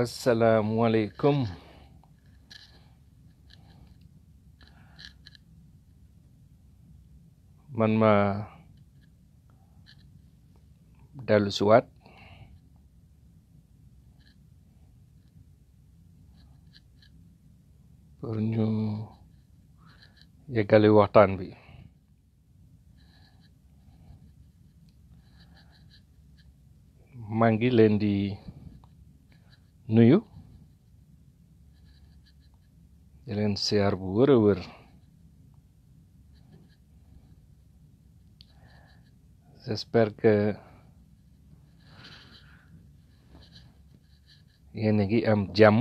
asalaamualeykum man ma dellu siwaat pour ñu yeggali waxtaan bi maa ngi leen di nuyu di leen siyaar bu wër a wër j'espère que yéen a ngi am jàmm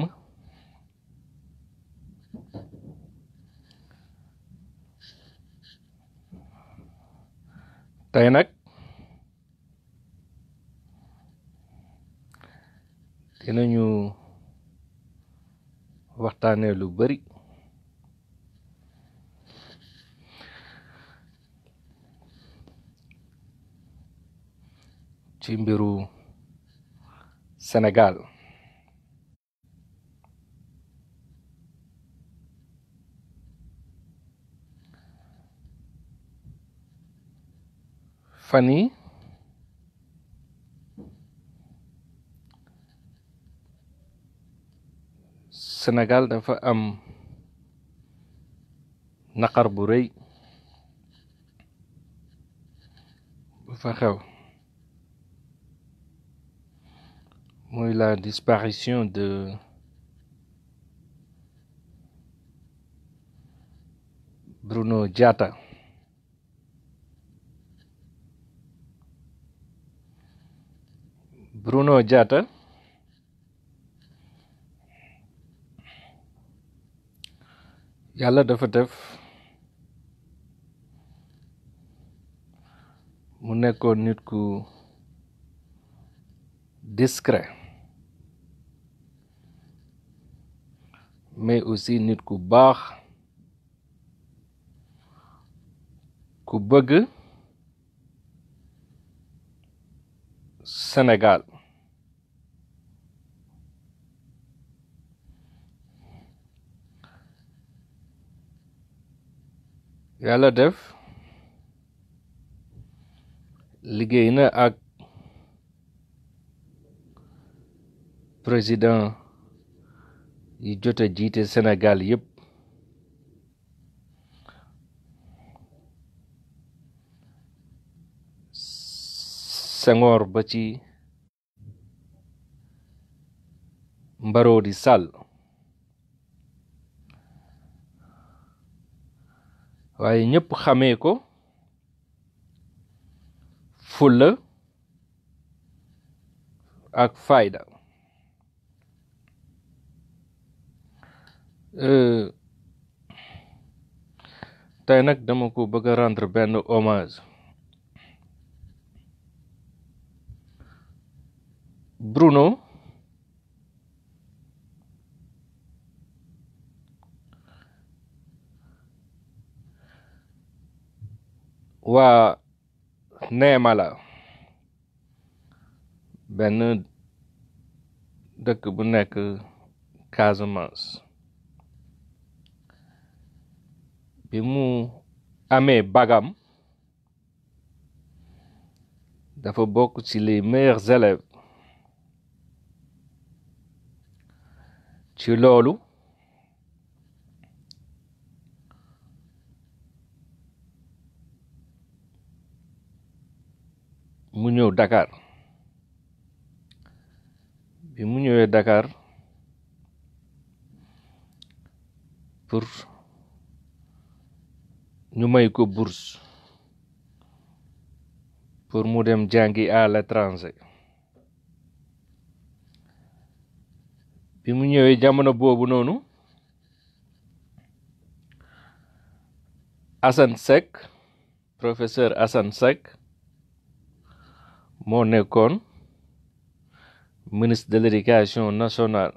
tey nag dinañu waxtaanee lu bari ci mbiru Sénégal fan yi Sénégal dafa am naqar bu rëy bu fa xew muy la disparition de Bruno Diatta Bruno Diatta yàlla dafa def mu nekkoon nit ku discret mais aussi nit ku baax ku bëgg Sénégal yàlla def liggéey na ak président yi jot a jiite Sénégal yépp Senghor ba ci Mbarodi Sall waaye ñëpp xamee ko fulla ak fayda euh, tey nag dama ko bëgg a rendre benn hommage Bruno waa Neema la benn dëkk bu nekk Casamance bi mu amee bagam dafa bokk ci les meilleurs ci loolu mu ñëw Dakar bi mu ñëwee Dakar pour ñu may ko bourse pour mu dem jàngi à l'étranger bi mu ñëwee jamono boobu noonu Assane Seck professeur Assane Seck moo nekkoon ministre de l'éducation nationale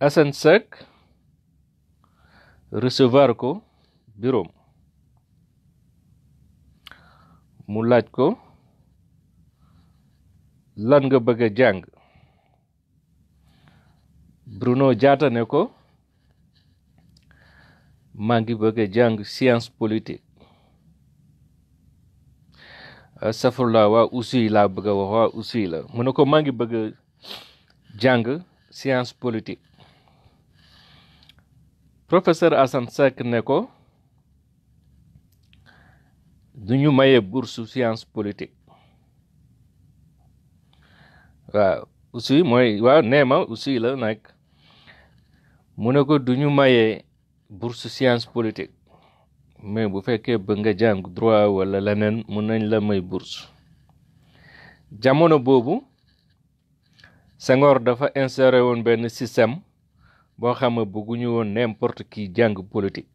Assane Seck recevoir ko bureau mu laaj ko lan nga bëgg a jàng Bruno Diatta ko maa ngi bëgg a jàng science politique safurla waa aussi laa bëgg a wax waa aussi la mu ne ko maa ngi bëgg a jàng science politique professeur Assane Seck ne ko du ñu maye bourse science politique waaw aussi mooy waaw nee ma aussi la nag mu ne ko du ñu maye bourse science politique mais bu fekkee bëgg nga jàng droit wala leneen mun nañ la may bourse jamono boobu Senghor dafa instauré woon benn système boo xam ne bëgguñu woon n'importe qui jàng politik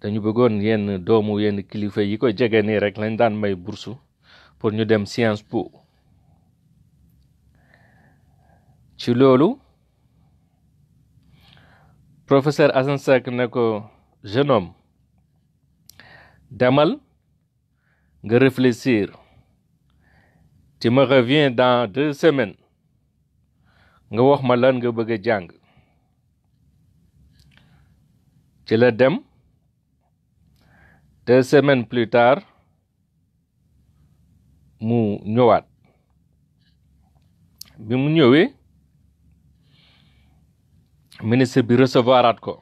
dañu bëggoon yenn doomu yenn kilifa yi ko jege nii rek lañ daan may bourse pour ñu dem Sciences Po ci loolu professeur Assane Seck ne ko jeune demal nga réfléchir ci ma reviens dans deux semaines nga wax ma lan nga bëgg a jàng ci la dem deux semaines plus tard mu ñëwaat bi mu ñëwee ministre bi recevoiraat ko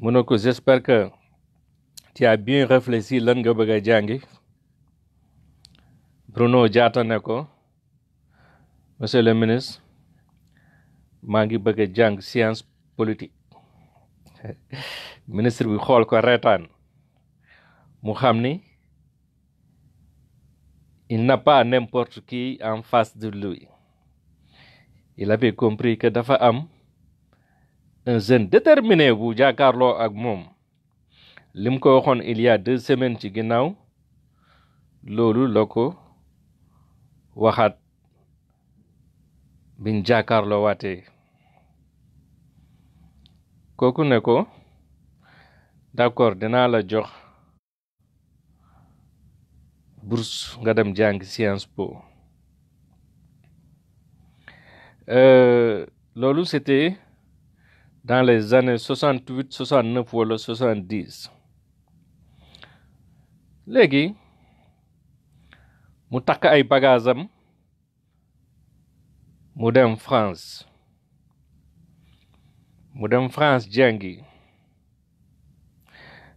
mu ne ko j'espère que tu as bien réfléchi lan nga bëgg a jàngi Bruno Diatta ne ko monsieur le ministre maa ngi bëgg a jàng science politique ministre bi xool ko reetaan mu xam ni il n'a pas n'importe en face de lui il avait compris que dafa am un jeune déterminé bu jàkkaarloo ak moom lim ko waxoon iliya y a ci ginnaaw loolu la ko waxaat biñ jàkkaarloo waatee kooku ne ko d'accord dinaa la jox bourse nga dem jàngi Sciences Po Euh, loolu c'était dans les années soixante huit soixante neuf wala soixante dix léegi mu takk ay bagaasam mu dem France mu dem France jàngi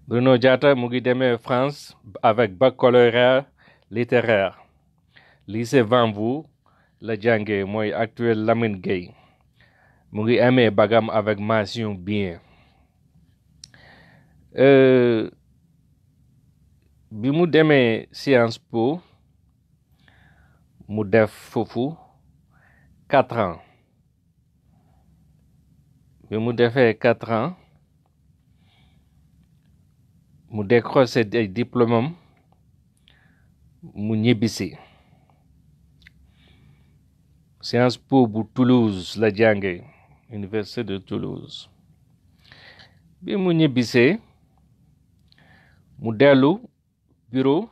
Bruno Diatta mu ngi demee France avec baccalauréat littéraire lycée Vanves la jànge mooy actuel Lamine Gueye mu ngi amee bagam avec mention bien euh, bi mu demee Sciences Po mu def foofu quatre ans bi mu defee quatre ans mu décroché ay diplôme am mu ñibbisi Sciences Po bu Toulouse la jànge université de Toulouse bi mu ñibbisee mu dellu bureau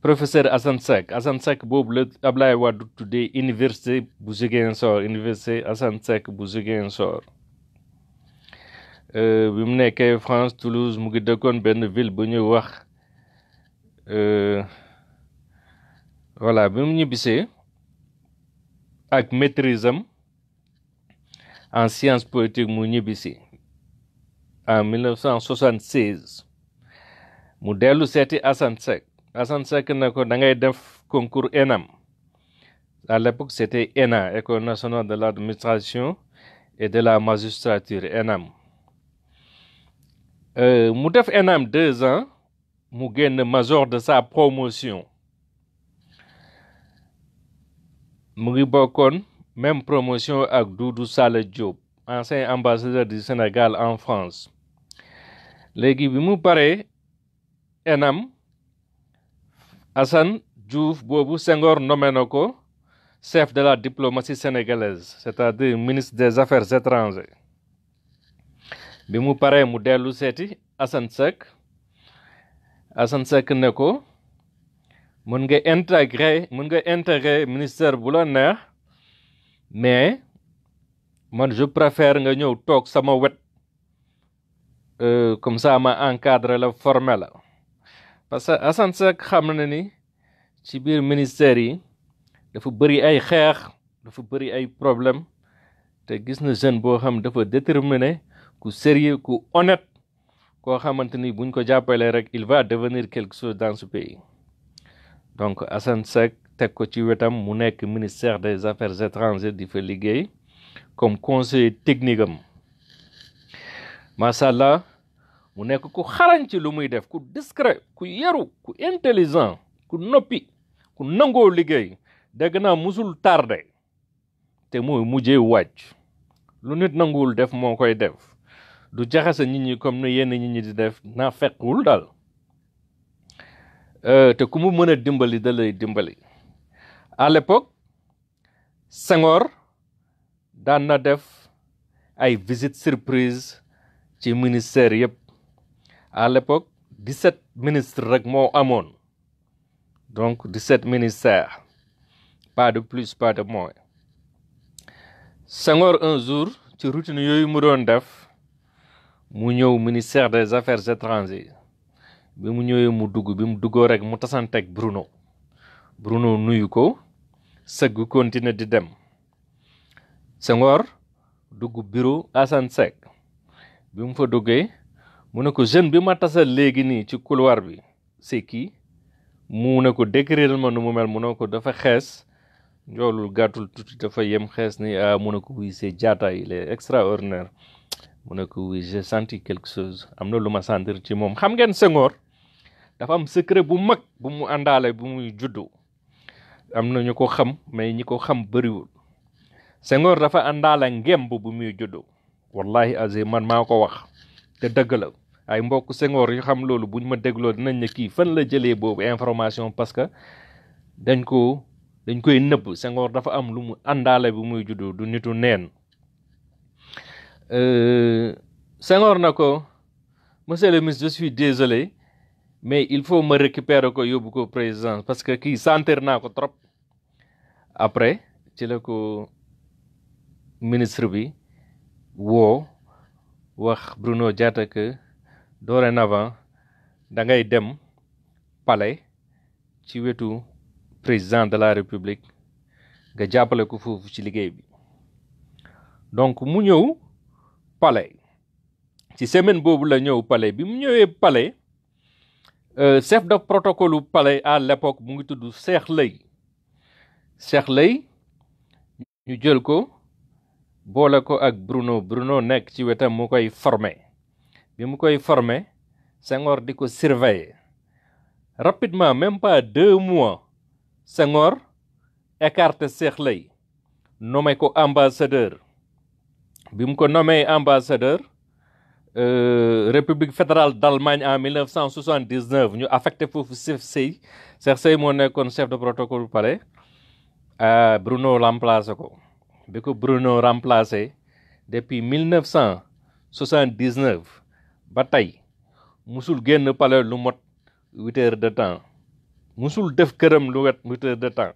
professeur Assane Seck Assane Seck boobu la Ablaye Wade tuddee université bu Ziguinchor université Assane bu Ziguinchor euh, bi mu nekkee France Toulouse mu ngi dëkkoon benn ville bu ñuy wax euh, voilà bi mu ñibbisee ak maîtrise en science politique mu ñibbisi en 1976 mu dellu seeti Assane Seck Assane Seck ne ko da ngay def concours ENAM à l'époque c'était ENA École nationale de l'administration et de la magistrature ENAM euh, mu def ENAM deux ans mu génn major de sa promotion mu ngi bokkoon même promotion ak Doudou Salla Diop ancien ambassadeur du Sénégal en France léegi bi mu paree enam Assane Diouf boobu sengoor nommé na ko chef de la diplomatie sénégalaise c'est-à-dire ministre des affaires étrangères bi mu paree mu dellu seeti Assane Seck Assane Seck ne ko mun nga intégrer mun nga intégrer ministère bu la neex mais man je préfère nga ñëw toog sama wet euh, comme ça ma encadre la formé la parce que Assane Seck xam na ni ci biir ministère yi dafa bëri ay xeex dafa bëri ay problème te gis na jeune boo xam dafa déterminé ku sérieux ku honnête koo xamante ni buñ ko jàppalee rek il va devenir quelque chose dans ce pays donc Assane Seck teg ko ci wetam mu nekk ministère des affaires étrangères di fa liggéey comme conseiller technique am macha allah mu nekk ku xarañ ci lu muy def ku discret ku yaru ku intelligent ku noppi ku nangoo liggéey dégg naa musul tardé te mooy mujjee wàcc lu nit nanguwul def moo koy def du jaxase nit ñi comme ni yenn nit ñi di def naa fekkul daal Euh, te ku mu mën a dimbali da lay dimbali à l'époque Senghor daan na def ay visite surprise ci ministère yëpp à l'époque 17 ministre rek moo amoon donc 17 ministères pas de plus pas de moins Senghor un jour ci routine yooyu mu doon def mu ñëw ministère des affaires étrangères bi mu ñëwee mu dugg bi mu duggoo rek mu tasanteeg Bruno Bruno nuyu ko sëgg continuer di dem Senghor dugg bureau Assane Seck bi mu fa duggee mu ne ko jeune bi ma tasal léegi nii ci couloir bi c'est qui mu ne ko décrire ma nu mu mel mu ne ko dafa xees njoolul gàttul tuuti dafa yem xees ni ah mu ne ko oui c'est Diatta il extraordinaire mu ne ko oui j'ai senti quelque chose am na lu ma sentir ci moom xam ngeen Senghor dafa am secret bu mag bu mu àndaale bu muy juddu am na ñu ko xam mais ñi ko xam bëriwul Senghor dafa àndaale ngemb bu muy juddu wallahi azim man maa ko wax te dëgg la ay mbokk Senghor yu xam loolu buñ ma dégloo dinañ ne kii fan la jëlee boobu information parce que dañ ko dañ koy nëbb Senghor dafa am lu mu àndaale bu muy juddu du nitu neen euh, sengoor na ko monsieur le ministre je suis désolé mais il faut ma récupérer ko yóbbu ko président parce que kii sentir naa ko trop après ci la ko ministre bi woo wax Bruno Diatta que dorénavant da ngay dem palais ci wetu président de la république nga jàppale ko foofu ci liggéey bi donc mu ñëw palais ci semaine boobu la ñëw palais bi mu ñëwee palais Euh, chef de protocole palais à l'époque mu ngi tudd Cheikh Lay ñu jël ko boole ko ak Bruno Bruno nekk ci wetam mu koy formé bi mu koy formé Senghor di ko surveiller rapidement même pas deux mois Senghor écarté Cheikh Lay ko ambassadeur bi mu ko nommé ambassadeur Euh, république fédérale d'Allemagne en 1979 ñu affecté foofu Cheikh Sey Cheikh Sey moo nekkoon chef de protocole palais euh, Bruno remplacé ko bi ko Bruno remplacé depuis 1979 ba tey musul génn palais lu mot huit de temps musul def këram lu wet huit de temps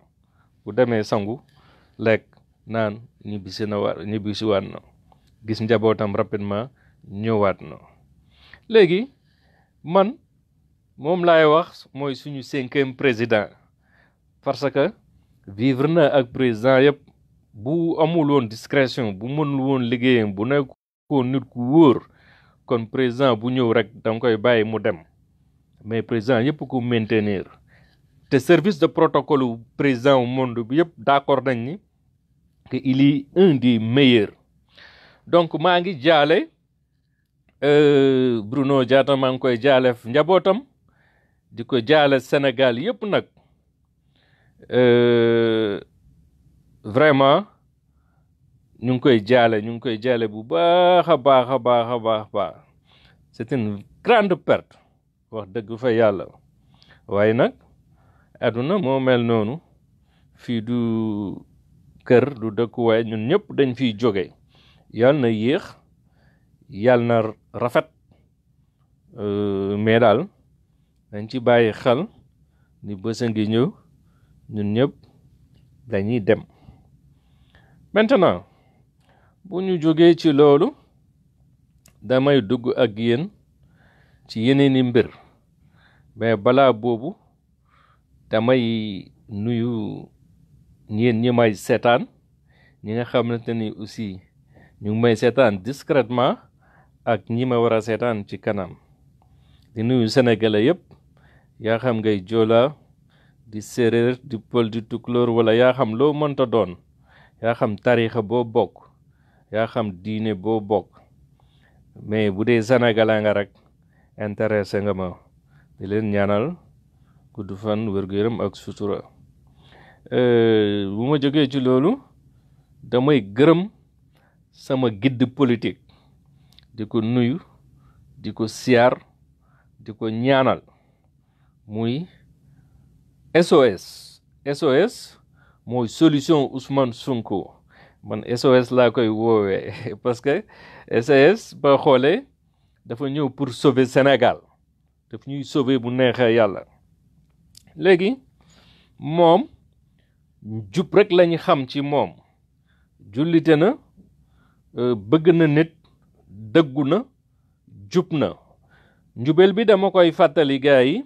bu demee sangu lekk naan ñibbisi na war ñibbisi waan na gis njabootam rapidement ñëwaat na léegi man moom lay wax mooy suñu cinquième président parce que vivre na ak président yëpp bu amul woon discrétion bu mënul woon liggéeyam bu nekk nekkoon nit ku wóor kon président bu ñëw rek danga koy bàyyi mu dem mais président yëpp ko maintenir te service de protocole président au monde bi yëpp d'accord nañ ni que il est un des donc maa ngi jaale Euh, Bruno Diatta maa ngi koy jaale njabootam di ko jaale Sénégal yëpp nag euh, vraiment ñu ngi koy jaale ñu ngi koy jaale bu baax a baax a baax a baax baax c'est une pert wax dëgg fa yàlla waaye nag àdduna moo mel noonu fii du kër du dëkkuwaay ñun ñëpp dañ fiy jóge yàlla na yéex yàlla na rafet euh, mais daal dañ ci bàyyi xal ni bés a ngi ñëw ñun ñëpp dañuy dem maintenant bu ñu jógee ci loolu damay dugg ak yéen ci yeneeni mbir mais balaa boobu damay nuyu ñeen ñi may seetaan ñi nga xamante ni aussi ñu ngi may seetaan discrètement ak ñi ma war a seetaan ci kanam di nuyu senegala yépp yaa xam ngay joola di séeréer di pël di tukulóor wala yaa xam loo mënta doon yaa xam tariixa boo bokk yaa xam diine boo bokk mais bu dee sénégalais nga rek intéressé nga ma di leen ñaanal gudd fan wér gu ak sutura euh, bu ma jógee ci loolu damay gërëm sama guide politique di ko nuyu di ko siyaar di ko ñaanal muy SOS SOS mooy solution Ousmane Sonko man SOS laa koy woowee parce que SOS ba xoolee dafa ñëw pour sauver Sénégal daf ñuy sauver bu neexee yàlla léegi moom jub rek lañu xam ci moom jullite na euh, bëgg na nit dëggu na jub na njubel bi dama koy fàttali gars yi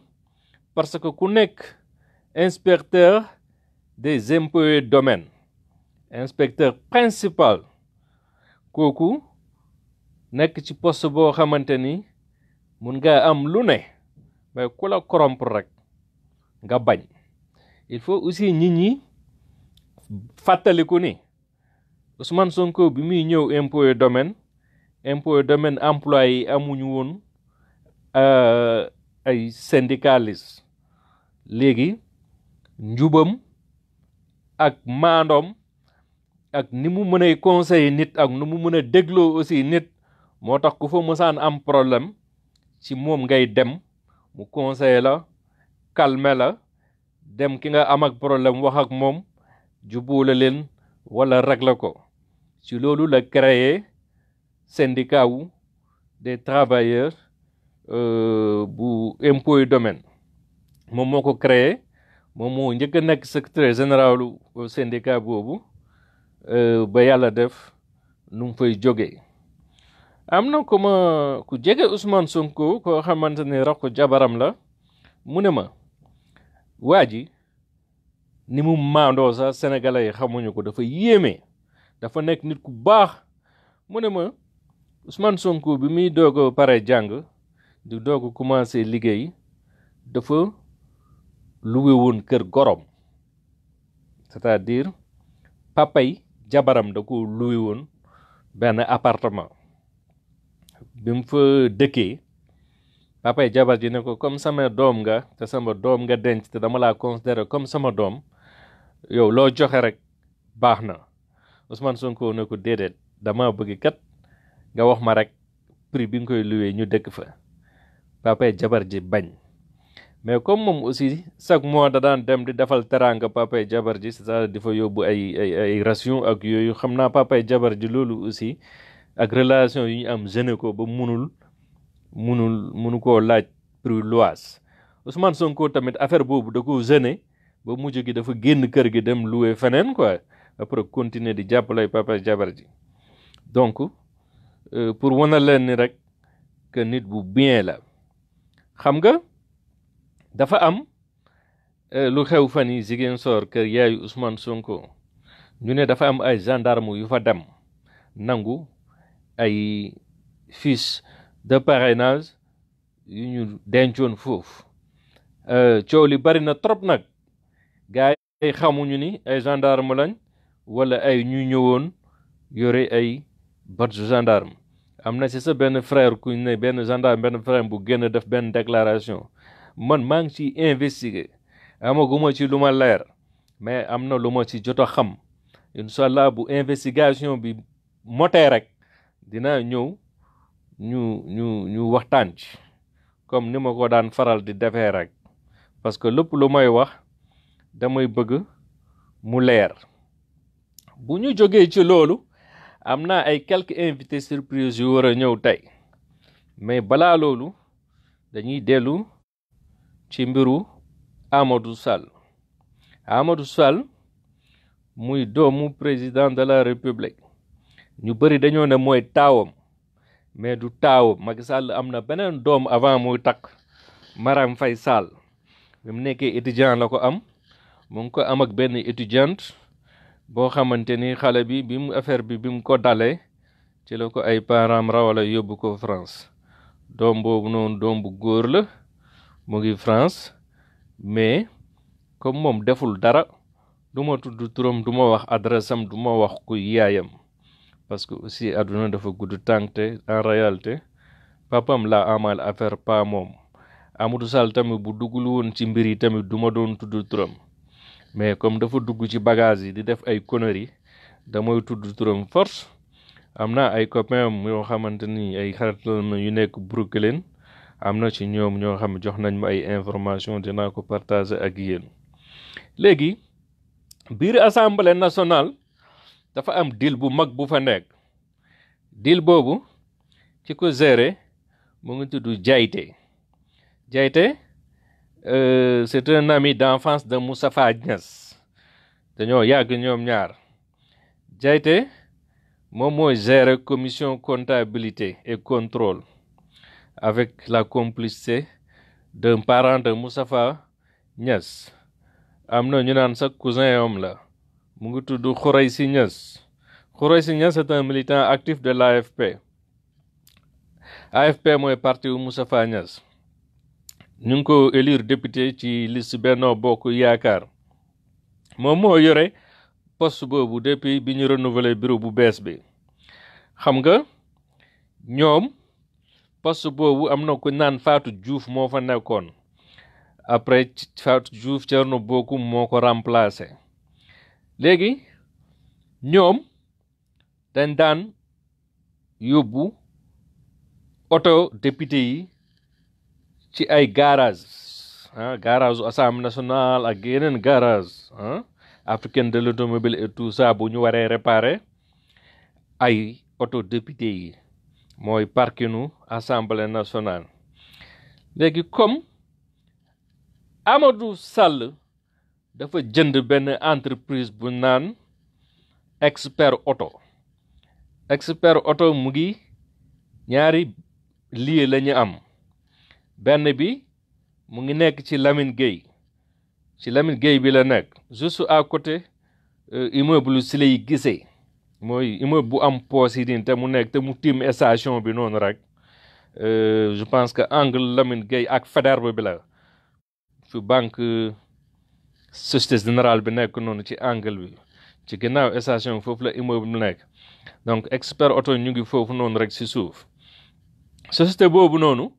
parce que ku nekk inspecteur des impôts et domaines inspecteur principal kooku nekk ci poste boo xamante ni mun nga am lu ne mais ku la corrompre rek nga bañ il faut aussi nit ñi ku ni Ousmane Sonko bi muy ñëw impôts et impôt domaine employé yi amuñu woon euh, ay syndicaliste léegi njubam ak maandoom ak ni mu mën ay nit ak nu mu mën a dégloo aussi nit moo tax ku fa mësaan am problème ci moom ngay dem mu conseiller la calmer la dem ki nga am ak problème wax ak moom jubóole leen wala regle ko ci loolu la créer syndicat wu des travailleurs euh, bu impôt yu domaine moom moo ko créer moom moo njëkk a nekk secrétaire général euh, syndicat boobu euh, ba yàlla def nu fay joge am na ku ma ku jege Ousmane Sonko koo xamante ne rakk jabaram la mu ne ma waa ji ni mu maandoo sax sénégalais yi xamuñu ko dafa yéeme dafa nekk nit ku baax mu ne ma Ousmane Sonko bi muy doog a pare jàng di doog a commencé liggéey dafa luwe woon kër goroom cest diir dire jabaram da ko luwe woon benn appartement bi mu fa dëkkee papay jabar ji ne ko comme sama doom nga te sama doom nga denc te dama laa considéré comme sama doom yow loo joxe rek baax na Ousmane Sonko ne ko déedéet dama bëgg kat nga wax ma rek prix bi nga koy loué ñu dëkk fa papay jabar ji bañ mais comme moom aussi chaque mois da daan dem di defal teraanga papay jabar ji cest di fa yóbbu ay ay ration ak yooyu xam naa papay jabar ji loolu aussi ak relation yu ñu am gêné ko ba munul munul munu koo laaj prix loise Ousmane Sonko tamit affaire boobu da ko gêné ba mujj gi dafa génn kër gi dem loué feneen quoi après continuer di jàppale papay jabar ji donc Euh, pour wana leen ni rek que nit bu bien la xam nga dafa am euh, lu xew fan yi Ziguinchor kër yaayu Ousmane Sonko ñu ne dafa am ay gendarme yu fa dem nangu ay fiches de parrainage yu ñu dencoon foofu euh, coow li bari na trop nag gars yi xamuñu ni ay gendarme lañ wala ay ñu ñëwoon yore ay badge gendarme am na ci sa benn frère ku ne benn gendarme benn frère bu génn def benn déclaration man maa ngi ciy investiguer amaguma ci lu ma leer mais am na lu ma ci jot a xam incha allah bu investigation bi motee rek dinaa ñëw ñu ñu ñu waxtaan ci comme ni ma ko daan faral di defee rek parce que lépp lu may wax damay bëgg mu leer bu ñu jógee ci loolu am na ay quelques invité surprises yu war a ñëw tey mais bala loolu dañuy dellu ci mbiru Amadou Sall Amadou Sall muy doomu président de la république ñu bëri dañoo ne mooy taawam mais du taawam mag Sall am na beneen doom avant muy takk Marème fay Sall bi mu nekkee étudiant la ko am mu ngi ko am benn étudiante boo xamante ni xale bi bi affaire bi bi mu ko dalee ci la ko ay parent rawala yóbbu ko France doom boobu noonu doom bu góor la mu ngi France mais comme moom deful dara du ma tudd turam du ma wax adresse am du ma wax ku yaayam parce que aussi àdduna dafa gudd tànk te en réalité papam la amal affaire pa moom Amadou Sall tamit bu duggul woon ci mbir yi tamit du ma doon tudd turam mais comme dafa dugg ci bagage yi di def ay conneries damooy tudd turam force am na ay copains am yoo xamante ni ay xarit na yu nekk Brooklyn am na ci ñoom ñoo xam jox nañ ma ay information dinaa ko partager ak yéen léegi biir assemblée national dafa am deal bu mag bu fa nekk deal boobu ci ko gérer mu ngi tudd jayte jayte euh, c'est un ami d'enfance de Moustapha Niass dañoo yàgg ñoom ñaar Diayte moom mooy gérer commission comptabilité et contrôle avec la complicité d'un parent de Moustapha Niass am na ñu naan sax cousin am la mu ngi tudd Khoureysi Niass Khoureysi Niass est un militant actif de l'AFP AFP mooy parti wu Moustapha Niass ñu ngi ko élire député ci liste Benno Bokk Yaakaar moom moo yore poste boobu depuis bi ñu renouvelle bureau bu bees bi xam nga ñoom post boobu am na ko naan Fatou Diouf moo fa nekkoon après Fatou Diouf Thierno Bocoum moo ko remplacé léegi ñoom dañ daan yóbbu oto député yi ci ay garage ah garage su assemblée nationale ak yeneen garage ah africaine de l'automobile et tout ça bu ñu waree réparer ay auto député yi mooy parkinu assemblée nationale léegi comme Amadou Sall dafa jënd benn entreprise bu naan expert auto expert auto mu ngi ñaari lieu lañu am benn bi mu ngi nekk ci Lamine Gueye ci Lamine Gueye bi la nekk juste à côté euh, immeuble si lay gisee mooy immeuble bu am poos yi nii te mu nekk te mu tiim station bi noonu rek euh, je pense que angle Lamine Gueye ak Faidherbe bi la fi banque euh, société générale bi nekk noonu ci angle bi ci ginnaaw station foofu la immeuble bi nekk donc expert auto ñu ngi foofu noonu rek si suuf société boobu noonu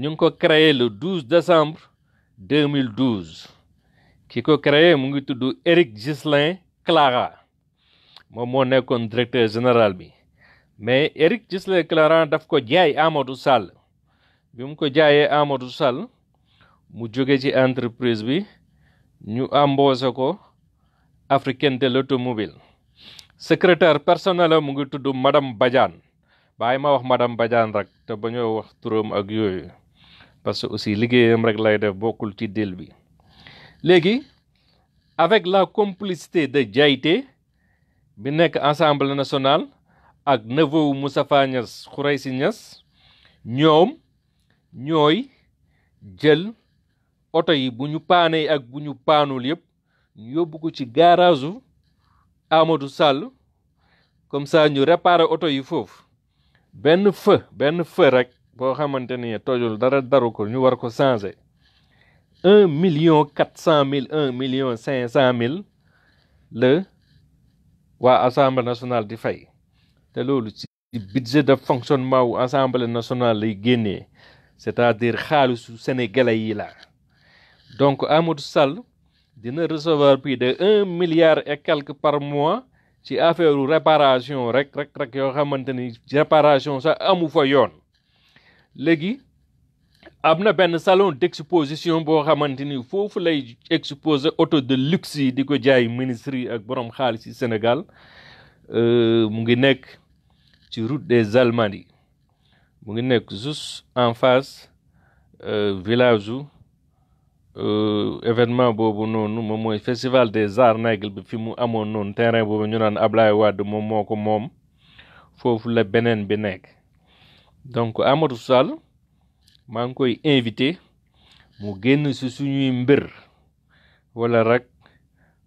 ñu ngi ko créé le 12 décembre 2012 ki ko créé mu ngi tudd Éric Ghislain Clara moom moo nekkoon directeur général bi mais Éric Ghislain Clara daf ko jaay Amadou Sall bi mu ko jaayee Amadou Sall mu jóge ci entreprise bi ñu embauché ko africaine de l'automobile secrétaire personnel mu ngi tudd madame Badiane bàyyi ma wax madame Badiane rek te ba wax turam ak yooyu parce que aussi liggéeyam rek lay def bokkul ci deal bi léegi avec la complicité de jayte bi nekk assemblée nationale ak neveu Moustapha Niass Khoureysi Niass ñoom ñooy jël oto yi bu paanee ak bu ñu paanul yëpp yóbbu ko ci gaaraasu Amadou Sall comme ça ñu réparer oto yi foofu benn feu benn feu rek. boo xamante ni tojul dara daru ko ñu war ko changer un million quatre cent mille un million cinq cent mille la waa di fay te loolu ci budget de fonctionnement wu assemblée nationale lay génnee c'est-à-dire xaalisu sénégalais yi la donc Amadou Sall dina recevoir plus de un milliard et quelque par mois ci affaire réparation rek rek yoo xamante ni réparation sax amu fa yoon léegi am na benn salon d'exposition boo xamante ni foofu lay exposer auto de luxe yi di ko jaay ministre yi ak borom xaalis yi Sénégal euh, mu ngi nekk ci route des Almadies mu ngi nekk juste en face euh, village u euh, événement boobu noonu moom mooy festival des arts nègres bi fi mu amoon noonu terrain boobu ñu naan Ablaye Wade moom moo ko moom foofu la beneen bi nekk donc Amadou Sall maa ngi koy invité mu génn ci suñuy mbir wala rek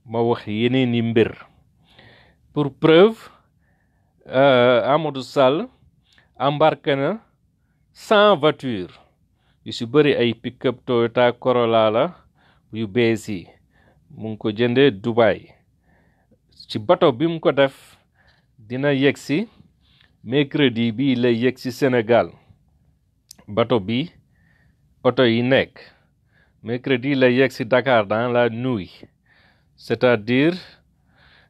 ma wax yeneen mbir pour preuve euh, Amadou Sall embarqué na cent voitures yu si bëri ay pick-up Toyota Corolla la yu bees yi mu ngi ko jëndee Dubaï ci bato bi mu ko def dina yegg si mercredi bi lay yëg ci Sénégal bato bi oto yi nekk mercredi lay yegg ci Dakar dans la nuit c'est-à-dire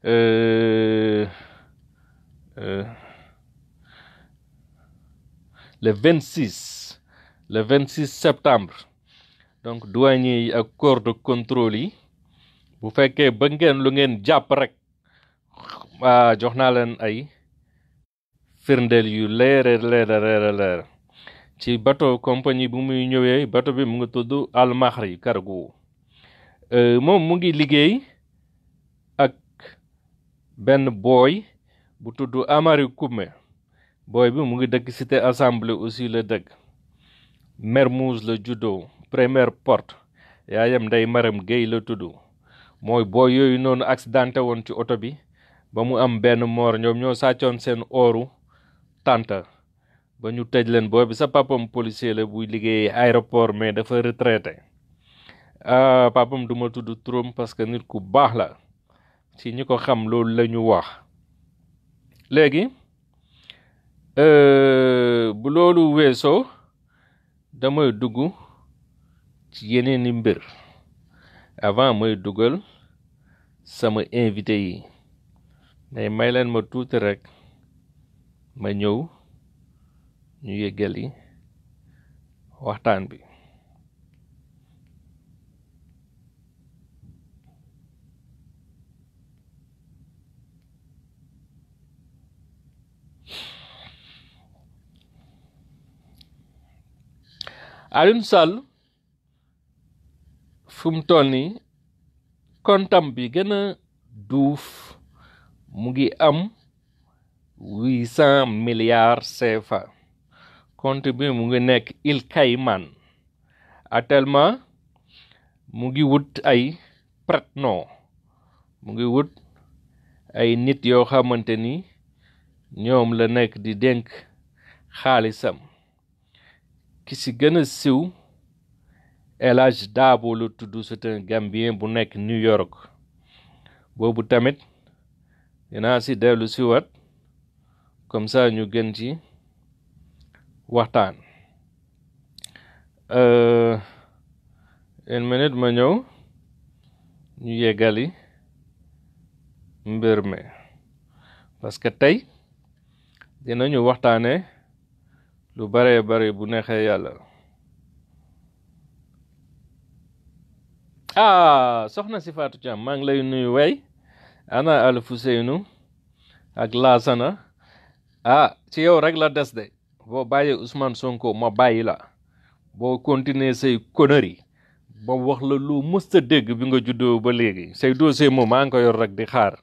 euh, euh le 26 le 26 septembre donc douanier yi ak corps de yi bu fekkee ba ngeen lu ngeen jàpp rek ah, jox naa leen ay firndeel yu leere leere leere leer ci bateau compagnie bu muy ñëwee bateau bi mu ngi tudd Al Mahri Cargo euh, moom mu ngi liggéey ak benn booy bu tudd Amari Kume booy bi mu ngi dëkk cité assemblée aussi la dëkk Mermoz la juddoo première porte yaayam ndey Maram Gueye la tudd mooy booy yooyu noonu accidenté woon ci oto bi ba mu am benn moor ñoom ñoo sàccoon seen ooru tànta ba ñu tëj leen booy bi sa papam policier la buy liggéey aéroport mais dafa retraité ah, papam duma tudd turam parce que nit ku baax la ci ñi ko xam loolu la ñu wax léegi euh, bu loolu weesoo damay dugg ci yeneeni mbir avant may dugal sama invité yi mais may leen ma tuuti rekk ma ñëw ñu yeggali waxtaan bi Aliou Sall fu mu kontam bi gën a duuf mu ngi am 800 milliards CFA compte bi mu ngi nekk Îles Caïman actuellement mu ngi wut ay prête mu ngi wut ay nit yoo xamante ni ñoom la nekk di dénk xaalisam ki ci gën a siw El Hadj la tudd c'est un Gambien bu nekk New York boobu tamit dinaa ci dellu si wat comme sa ñu gën ci waxtaan euh, une minute ma ñëw ñu yeggali mbir mi parce que tey dinañu waxtaane lu bare bare bu neexee yàlla ah soxna si Fatou maa ngi lay nuyu wey ana Alfousseynou ak Laasana ah ci yow rek la des de boo bàyyi Ousmane Sonko ma bàyyi la boo continuer say conneries ba wax la lu mësta dégg bi nga juddoo ba léegi say dossier moom maa ngi ko yor rek di xaar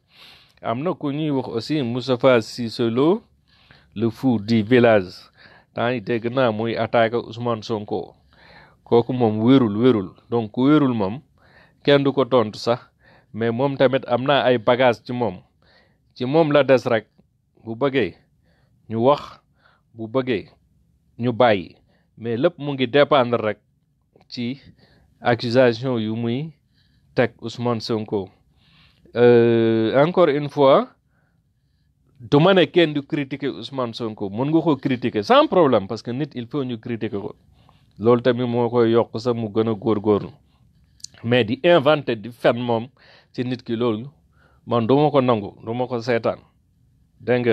am na ko ñuy wax aussi Moustapha Cissé Lo le fou di village temps yi dégg naa muy attaque Ousmane Sonko kooku moom wérul wérul donc wérul moom kenn du ko tontu sax mais moom tamit am naa ay bagage ci moom ci moom la des rek bu bëggee ñu wax bu bëggee ñu bàyyi mais lépp mu ngi dépendre rek ci accusation yu muy teg Ousmane Sonko euh, encore une fois du ma ne kenn du critiquer Ousmane Sonko mën nga ko critiquer sans problème parce que nit il faut ñu critiquer ko loolu tamit moo koy yokk sax mu gën a góorgóorlu mais di inventer di fen moom ci nit ki loolu man du ko nangu du ko seetaan dégg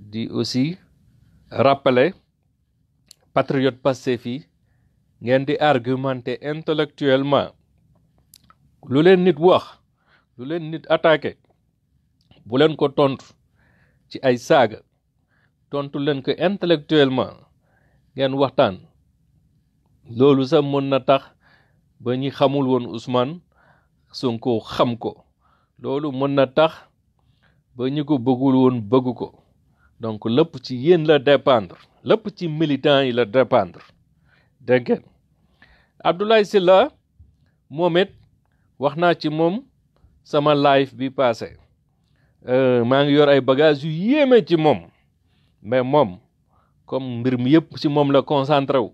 di aussi rappeler patriote Pastef yi ngeen di argumenté intellectuellement lu leen nit wax lu leen nit attaqué bu leen ko tontu ci ay saaga tontu leen ko intellectuellement ngeen waxtaan loolu sax mën na tax ba ñi xamul woon Ousmane Sonko xam ko loolu mën na tax ba ñi ko bëggul woon bëgg ko donc lépp ci yéen la dépendre lépp ci militant yi la dépendre dégg ngeen Abdoulaye Sylla moom it wax naa ci moom sama live bi passé euh, maa ngi yor ay bagages yu yéeme ci moom mais moom comme mbir mi yëpp ci moom la concentré wu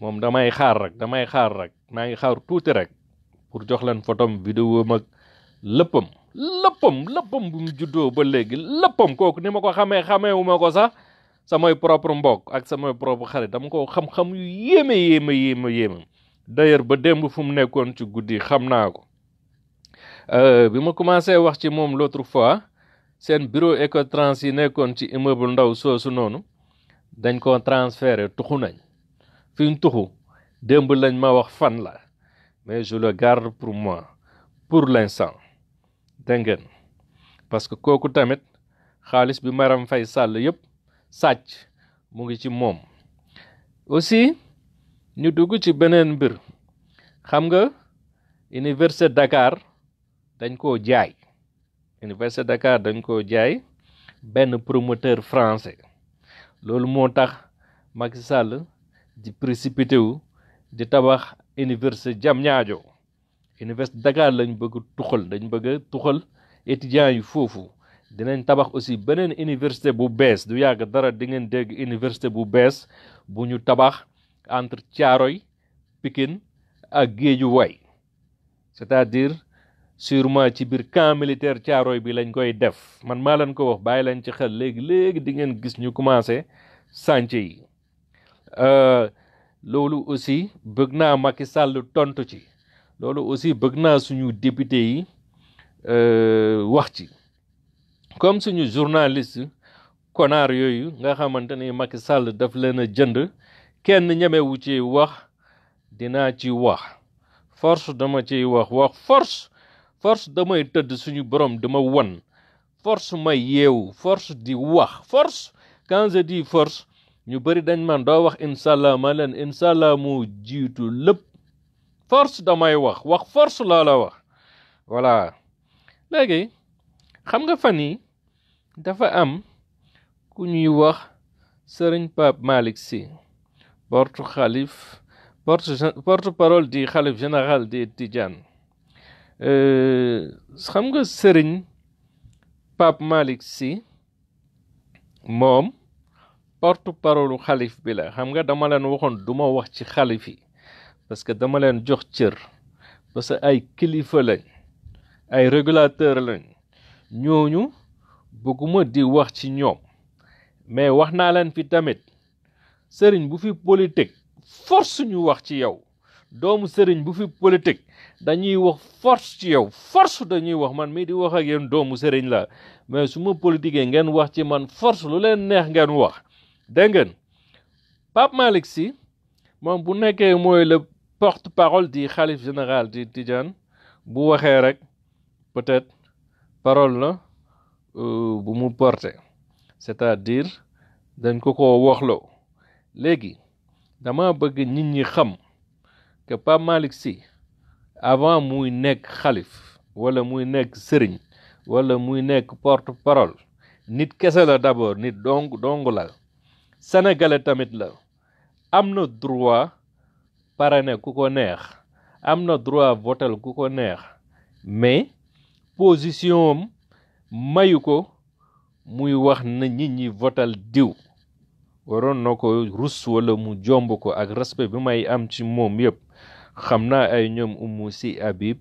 moom damay xaar rek damay xaar rek maa ngi xaar tuuti rek pour jox leen photom vidéo mag léppam léppam léppam bu mu juddoo ba léegi léppam kooku ni ma ko xamee xamee wu ko sax samay propre mbokk ak samay propre xare dama ko xam-xam yu yéeme yéeme yéeme yéeme d'ailleurs ba démb fu mu nekkoon ci guddi xam naa ko euh, bi ma commencé wax ci moom l'autre fois seen bureau Ecotrans yi nekkoon ci immeuble ndaw soosu noonu dañ ko transféré tuxu nañ fi ñu tuxu démb lañ ma wax fan la mais je le garde pour moi pour l'instant dégg ngeen parce que kooku tamit xaalis bi Marème Faye Sall yëpp sàcc mu ngi ci moom aussi ñu dugg ci beneen mbir xam nga université Dakar dañ koo jaay université Dakar dañ koo jaay benn promoteur français loolu moo tax Macky sàll di précipité wu di tabax université Diamniadio université Dakar lañ bëgg tuxal dañu bëgg a tuxal étudiants yi foofu dinañ tabax aussi beneen université bu bees du yàgg dara di ngeen dégg université bu bees bu ñu tabax entre Thiaroye Pikine ak Guédiawaye c'est-à-dire sûrement ci biir camp militaire Thiaroye bi lañ koy def man maa leen ko wax bàyyi leen ci xel léegi léegi di ngeen gis ñu commencé chantier yi euh, loolu aussi bëgg naa Macky sàll tontu ci. loolu aussi bëgg naa suñu député yi euh, wax ci comme suñu journaliste konaar yooyu nga xamante ni Macky Sall daf leen a jënd kenn ñemewu ci wax dinaa ci wax force dama ci wax wax force force damay tëdd suñu borom dama won force ma yeewu force di wax force quand di dis force ñu bëri dañ man doo wax incha allah ma leen incha moo jiitu lépp force damay wax wax force laa la wax voilà léegi xam nga fan yi dafa am ku ñuy wax sëriñ Pape Malick Sy porte xalif porte parole di xalif général di Tidiane euh, xam nga sëriñ Pape Malick Sy moom porte parole xalif bi la xam nga dama leen waxoon duma wax ci xalif yi parce que dama leen jox cër parce que ay kilifa lañ ay régulateur lañ ñooñu bëgguma di wax ci ñoom mais wax naa leen fi tamit sëriñ bu fi politique force ñu wax ci yow doomu sëriñ bu fi politique dañuy wax force ci yow fors dañuy wax man mii di wax ak yéen doomu sëriñ la mais su ma politiquee ngeen wax ci man force lu leen neex ngeen wax dégg ngeen Pape Malick moom bu nekkee mooy la porte-parole di xalif général di Tijaan bu waxee rek peut-être parole la euh, bu mu porté c'est-à-dire dañ ko ko waxloo léegi dama bëgg nit ñi xam que Pape Malick Sy avant muy nekk xalif wala muy nekk sëriñ wala muy nekk porte-parole nit kese la d'abord nit dong dong la sénégalais tamit la am na droit parrainer ku ko neex am na droit votel ku ko neex mais position mayu ko muy wax na nit ñi votal diw waroon na ko rus walla mu jomb ko ak respect bi may am ci moom yëpp xam na ay ñoom umu si Habib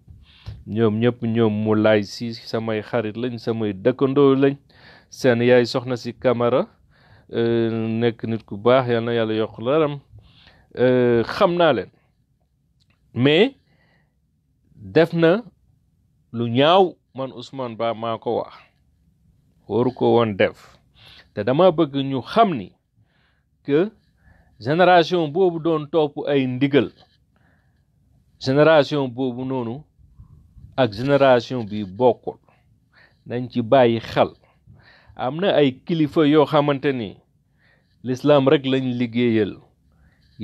ñoom ñëpp ñoom mu lay si samay xarit lañ samay dëkkandoo lañ seen yaay soxna si Camara euh, nekk nit ku baax yal na yàlla yokk laram xam naa leen mais def na lu ñaaw man Ousmane Ba maa ko wax waru ko woon def te dama bëgg ñu xam ni que génération boobu doon topp ay ndigal génération boobu noonu ak génération bi bokkul nañ ci bàyyi xel am na ay kilifa yoo xamante ni l'islam rek lañ liggéeyal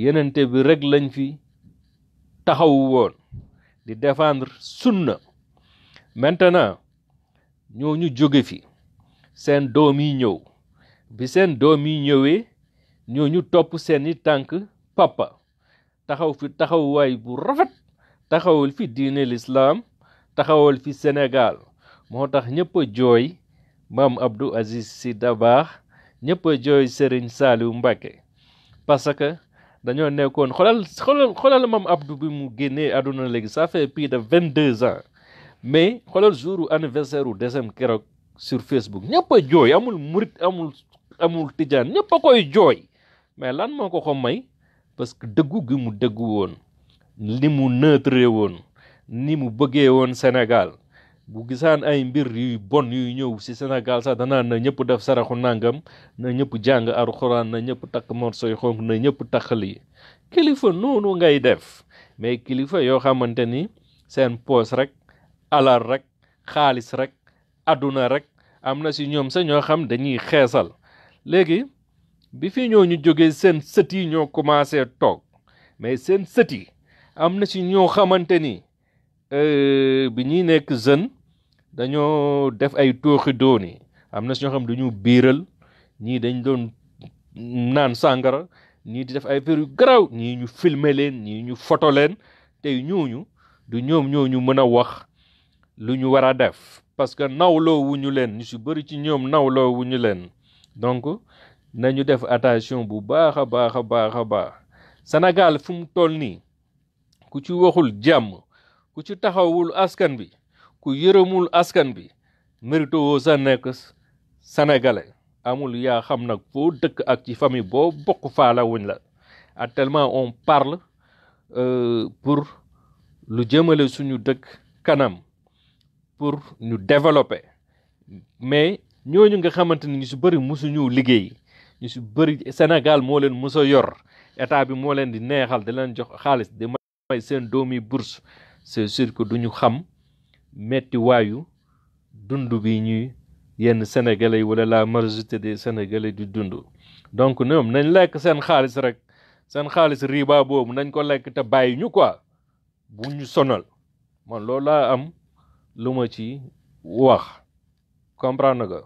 yenente bi rekk lañ fi taxaw woon di défendre sunna maintenant ñoo ñu jóge fi seen doom yi ñëw bi seen doom yi ñëwee ñoo ñu topp seeni tànk papa taxaw fi taxawwaay bu rafet taxawal fi diine lislaam taxawal fi senegaal moo tax ñëpp jooy maam Abdou Aziz Sy Dabakh ñëpp a jooy Serigne Saliou Mbacké parce dañoo nekkoon xoolal xoolal xoolal maam Abdou bi mu génnee àdduna léegi ça fait de vingt deux ans mais xoolal jouru anniversaire u desem keroog sur Facebook ñëpp a jooy amul murit amul amul tijaan ñëpp a koy jooy mais lan moo ko ko may parce que dëggu gi mu dëggu woon li mu neutre woon ni mu bëggee woon Sénégal bu gisaan ay mbir yuy bon yuy ñëw si senegal sax danaan na ñëpp def saraxu nàngam na ñëpp jàng alxuraan na ñëpp takk morso yu xonk na ñëpp takk lii kilifa noonu ngay def mais kilifa yoo xamante ni seen poos rek alal rek xaalis rek àdduna rek am na si ñoom sa ñoo xam dañuy xeesal léegi bi fi ñoo ñu jógee seen sët yi ñoo commencé toog mais seen sët yi am na si ñoo xamante ni Euh, bi ñuy nekk jeune dañoo def ay tooxi dooni am na si ñoo xam dañu biiral ñii dañ doon naan sàngara ñii di def ay affaire yu garaaw ñii ñu filmer leen ñii ñu photo leen tey ñooñu du ñoom ñooñu mën a wax lu ñu war a def parce que nawloo wu ñu leen ñu su bëri ci ñoom nawloo wu ñu leen donc ñu def attention bu baax a baax a baax a baax Sénégal fu mu toll nii ku ci waxul jàmm ku ci taxawul askan bi ku yërëmul askan bi merito woo sa nekk sénégalais amul yaa xam nag foo dëkk ak ci famille boo bokk faala wuñ la a tellement on parle euh, pour lu jëmale suñu dëkk kanam pour ñu développer mais ñooñu nga xamante ni ñu si bëri musuñu liggéey ñu su bëri Sénégal moo leen mës a yor état bi moo leen di neexal di leen jox xaalis di may seen doomi bourse c'est sûr que duñu xam metti waayu dund bi ñuy yenn sénégalais yi wala la majorité des sénégalais di dund donc ñoom nañ lekk seen xaalis rek seen xaalis riba boobu nañ ko lekk te bàyyi ñu quoi bu ñu sonal man loolu laa am lu ma ci wax comprendre nga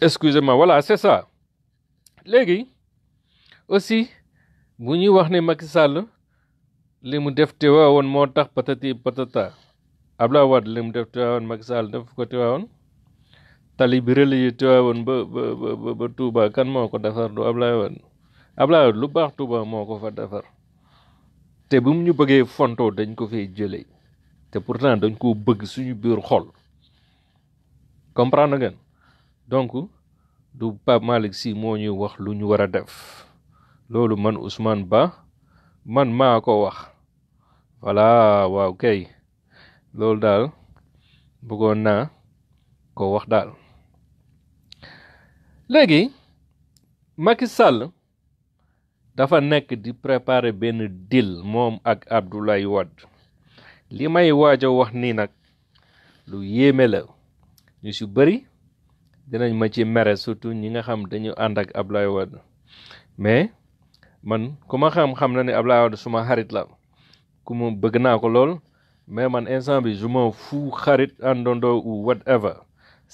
excusez-moi voilà c'est ça léegi aussi bu ñuy wax ne Macky sàll li mu def Tiwaawoon moo tax patati patata Abdoulaye Wade li mu def Tiwaawoon Macky Sall def ko Tiwaawoon tali bi relais yi Tiwaawoon ba ba ba Touba kan moo ko defar du Abdoulaye Wade Abdoulaye lu baax Touba moo ko fa defar te bu mu ñu bëggee fontoo dañ ko fay jëlee te pourtant dañ koo bëgg suñu biir xol comprend ngeen donc du Pape Malick Sy moo ñuy wax lu ñu war a def loolu man usman Ba man maa ko wax voilà waaw kay loolu daal bëggoon naa ko wax daal léegi Macky sàll dafa nekk di préparer benn deal moom ak Abdoulaye Wade li may waaj a wax nii nag lu yéeme la ñu si bëri dinañ ma ci mere surtout ñi nga xam dañu ànd ak Abdoulaye Wade mais man ku ma xam-xam na ne Abdoulaye Wade suma xarit la ku moom bëgg naa ko lool mais man instant bi je m'en fous xarit àndandoo ou whatever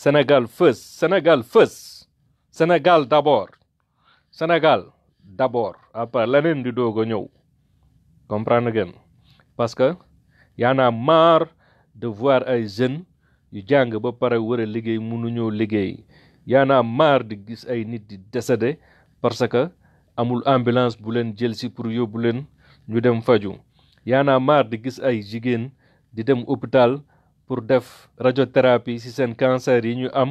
Sénégal first Sénégal first Sénégal d'abord Sénégal d'abord après leneen di doog a ñëw comprendre ngeen parce que y'en a marre de voir ay jeunes yu jàng ba pare war a liggéey mënuñoo liggéey y'en a marre di gis ay nit di décédé parce que amul ambulance bu leen jël si pour yóbbu leen ñu dem faju yaanaa maar di gis ay jigéen di dem hôpital pour def radiothérapie ci seen cancer yi ñu am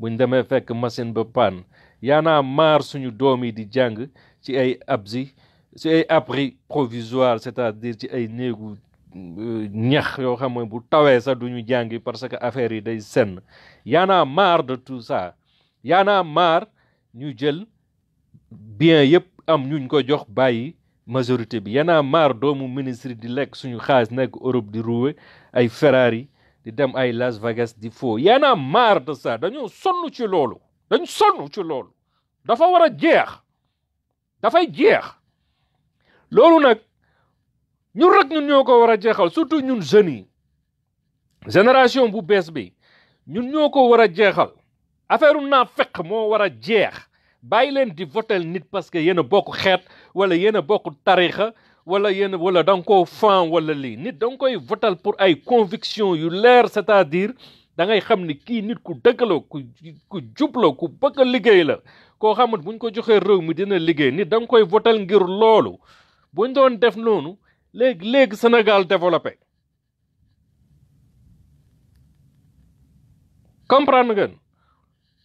buñ demee fekk machine ba pann yaanaa maar suñu doom yi di jàng ci ay abzi ci ay abri provisoire c'est-à-dire ci ay néegu euh, ñax yoo xam bu tawee sax duñu jàngi parce que affaire yi day senn yaanaa maar de tout ça yaanaa maar ñu jël bien yépp am ñuñ ko jox bàyyi majorité bi yanaa maar doomu ministre di lekk suñu xaalis nekk Europe di roué ay Ferrari di dem ay Las Vegas di foo yanaa maar de ça dañoo sonn ci loolu dañ sonn ci loolu dafa war a jeex dafay jeex loolu nag ñun rek ñun ñoo ko war a jeexal surtout ñun jeunes yi génération bu bees bi ñun ñoo ko war a jeexal affaire naa fekk moo war a jeex bàyyi leen di votel nit parce que yéen bokk xeet wala yéen a bokk tarixa wala yéen wala da nga fan wala lii nit da nga koy votal pour ay conviction yu leer cest à da ngay xam ni kii nit ku dëgg la ku ku jub la ku bëgg liggéey la koo xamante bu ñu ko joxee réew mi dina liggéey nit da nga koy votal ngir loolu bu ñu doon def noonu léegi léegi Sénégal développé comprendre ngeen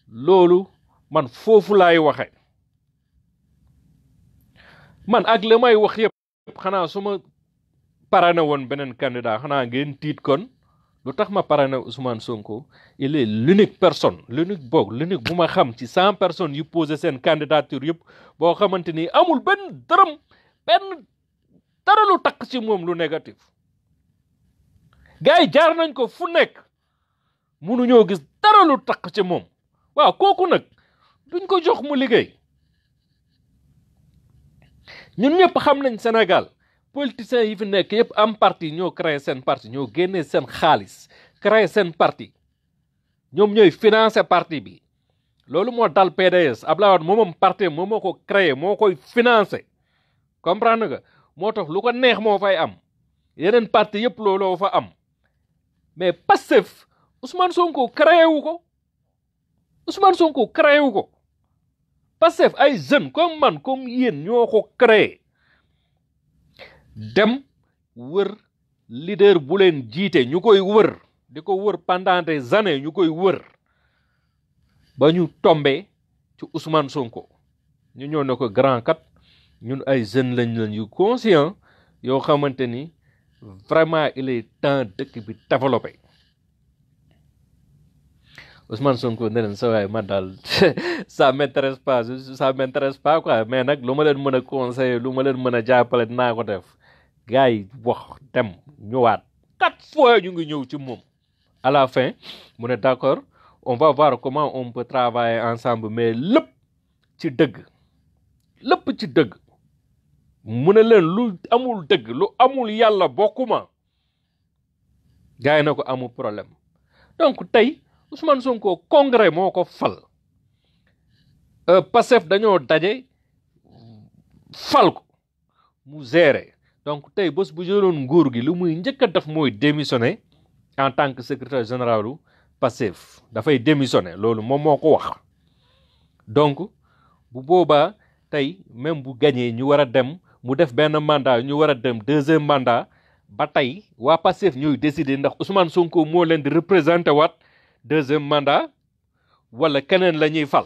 loolu man foofu laay waxe man ak la may wax yépp xanaa suma pare parane woon beneen candidat xanaa ngeen tiit kon lu tax ma parane Ousmane Sonko il est l'unique personne l'unique boog l'unique bu ma xam ci cent personnes yu posé seen candidature yëpp boo xamante ni amul benn daram benn dara lu takk ci moom lu négatif gars yi jaar nañ ko fu nekk mënuñoo gis dara lu takk ci moom waaw kooku nag duñ ko jox mu liggéey ñun ñëpp xam nañ Sénégal politiciens yi fi nekk yëpp am parti ñoo créé seen parti ñoo génnee seen xaalis créé seen parti ñoom ñooy financé parti bi loolu moo dal PDS Abdoulaye Wade moom moom parti moom moo ko créé moo koy financé comprendre nga moo tax lu ko neex moo fay am yeneen parti yëpp looloo fa am mais Pastef Ousmane Sonko créer wu ko Ousmane Sonko créé wu ko Pastef ay jeunes comme man comme yéen ñoo ko créé dem wër leader bu leen jiite ñu koy wër di ko wër pendant des années ñu koy wër ba ñu tombé ci Ousmane Sonko ñu ñëw na ko grand kat ñun ay jeunes lañ lañ yu conscient yoo xamante ni vraiment il est temps dëkk bi développé Ousmane Sonko ne leen sa waay man daal sa m'intéresse pas ça m'intéresse pas quoi mais nag lu ma leen mën a lu ma leen mën a jàppale dinaa ko def gars yi wax dem ñëwaat quatre fois ñu ngi ñëw ci moom à la fin mu ne d'accord on va voir comment on peut travailler ensemble mais lépp ci dëgg lépp ci dëgg mu ne leen lu amul dëgg lu amul yàlla bokkuma gars na ko amul problème donc tey Ousmane Sonko congrès moo ko fal euh, Pastef dañoo daje fal ko mu gérer donc tey bés bu jëloon nguur gi lu muy njëkk a def mooy démissionner en tant que secrétaire général u Pastef dafay démissionner loolu moom moo ko wax donc bu boobaa tey même bu gañee ñu war a dem mu def benn mandat ñu war a dem deuxième mandat ba tey waa Pastef ñooy décider ndax Ousmane Sonko moo leen di représenté waat deuxième mandat wala keneen la ñuy fal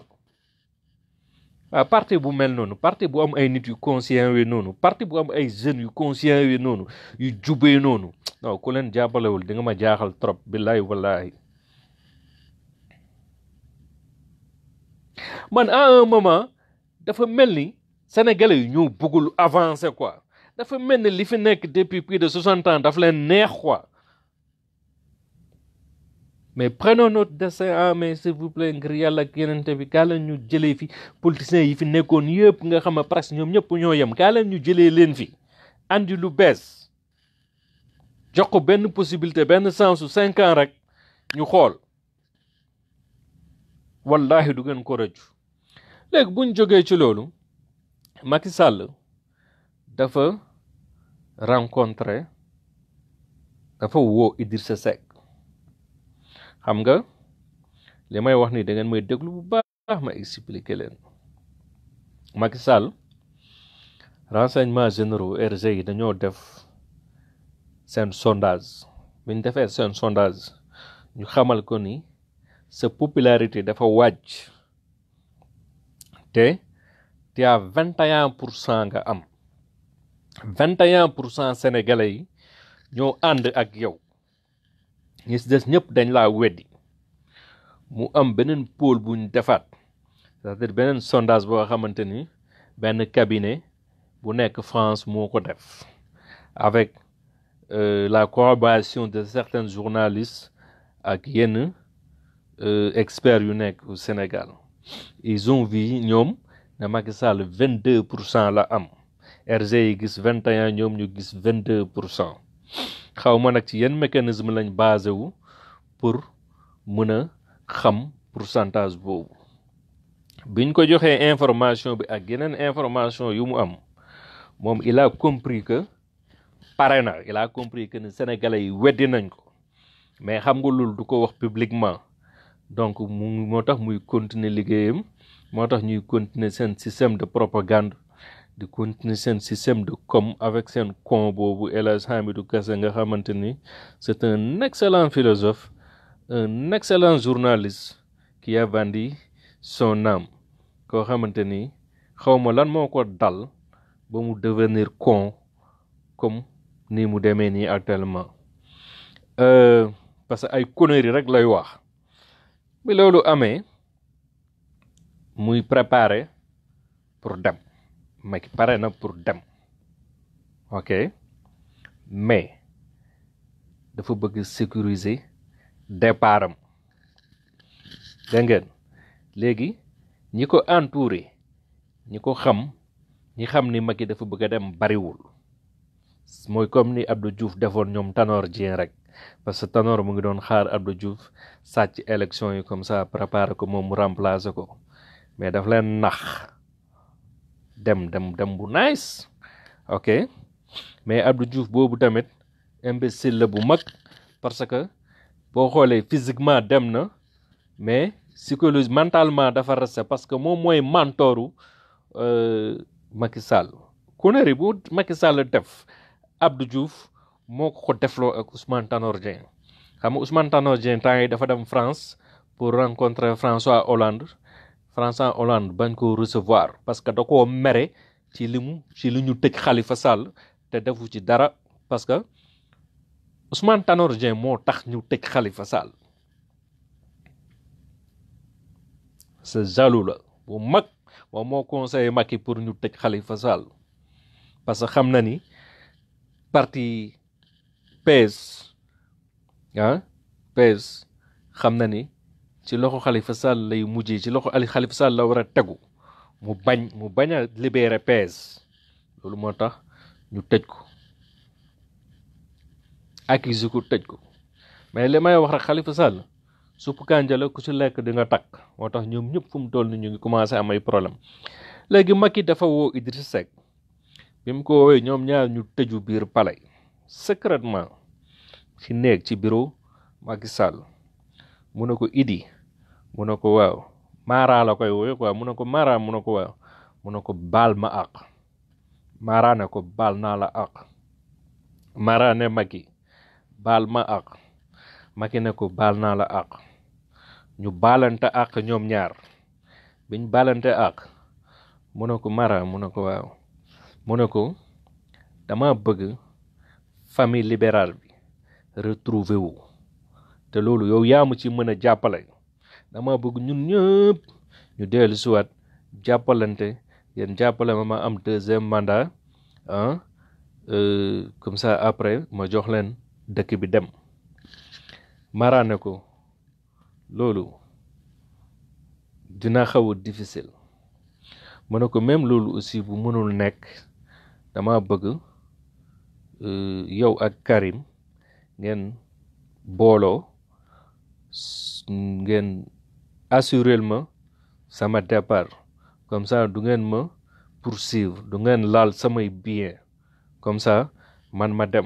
waaw ah, parti bu mel noonu parti bu am ay nit yu conscient wi noonu parti bu am ay jeunes yu conscient wi noonu yu jubee noonu non ku leen jàppalewul dinga ma jaaxal trop billaay wallaay man en un moment dafa mel ni sénégalais yu ñoo buggul avancer quoi dafa mel ni li fi nekk depuis plus de soixante ans daf leen neex quoi mais prenons notre destin en ah, main s'il ngir yàlla ak yenente bi kaa ñu jëlee fi politiciens yi fi nekkoon yëpp nga xam ne presque ñoom ñëpp ñoo yem kaa leen ñu jëlee leen fi andi lu bees jox ko benn possibilité benn sens su cinq ans rek ñu xool wallahi du ngeen ko rëccu léegi buñ jógee ci loolu Macky sàll dafa rencontré dafa woo Idrissa Seck xam nga li may wax nii da ngeen may déglu bu baax ma expliquer leen Macky Sall renseignements généraux yi dañoo def seen sondage bi ñu defee seen sondage ñu xamal ko ni sa popularité dafa wàcc te tu as vingt et pour cent nga am vingt et un pour cent sénégalais yi ñoo ànd ak yow ñi si des ñëpp dañ laa weddi mu am beneen pôle bu defaat c'est-à-dire beneen sondage boo xamante ni benn cabinet bu nekk France moo ko def avec euh, la collaboration de certains journalistes ak yenn euh, experts yu nekk au Sénégal ils ont vu ñoom ne Macky Sall vingt deux pour cent la am RG yi gis vingt ñoom ñu gis vingt deux pour cent xaw ma nag ci yan mécanisme lañ basé wu pour mën a xam centage boobu biñ ko joxee information bi ak yeneen information yu mu am moom il a compris que pare na il a compris que ni sénégalais yi weddi nañ ko mais xam nga loolu du ko wax publiquement donc mu moo tax muy continuer liggéeyam moo tax ñuy continuer seen système de propagande di continuer seen système de comme avec seen com boobu El Hadj Hamidou Kassé nga xamante ni c'est un excellent philosophe un excellent journaliste qui a vendu son âme koo xamante ni xawma lan moo ko dal ba mu devenir con comme ni mu demee nii actuellement euh, parce que ay conneries rek lay wax bi loolu amee muy préparer pour dem Macky pare na pour dem ok mais dafa bëgg sécuriser départ am léegi ñi ko entouré ñi ko xam ñi xam ni mag yi dafa bëgg a dem bariwul mooy comme ni Abdou Diouf defoon ñoom Tanor Dieng rek parce que Tanor mu ngi doon xaar Abdou Diouf sàcc élection yi comme ça préparer ko moom mu remplacer ko mais daf leen nax dem dem dem bu nice ok mais Abdou Diouf boobu tamit imbécile la bu mag parce que boo xoolee physiquement dem na mais psychologie mentalement dafa resté parce que moom mooy mentoru euh, Macky Sall connerie bu Macky Sall def Abdou Diouf moo ko ko defloo ak Ousmane Tanor Dieng xam nga Ousmane Tanor Dieng temps yi dafa dem France pour rencontrer François Hollande François Hollande bañ ko recevoir parce que da koo mere ci limu ci li ñu tëj Khalifa Sall te defu ci dara parce que Ousmane Tanor Dieng moo tax ñu tëj Khalifa Sall c'est jaloux la bu mag moom moo conseillé Macky pour ñu tëj Khalifa Sall parce que xam na ni parti PS ah xam na ni ci loxo Khalifa Sall lay mujjee ci loxo Ali Khalifa Sall la war a tegu mu bañ mu bañ a libérer Pez loolu moo tax ñu tëj ko accusé ko tëj ko mais li may wax rek Khalifa Sall supp kànja la ku ci lekk di nga takk moo tax ñoom ñëpp fu mu toll ni ñu ngi commencé amay ay problème léegi yi dafa woo Idrissa Seck bi mu ko woowee ñoom ñaar ñu tëju biir pale secrètement ci néeg ci bureau Macky Sall mu ne ko Idi mu ko waaw Mara la koy woowe quoi mu ne ko Mara mu ko waaw mu ne ko baal ma àq Mara ne ko baal naa la àq Mara ne Macky baal ma àq Macky ne ko baal naa la àq ñu baalante àq ñoom ñaar biñ baalante àq mu ne ko Mara mu ne ko waaw mu ne ko dama bëgg famille libérale bi retrouver wu te loolu yow yaa mu ci mën a jàppale dama bëgg ñun ñëpp ñu dellu siwaat jàppalante yéen jàppale ma ma am deuxième mandat ah euh, comme ça après ma jox leen dëkk bi dem maraane ko loolu dina xaw a difficile ma ne ko même loolu aussi bu mënul nekk dama bëgg euh, yow ak Karim ngeen booloo ngeen assurel ma sama départ comme ça du ngeen ma pour poursuivre du ngeen laal samay bien comme ça man ma dem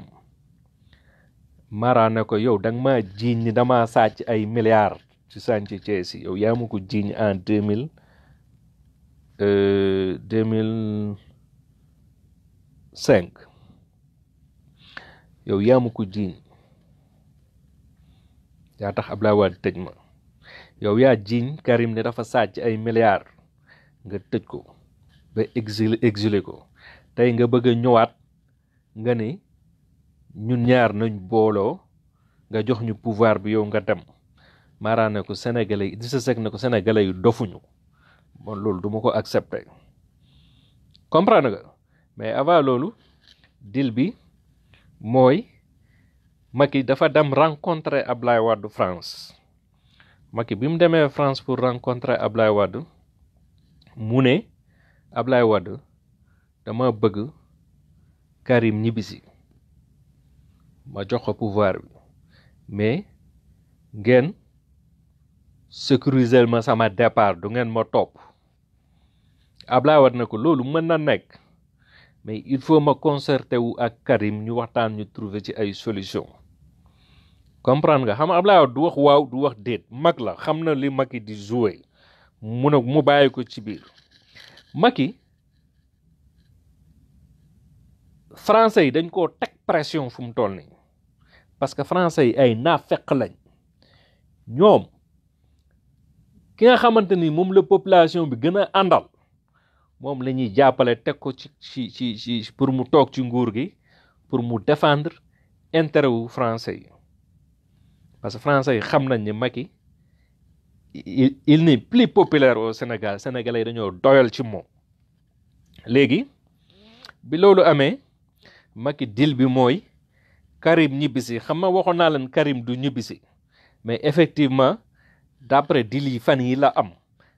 Mara ne ko yow danga ma jiiñ ni dama sàcc ay milliards ci sànci ci yow yaa ma en deux mille euh, deux yow yaa ma ko jiiñ yaa tax Abdoulaye Wade tëj ma yow yaa jiiñ Karim ne dafa sàcc ay milliards nga tëj ko ba exilé exilé ko tey nga bëgg a ñëwaat nga ne ñun ñaar nañ booloo nga jox ñu pouvoir bi yow nga dem maaraan ne ko sénégalais yi ne ko sénégalais yu dofuñu bon loolu duma ko accepter comprendre nga mais avant loolu deal bi mooy mag yi dafa dem rencontrer Ablaye Wade France Macky bi mu demee France pour rencontrer Ablaye Wade mu ne Ablaye Wade dama bëgg Karim ñibbisi ma jox ko pouvoir bi mais ngeen sécuriser ma sama départ du ngeen ma topp Ablaye Wade na ko loolu mën na nekk mais il faut ma concerter wu ak Karim ñu waxtaan ñu trouver ci ay solution comprendre nga xam nga du wax waaw du wax déet mag la xam na li Macky di joué mu ne mu bàyyi ko ci biir Macky français yi dañ koo teg pression fu mu toll nii parce que français yi ay naafeq lañ ñoom ki nga xamante ni moom la population bi gën a àndal moom la ñuy jàppale teg ko ci ci ci ci pour mu toog ci nguur gi pour mu défendre intérêt wu français yi parce que français yi xam nañ ni Macky il il plus populaire au Sénégal sénégalais yi dañoo doyal ci moom léegi bi loolu amee Macky deal bi mooy Karim ñibbisi xam nga waxoon naa leen Karim du ñibbisi mais effectivement d'après deal yi fan yi la am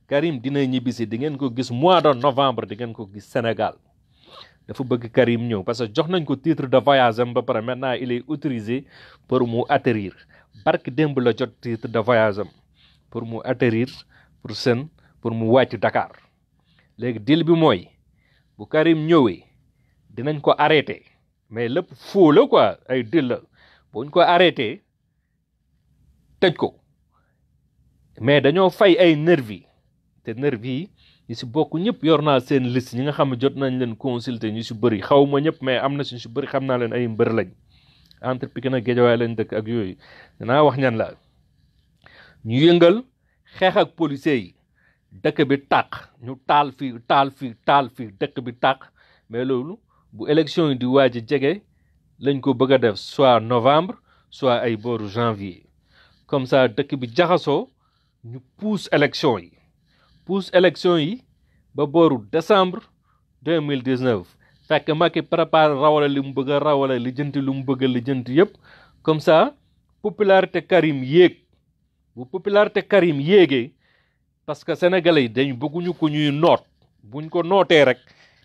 Karim dina ñibbisi di ngeen ko gis mois de novembre di ngeen ko gis Sénégal dafa bëgg Karim ñëw parce que jox nañ ko titre de voyage ba pare maintenant il est autorisé pour mu atterrir barke démb la jot titre de voyage pour mu atterrir pour seen pour mu wàcc Dakar léegi deal bi mooy bu Karim ñëwee dinañ ko arrêté mais lépp faux ko ay deal la buñ ko arrêté tëj ko mais dañoo fay ay nervi te nervi yi ñu si bokk ñëpp yor naa seen liste ñi nga xam jot nañ leen consulter ñu su bëri xaw ma ñëpp mais am na suñ su bëri xam naa leen ay mbër lañ entre Pikine ak Guédiawaye dëkk ak yooyu danaa wax ñan la ñu yëngal xeex ak policiers yi dëkk bi tàq ñu taal fii taal fii taal fii dëkk bi tàq mais loolu bu élection yi di waaj a jege lañ ko bëgg a def soit novembre soit ay booru janvier comme ça dëkk bi jaxasoo ñu pousse élection yi pousse élection yi ba booru décembre deux mille dix-neuf fekk Macky prépare rawale li mu bëgg a rawale li jënt lu mu bëgg a li jënt yëpp comme ça popularité Karim yéeg bu popularité Karim yéegee parce que sénégalais yi dañ bëgguñu ko ñuy noot bu buñ ko nootee rek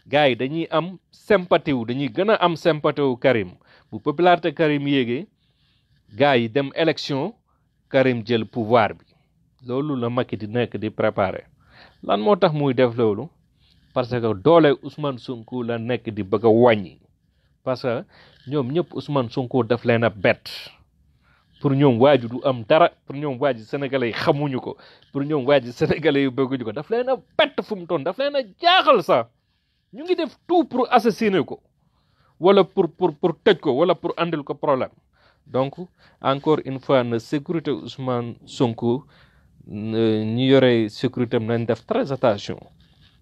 gars yi dañuy am sympathie wu dañuy gën a am sympathie wu Karim bu popularité Karim yéegee gars yi dem élection Karim jël pouvoir bi loolu la Macky di nekk di préparer lan moo tax muy def loolu parce que doole Ousmane Sonko la nekk di bëgg a wàññi parce que ñoom ñëpp Ousmane Sonko daf leen a bett pour ñoom waaju ji du am dara pour ñoom waa ji sénégalais yi xamuñu ko pour ñoom waa ji sénégalais yi bëgguñu ko daf leen a bett fu mu toon daf leen a jaaxal sax ñu ngi def tout pour assassiner ko wala pour pour pour tëj ko wala pour andil ko problème donc encore une fois na sécurité Ousmane Sonko ñu yore sécurité mu nañ def très attention.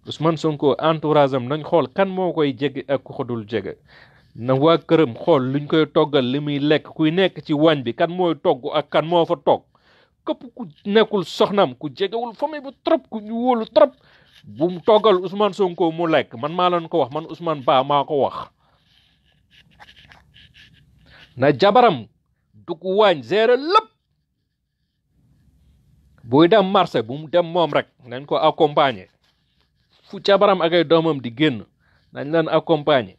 Ousmane Sonko entourage am nañ xool kan moo koy jege ak ku ko jege na waa këram xool luñ koy toggal li muy lekk kuy nekk ci waañ bi kan mooy togg ak kan moo fa toog këpp ku nekkul soxnaam ku jegewul famille bu trop ku ñu wóolu trop bu mu toggal Ousmane Sonko mu lekk man maa leen ko wax man Ousmane baa maa ko wax na jabaram dugg waañ gérer lépp buy dem marché bu mu dem moom rek nañ ko accompagner fu cabaram ak doomam di génn dañ leen accompagner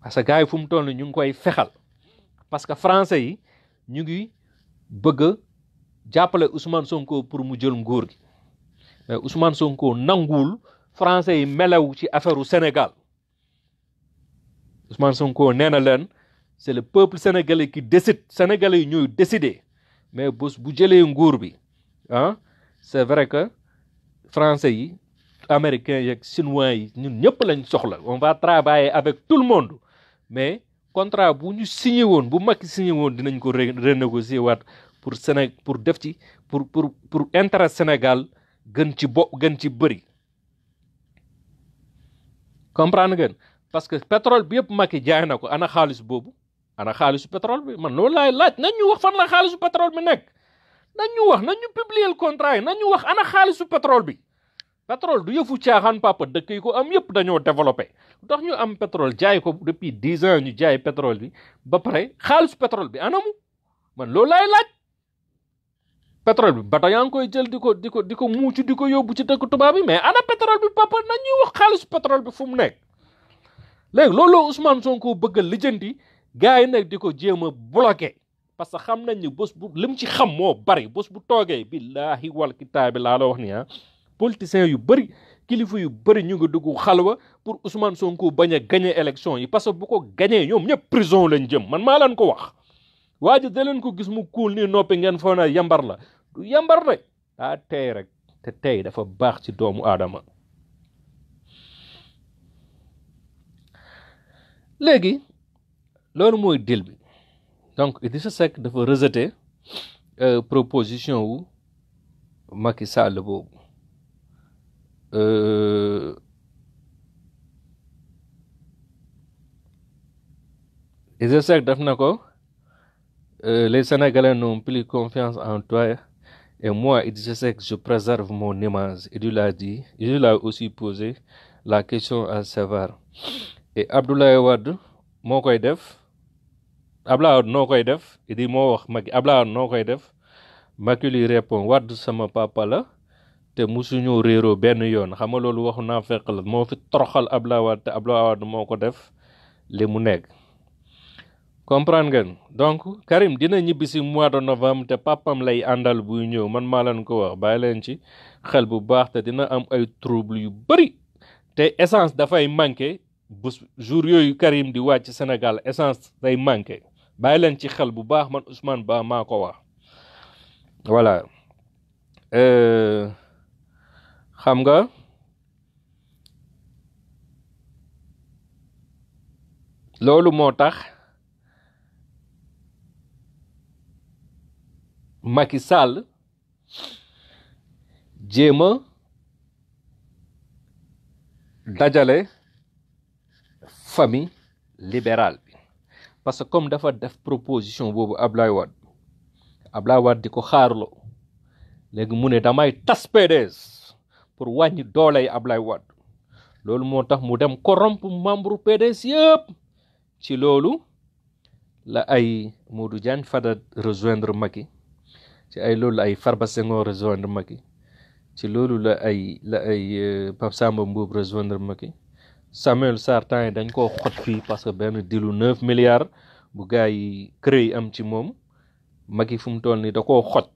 parce que gars yi fu mu toll ñu ngi koy fexal parce que français yi ñu ngi bëgg a jàppale Ousmane Sonko pour mu jël nguur gi mais Ousmane Sonko nanguwul français yi melew ci affaire u Sénégal usman Sonko nee na leen c'est le peuple sénégalais ki décide sénégalais yi ñooy décider mais bés bu jëlee nguur bi ah c'est vrai que français yi américains yeeg chinois yi ñun ñëpp lañ soxla on va travailler avec tout le monde mais contrat bu ñu signé woon bu Macky signé woon dinañ ko renégocier waat pour Séné pour def ci pour pour pour intérêt Sénégal gën ci bopp gën ci bëri comprendre ngeen parce que pétrole bi yëpp Macky jaay na ko ana xaalis boobu ana xaalisu pétrole bi man loolu laay laaj nañ ñu wax fan la xaalisu pétrole bi nekk nañ wax nañ ñu publier yi nañ ñu wax ana xaalisu pétrole bi pétrole du yëfu caaxaan papa dëkk yi ko am yëpp dañoo développé tax ñu am pétrole jaay ko depuis dix ans ñu jaay pétrole bi ba pare xaalisu pétrole bi anamu man loolu laay laaj pétrole bi bato yaa ngi koy jël di ko di ko di muucu di ko yóbbu ci dëkk tubaab bi mais ana pétrole bi papa nañ ñuy wax bi fu mu nekk léegi loolu Ousmane Sonko bëgg a lijjanti gars yi nag di ko jéem a bloqué parce que xam nañ ni bés bu lim ci xam moo bari bos bu toogee billaahi wal kitaabi laa la wax ni ah. politiciens yu bëri kilifa yu bëri ñu ngi dugg xalwa pour Ousmane Sonko bañ a gagné élection yi parce que bu ko gagné ñoom ñëpp prison lañ jëm man maa leen ko wax. waaj ji da ko gis mu kuul nii noppi ngeen foog naa yambar la du yambar rek daa ah, tey rek te tey dafa baax ci doomu aadama. léegi loolu mooy dil bi donc sa Seck dafa rejeté euh, proposition wu Macky Sall boobu. Euh... Isaac daf na ko euh, les Sénégalais n'ont plus confiance en toi et moi Idrissa Seck je préserve mon image il l'a dit il a aussi posé la question à Sévar et Abdoulaye Wade moo koy def Abdoulaye Wade noo koy def il dit moo wax Macky Abdoulaye Wade noo koy def Macky lui répond Wade sama papa la te mu musuñu réeroo benn yoon xam nga loolu waxu naa fekk la moo fi toroxal Abdoulaye Wade te Abdoulaye Wade moo ko def li mu nekk. comprendre ngeen donc Karim dina ñibbi si mois de novembre te papam lay àndal buy ñëw man maa leen ko wax bàyyi leen ci xel bu baax te dina am ay trouble yu bari te essence dafay manqué bu jour yooyu Karim di wàcc Sénégal essence day manqué bàyyi leen ci xel bu baax man Ousmane Ba maa ko wax voilà. Euh, xam nga loolu moo tax Macky Sall jéem a dajale famille libéral bi parce que comme dafa def proposition boobu ab lay Ablaye ab Ablaye Wade di ko xaarloo léegi mu ne damay tas PDS pour wàññi doole yi Ablaye Wade loolu moo tax mu dem corrompre membre PDS yëpp ci loolu la ay Modou Diagne Fada rejoindre Macky ci ay loolu la ay Farba Senghor rejoindre Macky ci loolu la ay la ay euh, Pape Samba Mboup rejoindre Macky Samuel Sarr temps dañ koo xot fii parce que benn dilu neuf milliards bu gars yi créé am ci moom Macky fu mu toll nii da koo xot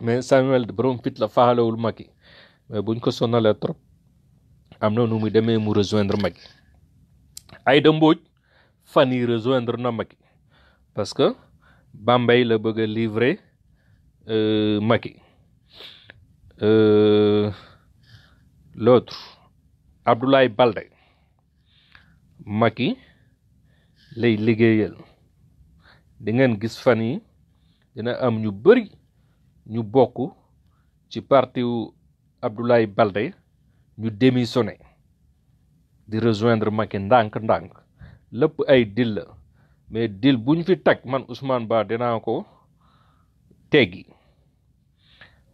mais Samuel borom fit la faalewul Macky mais buñ ko sonalee trop am na nu muy demee mu rejoindre Macky Aïda Mbodj fan yi rejoindre na Macky parce que Bambey la bëgg a livrer euh, Macky euh, l'autre Abdoulaye Baldé Macky lay liggéeyal di ngeen gis fan yi dina am ñu bëri ñu bokk ci parti Abdoulaye Baldé ñu démissionné di rejoindre Macky ndànk-ndànk lépp ay dil la mais dil bu ñu fi teg man Ousmane Ba dinaa ko teggi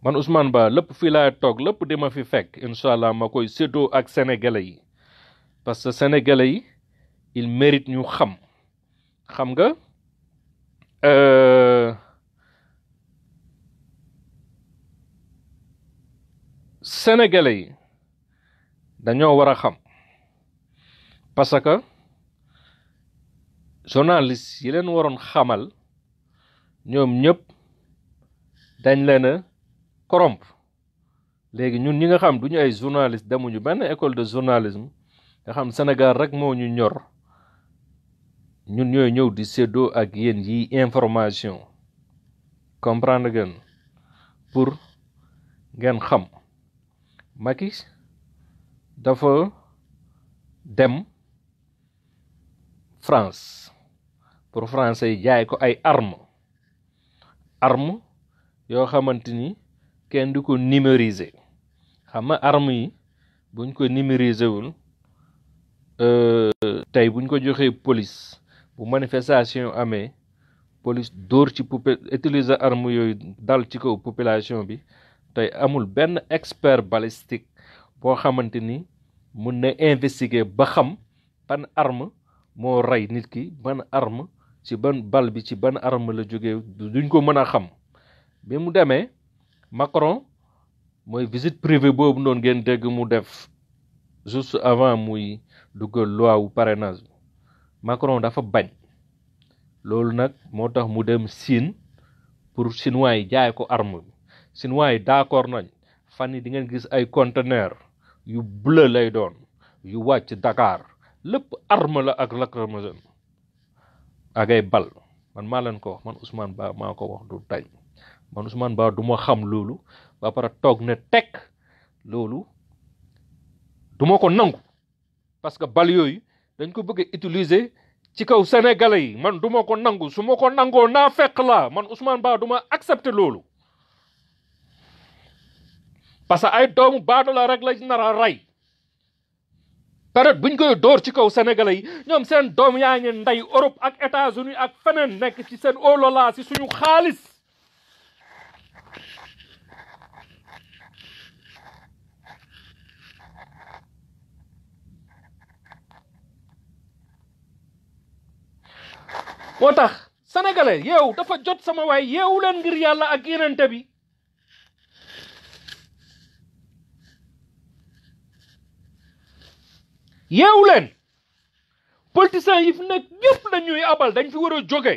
man Ousmane Ba lépp fii laay toog lépp di fi fekk incha allah ma koy séddoo ak sénégalais yi parce que sénégalais yi il mérite ñu xam xam nga. Euh, sénégalais yi dañoo war a xam parce que journaliste yi leen waroon xamal ñoom ñëpp dañ leen a léegi ñun ñi nga xam duñu ay journaliste demuñu benn école de journalisme nga xam Sénégal rek moo ñu ñor ñun ñoo ñëw di séddoo ak yéen yi information comprendre ngeen pour ngeen xam makis dafa dem France pour français yi jaay ko ay arme arme yoo xamante ni kenn du ko numériser xam nga arme yi buñ ko numériser wul euh, tey buñ ko joxee police bu manifestation amee police dóor ci popu utiliser yooyu dal ci kaw population bi tey amul benn expert balistique boo xamante ni mun na investiguer ba xam ban arme moo rey nit ki ban arme ci ban bal bi ci ban arme la jógee duñ ko mën a xam bi mu demee Macron mooy visite privée boobu noonu ngeen dégg mu def juste avant muy duggal loi wu parrainage Macron dafa bañ loolu nag moo tax mu dem Chine pour chinois yi jaay ko arme bi chinois yi d'accord nañ fan yi di ngeen gis ay conteneur yu bleu lay doon yu wàcc dakaar lépp arme la ak lacrymogène ak ay bal man maa leen ko wax man Ousmane Ba maa ko wax du tey man Ousmane Ba du ma xam loolu ba pare toog ne tekk loolu duma ko nangu parce que bal yooyu dañ ko bëgg a ci kaw sénégalais yi man du ma ko nangu su ma ko nangoo naa fekk laa man Ousmane Ba du ma accepter loolu parce que ay doomu baadoolo rek lañ nar a rey buñ koy door ci kaw sénégalais yi ñoom seen doom yaa ngi ndey Europe ak États-Unis ak feneen nekk ci seen olola si suñu xaalis moo tax sénégalais yow dafa jot sama waay yeewu leen ngir yàlla ak yenente bi yeewu leen politiciens yi fi nekk ñëpp la ñuy abal dañ fi war a jóge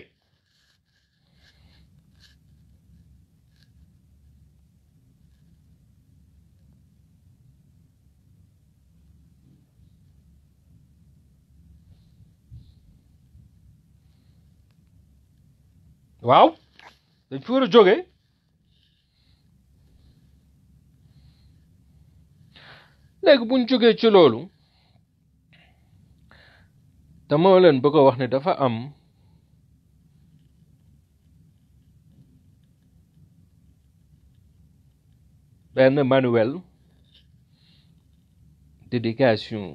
waaw dañ fi war a jóge léegi buñ jógee ci loolu dama leen bëgg ko wax ne dafa am benn manuel d'éducation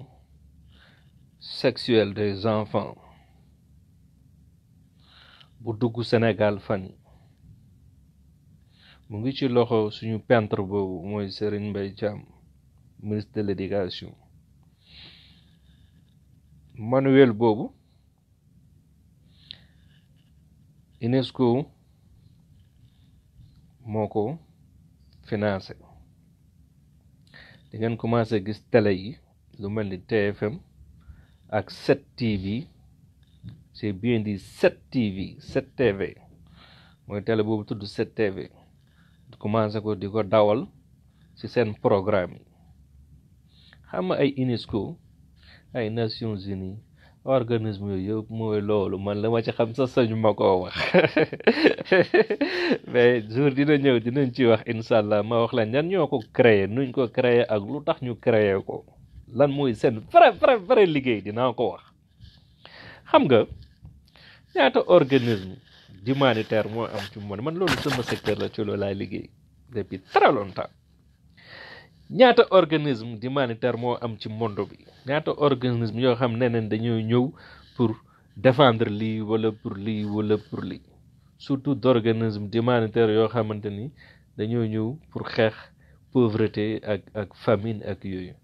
sexuelle des enfants bu dugg senegal fan mu ngi ci loxo suñu peintre boobu mooy Serigne Mbaye Thiam ministre de l'éducation manuel boobu UNESCO moo ko financé di ngeen commencé gis télé yi lu mel ni TFM ak 7TV c'est bien dit tv 7TV mooy télé boobu tudd 7TV commencé ko di ko dawal ci seen programme yi xam nga ay UNESCO ay Nations Unies organisme yooyu yëpp mooy loolu man la ma ci xam sa sa ñu ma koo wax mais jour dina ñëw dinañ ci wax incha ma wax la ñan ñoo ko créer nuñ ko créer ak lu tax ñu créer ko lan mooy seen vrai vrai liggéey dinaa ko wax xam nga ñaata organisme d'humanitaire moo am ci monde man loolu sama secteur la ci loolu laa liggéey depuis très longtemps ñaata organisme humanitaire moo am ci monde bi ñaata organisme yoo xam ne neen dañoo ñëw pour défendre lii wala pour li wala pour lii surtout d'organisme humanitaire yoo xamante ni dañoo ñëw pour xeex pauvreté ak ak famine ak yooyu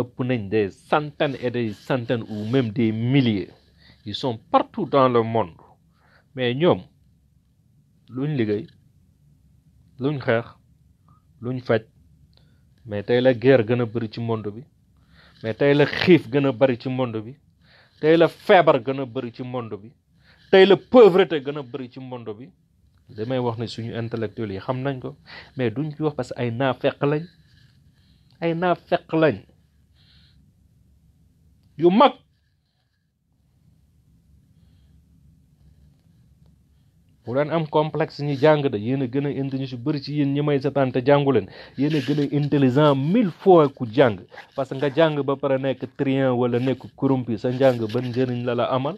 ëpp nañ des centaines et des centaines ou même des milliers ils sont partout dans le monde mais ñoom luñ liggéey luñ xeex luñ faj mais tey la guerre gën a bëri ci monde bi mais tey la xiif gën a bëri ci monde bi tey la feebar gën a bëri ci monde bi tey la pauvreté gën a bëri ci monde bi damay wax ne suñu intellectuels yi xam nañ ko mais duñ ci wax parce que ay naafeq lañ ay naafeq lañ yu mag bu daan am complexe ñi jàng de yéen a gën a indi ñu si bëri ci yéen ñi may setaan te jàngu leen yéen a gën a intelligent mille fois ku jàng parce que nga jàng ba pare nekk trian wala nekk corrompu sa njàng ban njëriñ la la amal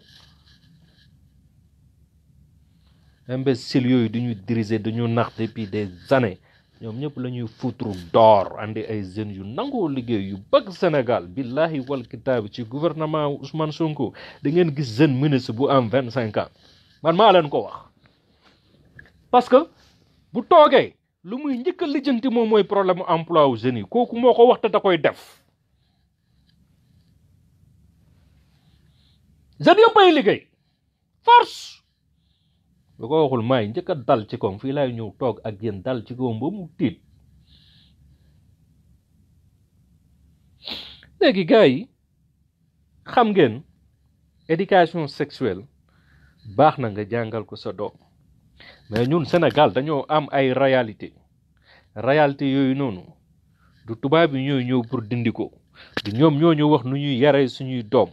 imbécile yooyu du ñu diriger dañu nax depuis des années ñoom ñëpp la ñuy futru door andi ay jeunes yu nangoo liggéey yu bëgg Sénégal billahi wal kitaab ci gouvernement Ousmane Sonko da ngeen gis jeune ministre bu am vingt cinq man maa leen ko wax parce que bu toogee lu muy njëkk a lijjanti moom mooy problème mu emploi wu jeunes yi kooku moo ko wax te da koy def jeunes yëpp ay liggéey force lu waxul maay njëkk dal ci koom fii laay ñëw toog ak gen dal ci koom ba mu tiit léegi gars yi xam ngeen éducation sexuelle baax na nga jàngal ko sa doom mais ñun Sénégal dañoo am ay réalité réalité yooyu noonu du tubaab yi ñooy ñëw pour dindi ko du ñoom ñoo ñu wax nu ñuy yaree suñuy doom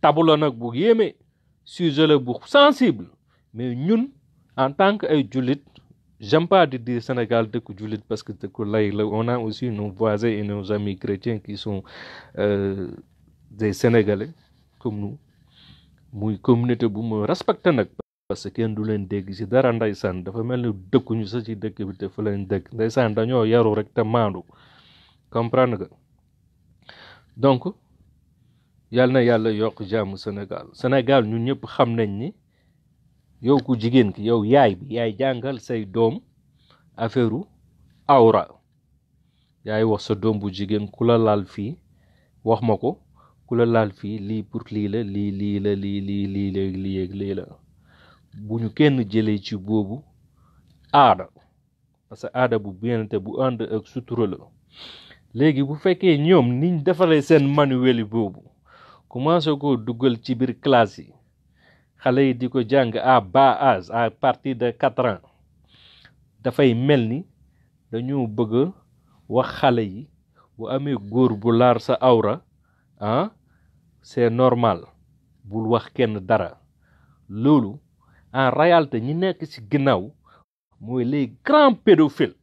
tabu nag bu yéeme sujet la bu sensible mais ñun en tant que ay jullit j'aime pas de dire Sénégal dëkku jullit parce que dëkku lay la on a aussi nos voisins et nos amis chrétiens qui sont euh, des Sénégalais comme nous muy communauté bu ma respecté nag parce que kenn du leen dégg ci dara ndeysaan dafa mel ni dëkkuñu sa ci dëkk bi te fa leen dëkk ndeysaan dañoo yaru rek te maandu comprendre nga donc yal na yàlla yokk jàmm Sénégal Sénégal ñun ñëpp xam nañ ni yow ku jigéen ki yow yaay bi yaay jàngal say doom affaire awra yaay wax sa doom bu jigéen ku la laal fii wax ma ko ku la laal fii lii pour lii la lii lii la lii lii la. bu ñu kenn jëlee ci boobu aada parce que aada bu bennte bu ànd ak sutura léegi bu fekkee ñoom niñ defalee seen manuel yi boobu commencé ko dugal ci biir classe yi xale yi di ko jàng à bas âge à partir de quatre ans dafay mel ni dañoo bëgg a wax xale yi bu amee góor bu laar sa awra ah c'est normal bul wax kenn dara loolu en réalité ñi nekk ci ginnaaw mooy les grands pédophiles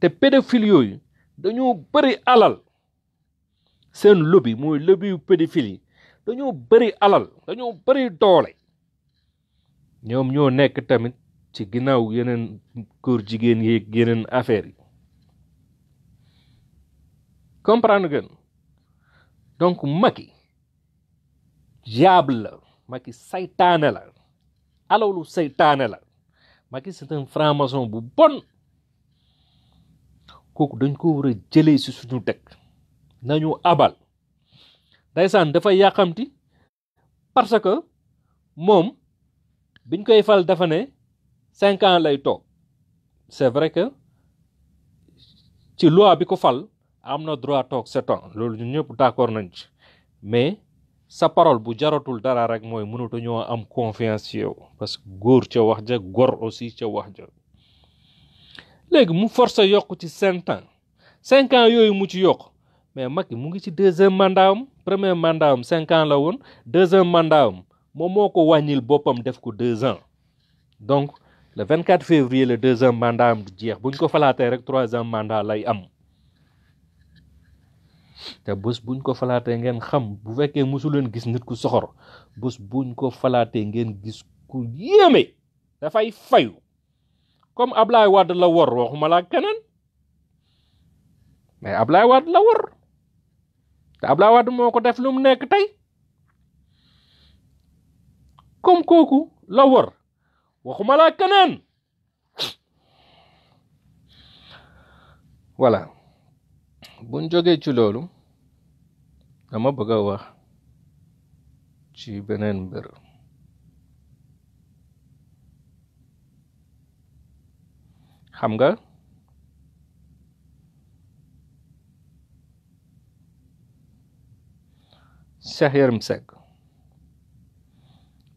te pédophiles yooyu dañoo bëri alal seen lobby mooy lobby yu pédophiles yi dañoo bëri alal dañoo bëri doole ñoom ñoo nekk tamit ci ginnaaw yeneen góor jigéen yeeg yeneen affaires yi comprendre ngeen donc Macky diable la Macky saytaane la alalu saytaane la Macky c'est un franc bu bon kooku dañ ko war a jëlee si suñu dëkk nañu abal ndaysaan dafa yàqamti parce que moom biñ koy fal dafa ne cinq lay toog c'est vrai que ci loi bi ko fal am na droit toog sept ans loolu ñu ñëpp d'accord nañ ci mais sa parole bu jaratul dara rek mooy mënatu mënatuñoo am confiance ci yow parce que góor ca wax ja góor aussi ca wax ja léegi mu force yokk ci cinq ans cinq ans yooyu mu ci yokk mais mag mu ngi ci deuxième mandat am premier mandat ans la woon deuxième mandat am moom moo ko wàññil boppam def ko deux ans donc le vingt quatre février le deuxième mandat am du jeex bu ñu ko falaatee rek trois troisième mandat lay am. te bés buñ ko falaatee ngeen xam bu fekkee mosu leen gis nit ku soxor bés buñ ko falaatee ngeen gis ku yéeme dafay fayu comme Ablaye Wade la wor waxuma laa keneen mais Ablaye Wade la wor te Ablaye Wade moo ko def lu mu nekk tey comme kooku la wor waxuma laa keneen voilà buñ jógee ci loolu dama bëgg a wax ci beneen mbir xam nga Cheikh Yérim Seck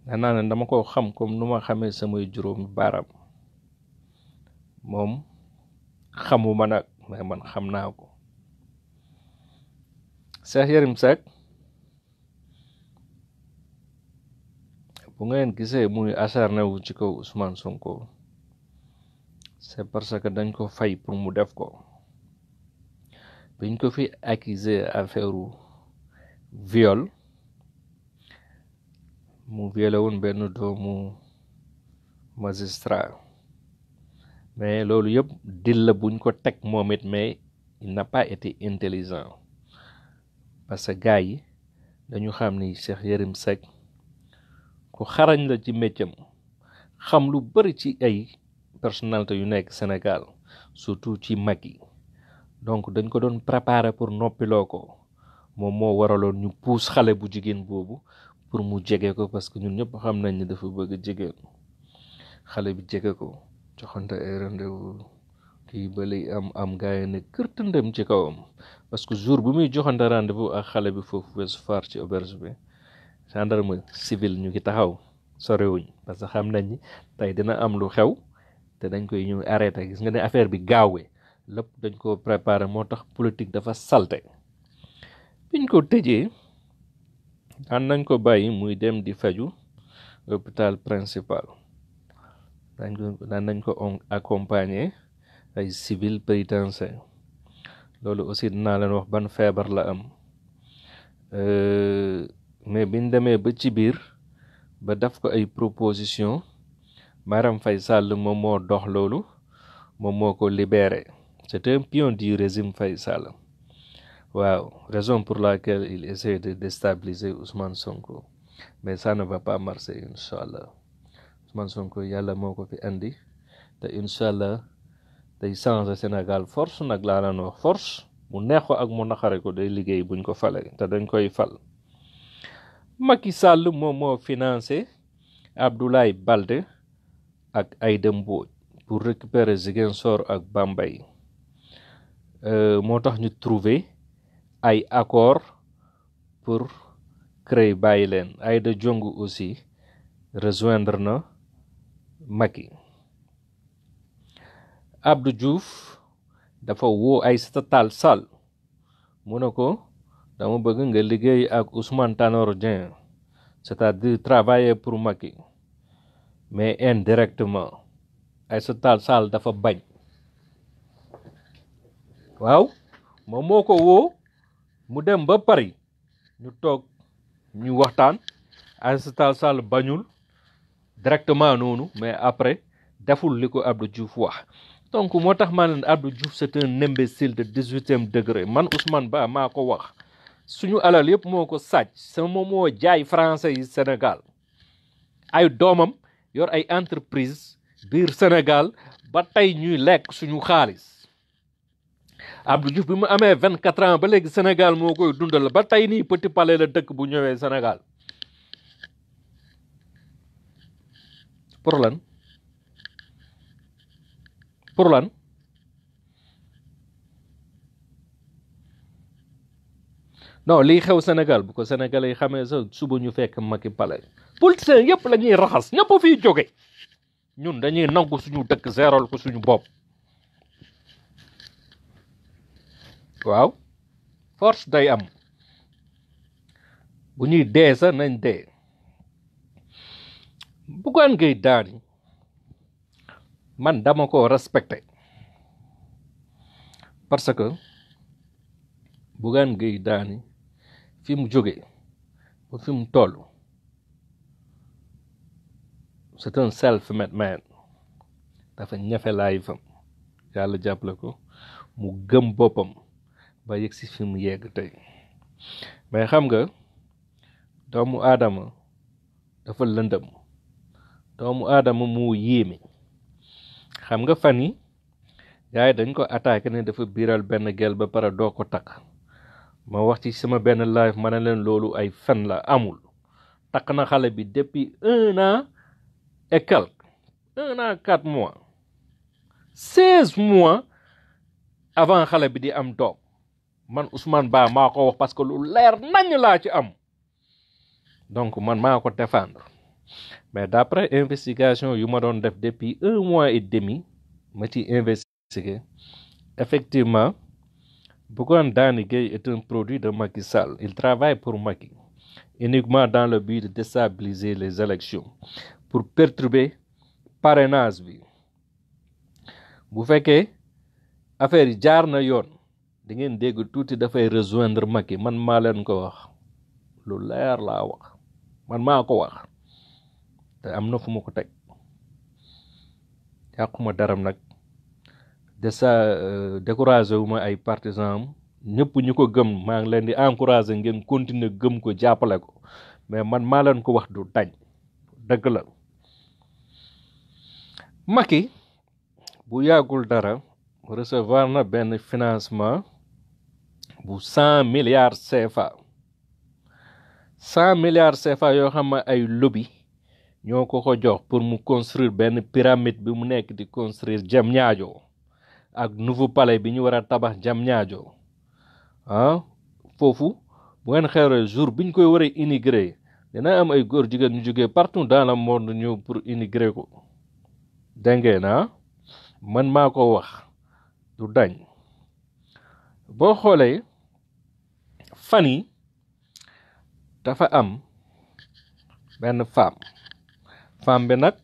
nee naa ne dama ko xam comme nu ma xamee samay juróomi baaraam moom xamuma nag mais man xam naa ko Cheikh Yérim Seck bu ngeen gisee muy acharné wu ci kaw Ousmane Sonko c'est parce que dañ ko fay pour mu def ko biñ ko fi accuser affaire viol mu violé woon benn doomu magistrat mais loolu yëpp dill la buñ ko teg moom it mais il n'a pas été intelligent parce que gars yi dañu xam ni Cheikh Yérim Seck ku xarañ la ci métier xam lu bëri ci ay personnalité yu nekk Sénégal surtout ci mag yi donc dañ ko doon préparer pour noppiloo ko moom moo waraloon ñu puus xale bu jigéen boobu pour mu jege ko parce que ñun ñëpp xam nañ ni dafa bëgg jigéen xale bi jege ko joxante ay rendez kii ba am am gars yi ne kër tëndam ci kawam parce que jour bu muy joxante rendez-vous ak xale bi foofu weesu faar ci auberge bi gendarme civil ñu ngi taxaw sorewuñ parce que xam nañ ni tey dina am lu xew te dañ koy ñëw arrêté gis nga ne affaire bi gaawee lépp dañ ko préparé moo tax politique dafa salte biñ ko tëjee daan nañ ko bàyyi muy dem di faju hôpital principal dañ ko daan nañ ko accompagner ay civil pénitentiaire loolu aussi dinaa leen wax ban feebar la am euh, mais biñ demee ba ci biir ba def ko ay proposition Marème fay Sall moom moo dox loolu moom moo ko libeere c'est un pion du régime fay Sall waaw raison pour laquelle il essaie de déstabiliser Ousmane Sonko mais ça ne va pas marcher incha allah Ousmane Sonko yàlla moo ko fi andi te incha allah day changer Sénégal force nag laa leen wax force mu neex ko ak mu naxare ko day liggéey buñ ko fale te dañ koy fal Macky Sall moom moo financé Abdoulaye Balde ak Aïda Mbodj pour récupérer Ziguinchor ak Bambey euh, moo tax ñu trouver ay accord pour créer bàyyi leen Aïda Diongue aussi rejoindre na Macky Abdou Diouf dafa woo Aïssata Tall Sall mu ne ko dama bëgg nga liggéey ak Ousmane Tanor Dieng c'est-à-dire pour Macky mais indirectement Aïssata Tall Sall dafa bañ waaw moom moo ko woo mu dem ba Paris ñu toog ñu waxtaan Aïssata Tall Sall bañul directement noonu mais après deful li ko Abdou Diouf wax donc moo tax maa leen Abdou Diouf c'est un imbécile de dix-huitième degré man Ousmane Ba maa ko wax suñu alal yëpp moo ko sàcc sama moo jaay français yi Sénégal ay doomam yor ay entreprise biir Sénégal ba tey ñuy lekk suñu xaalis Abdou Diouf bi mu amee vingt quatre ans ba léegi Sénégal moo koy dundal ba tey nii Petit pale la dëkk bu ñëwee Sénégal pour lan pour lan non lii xew senegal bu ko senegal yi xamee sax suba ñu fekk Macky Palais politiciens yëpp la ñuy raxas ñëpp fiy jóge ñun dañuy nangu suñu dëkk zeeral ko suñu bopp waaw force day am bu ñuy dee sax nañ dee buggoon ngay daani man dama ko respecté parce que Bougane Gueye Dany fi mu jóge ba fi mu toll c'est un self-made man dafa ñafe laay fam yàlla jàppale ko mu gëm boppam ba yegg si fi mu yegg tey mais xam nga doomu aadama dafa lëndëm doomu aadama mu yéeme xam nga fan yi yaay dañ ko attaqué ne dafa biiral benn gel ba pare doo ko takk ma wax ci sama benn live ma ne leen loolu ay fen la amul takk na xale bi depuis un an et quelque un an quatre mois seize mois avant xale bi di am doom man Ousmane Ba maa ko wax parce que lu leer nañ laa ci am donc man maa ko défendre mais d' après investigation yu ma doon def depuis un mois et demi ma ci investiguer effectivement Bougane Dany Gueye est un produit de Macky Sall il travaille pour Macky uniquement dans le but de déstabiliser les élections pour perturber parrainage bi bu fekkee affaire yi jaar na yoon di ngeen dégg tuuti dafay rejoindre Macky man maa leen ko wax lu leer laa wax man maa ko wax te am na fu ma ko teg yàquma daram nag de sa euh, découragé wu ma ay partisan am ñëpp ñu ko gëm maa ngi leen di encouragé ngeen continuer gëm ko jàppale ko mais man maa leen ko wax du dañ dëgg la Macky bu yàggul dara recevoir na benn financement bu cent milliards CFA cent milliards CFA yoo xam ne ay lobby ñoo ko ko jox pour mu construire benn pyramide bi mu nekk di construire jam ñaajo ak nouveau palais bi ñu war a tabax jam ñaajo ah foofu bu ngeen xewre jour biñ koy war a intégré dina am ay góor jigéen ñu jógee partout dans le monde ñëw pour intégré ko dégg ngeen ah? man maa ko wax du dañ boo xoolee fan yi dafa am benn femme femme bi nag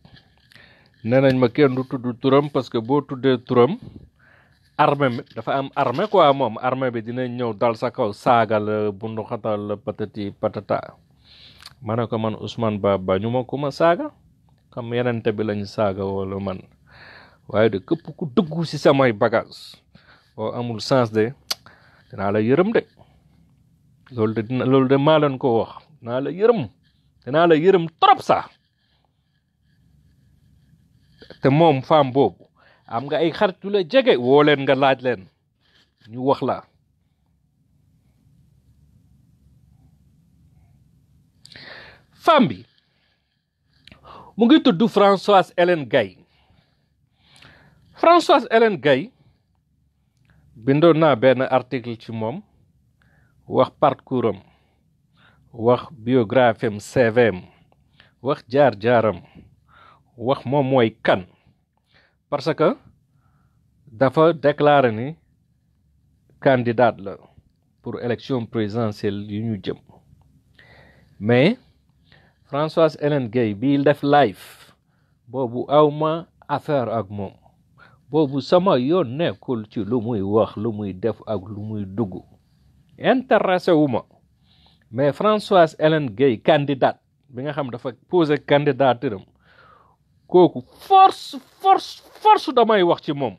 nee nañ ma kenn du tudd turam parce que boo tuddee turam armée dafa am armée quoi moom armée bi dina ñëw dal sa kaw saaga la bundu la patati patata ma ne ko man Ousmane Ba bañu ma saaga xam yenente bi lañ saaga wala man waaye de képp ku dëggu ci samay bagage boo amul sens de dinaa la yërëm de loolu de dina maa leen ko wax dinaa la yërëm dinaa la yërëm trop sax te moom femme boobu am nga ay xarit yu la jege woo nga laaj leen ñu wax la femme bi mu ngi tudd Françoise Hélène Gaye Françoise Hélène Gaye bindoon naa benn article ci moom wax parcours am wax biographie am wax jaar-jaaram wax moom mooy kan parce que dafa déclarer ni kandidaat la pour élection présidentielle yu ñu jëm mais Françoise Hélène Gueye bii def live boobu awma affaire ak moom boobu sama yoon nekkul ci lu muy wax lu muy def ak lu muy dugg intéressé wu ma mais Françoise Hélène Gueye candidate bi nga xam dafa posé candidaturam kooku force force force damay wax ci moom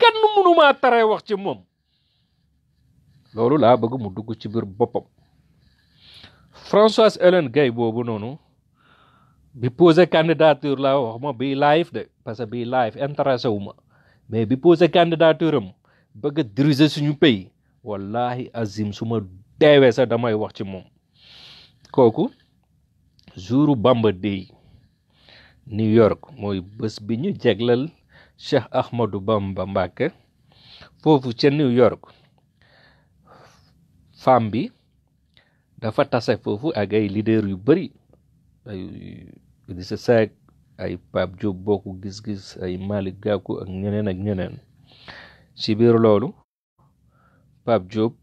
kenn mënumaa taree wax ci moom loolu laa bëgg mu dugg ci biir boppam Françoise Hélène Gaye boobu noonu bi posé candidature laa wax ma bi live de parce que bii live intéressé wu ma mais bi posé candidature am bëgg a diriger suñu pays wallahi azim su ma deewee sax damay wax ci moom kooku jouru Bamba Dey New York mooy bës bi ñu jeglal Cheikh Ahmadou Bamba Mbàkke foofu ca New York femme bi dafa tase foofu ak ay leader yu bëri ay Idrissa Seck ay Pape Diop Bokk Gis Gis ay Malick Gakou ak ñeneen ak ñeneen ci biir loolu Pape Diop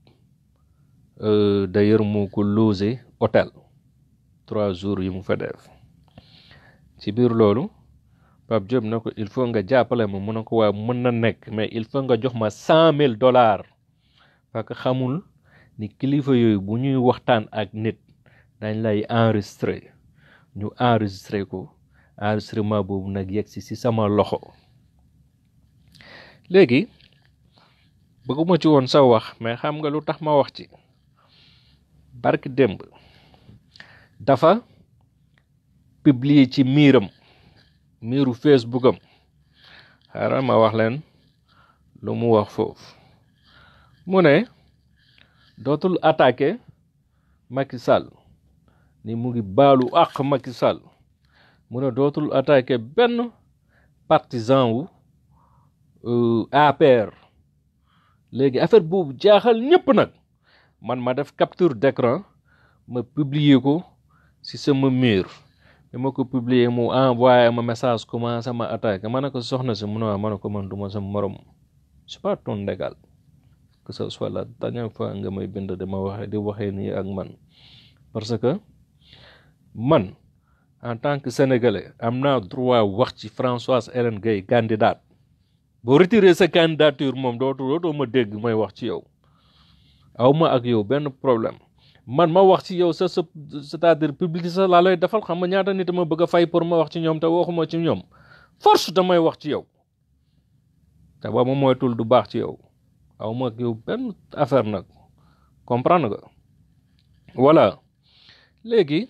euh, d'ailleurs moo ko logé hôtel trois jours yi mu fa ci biir loolu Pape Diop na ko il faut nga jàppale ma mun na ko waaye mën na nekk mais il faut nga jox ma cent mille dollars parce que xamul ni kilifa yooyu bu ñuy waxtaan ak nit dañ lay enregistré ñu enregistré ko enregistrement boobu nag yegg si si sama loxo léegi bëgguma ci woon sa wax mais xam nga lu tax ma wax ci barki démb dafa publier ci miiram miiru Facebook am ma wax leen lu mu wax foofu mu ne dootul attaqué Macky ni mu ngi baalu àq Macky mu ne dootul attaqué benn partisan wu euh, APR léegi affaire boobu jaaxal ñëpp nag man ma def capture d'écran ma publier ko ci sama miir bi ma ko publier mu envoyé ma message commencé sama attaque ma ne ko soxna si mu ne ma ne ko man du ma sa morom c'est pas ton égal que ce soit la dernière fois nga may bind ma waxe di waxee nii ak man parce que man en tant que sénégalais am naa droit wax ci Françoise Hélène Gaye candidate boo retiré sa candidature moom dootu dootoo ma dégg may wax ci yow aw ma ak yow benn problème man ma wax ci yow sa sa c'est-à-dire public sa laa lay defal xam nga ñaata nit ma bëgg fay pour ma wax ci ñoom te waxuma ci ñoom force damay wax ci yow te ba ma moytul du baax ci yow aw ma yow benn affaire nag comprendre ga voilà léegi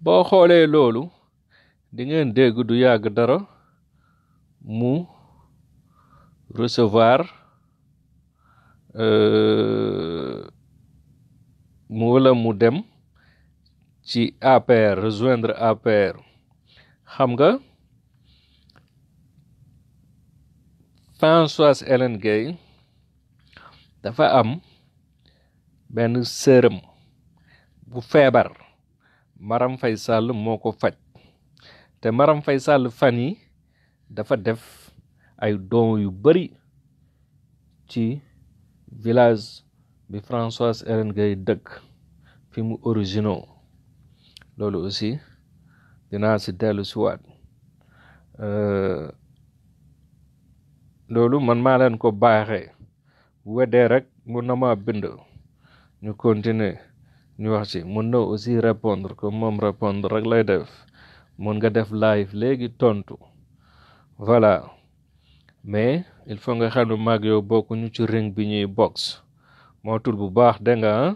boo xoolee loolu di ngeen dégg du yàgg dara mu recevoir. Euh, mu wala mu dem ci APR rejoindre APR xam nga Françoise Hélène Gueye dafa am benn sërëm bu feebar Maram Fay Sall moo ko faj te Maram Fay Sall fan yi dafa def ay don yu bari ci village bi Françoise Hélène Gaye dëkk fi mu originaux loolu aussi dinaa si dellu siwaat euh, loolu man maa leen ko baaxee wedee rek mun na maa bind ñu continuer ñu wax ci mun na aussi répondre que moom répondre rek lay def mun nga def live léegi tontu voilà mais il faut nga xam mag maag yow bokkuñu ci ring bi ñuy box moo tur bu baax dégg nga ah?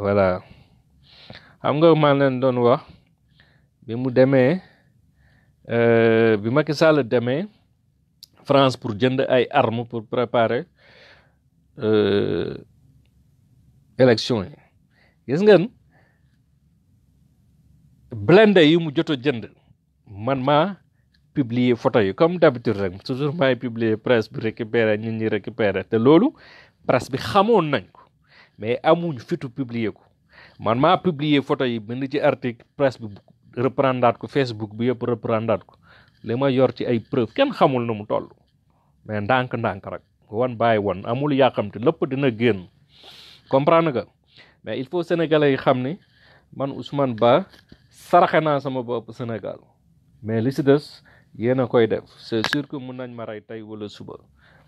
voilà xam nga maa leen doon wax bi mu demee euh, bi Macky Sall demee France pour jënd ay armes pour préparer euh, élection yi nga ngeen blindé yi mu jot jënd man maa publier photo yi comme d'habitude rek toujours maay publier presse bi récupérer ñun ñi récupérer te loolu presse bi xamoon nañ ko mais amuñ fitu publier ko man maa publier photo yi bind ci article presse bi reprendaat ko Facebook bi yëpp reprendaat ko li ma yor ci ay preuve kenn xamul na mu toll mais ndànk-ndànk rek wan bàyyi wan amul yàqamte lépp dina génn comprendre nga mais il faut sénégalais yi xam ni man Ousmane Ba saraxe naa sama bopp Sénégal mais li si des yéen a koy def c'est sûr que nañ ma rey tey wala suba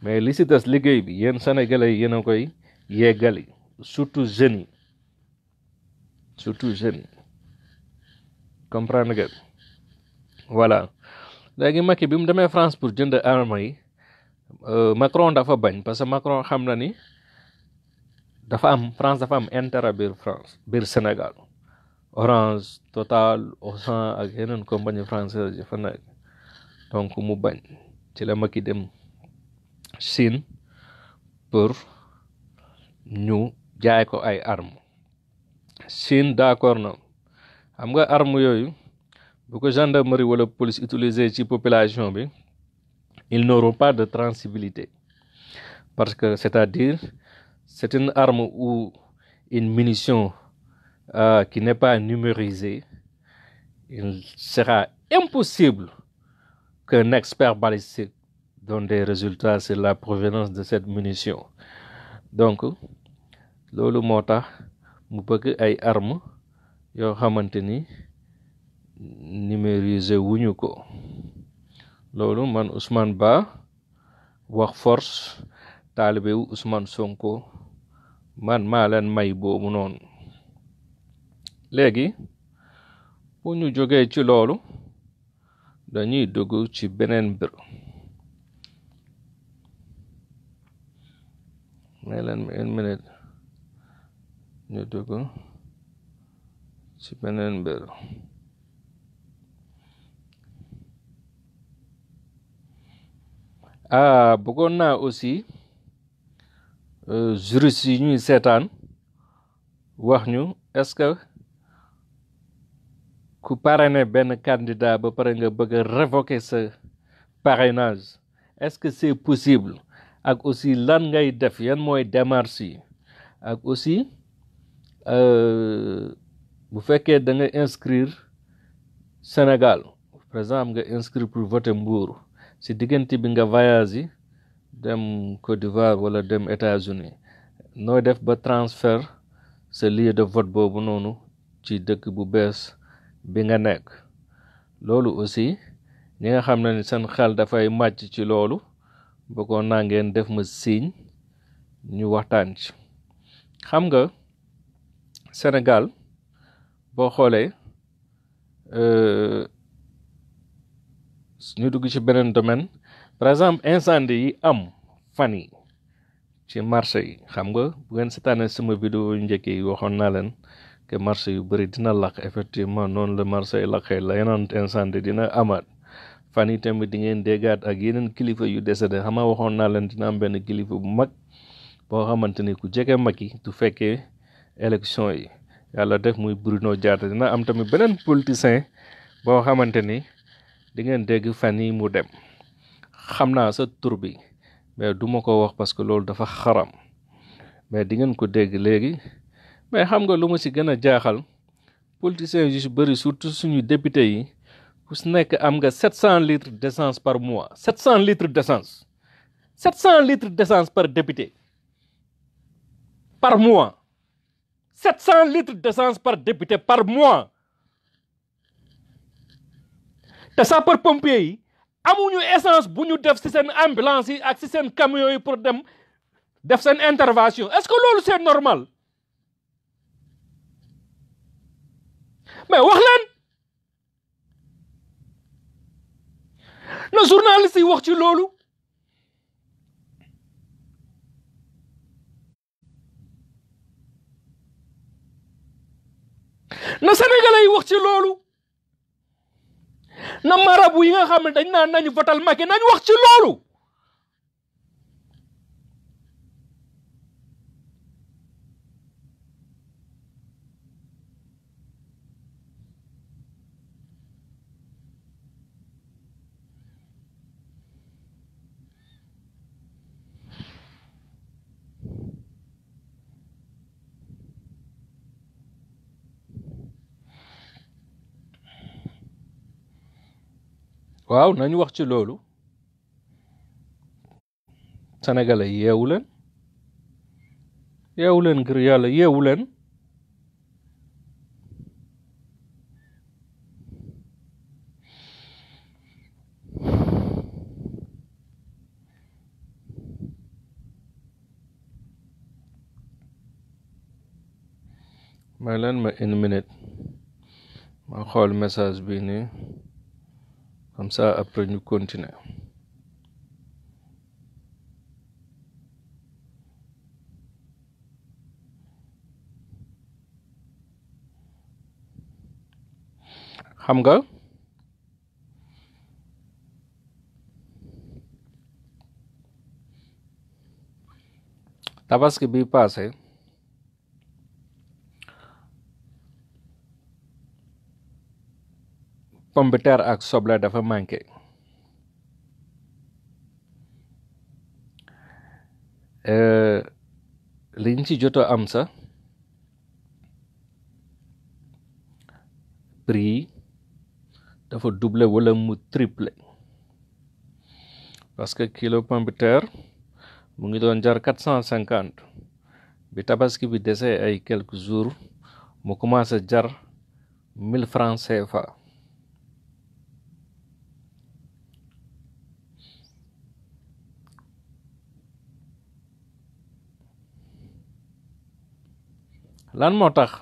mais li si des liggéey bi yéen sénégalais yi yéen a koy yeggali surtout jeunes surtout jeunes yi comprendre nga voilà léegi bi mu demee France pour jënd arme yi euh, Macron dafa bañ parce que Macron xam na ni dafa am France dafa am intera biir France biir Sénégal Orange Total Auchan ak yeneen compagnie française yi fa nekk donc mu bañ ci la Macky dem. Chine pour ñu jaay ko ay armes Chine d'accord na xam nga armes yooyu bu ko gendarmerie wala police utiliser ci population bi ils n'auront pas de transibilité parce que c'est-à-dire c'est une arme ou une munition euh, qui n'est pas numérisée il sera impossible qu'un expert balistique donne des résultats c'est la provenance de cette munition donc loolu moo tax mu bëgg ay armes yoo xamante ni numériser wuñu ko loolu man Ousmane Ba wax force taalibe wu Ousmane Sonko man maa leen may boobu noonu léegi bu ñu jógee ci loolu dañuy dugg ci beneen mbir may leen une minute ñu dugg ci beneen mbir ah bëggoon naa aussi euh, juriste yi ñuy seetaan wax ñu est-ce que ku parrainé benn kandidaa ba pare nga bëgg a révoquer sa parrainage est-ce que c'est possible ak aussi lan ngay def yan mooy démarche yi ak aussi euh, bu fekkee da nga inscrire Sénégal par exemple nga inscrire pour voter Mbour si diggante bi nga voyage yi dem Côte d'Ivoire wala dem États-Unis nooy def ba transfert sa lieu de vote boobu noonu ci dëkk bu bees bi nga nekk loolu aussi ñi nga xam ne ni seen xel dafay màcc ci loolu bëggoon naa ngeen def ma signe ñu waxtaan ci xam nga Sénégal boo xoolee euh, ñu dugg ci beneen domaine par exemple incendie yi am fan yi ci marché yi xam nga bu ngeen seetaanee sama vidéo yu njëkk yi waxoon naa leen que marché yu bari dina lakk effectivement noonu la marché yi lakkee la yeneen incendie dina amaat fan yi tamit di ngeen déggaat ak yeneen kilifa yu décédé xama waxoon naa leen dina am benn kilifa bu mag boo xamante ni ku jege yi du fekkee élection yi yàlla def muy Bruno Diatta dina am tamit beneen politicien boo xamante ni di ngeen dégg fan yi mu dem xam naa sa tur bi mais du ko wax parce que loolu dafa xaram mais di ngeen ko dégg léegi mais xam nga lu ma si gën a jaaxal politiciens yu ci bëri surtout suñu député yi ku si nekk am nga 700 litres d' essence par mois 700 litres d' essence 700 litres de essence par député par mois 700 litres de essence par député par mois te sapeurs-pompiers yi amuñu essence bu ñu def si seen ambulance yi ak si seen camions yi pour dem def seen intervention est-ce que loolu c'est normal mais wax leen na journaliste yi wax ci loolu na sénégalais yi wax ci loolu na marabu yi nga xam ne dañ naan nañu votal Macky nañ wax ci loolu waaw nañu wax ci loolu sénégalais yeewu leen yeewu leen ngir yàlla yeewu leen may leen ma une minute ma xool message bi nii comme ça après ñu continuer xam nga tabaski bi passé e. pombiteer ak soble dafa manqué euh, liñ ci joto am sa prix yi dafa doublé wala mu triplé parce que kilo pombiteer mu ngi doon jar quatre cent cinquante bi tabaski bi desee ay quelques jours mu commencé jar mille francs CFA lan moo tax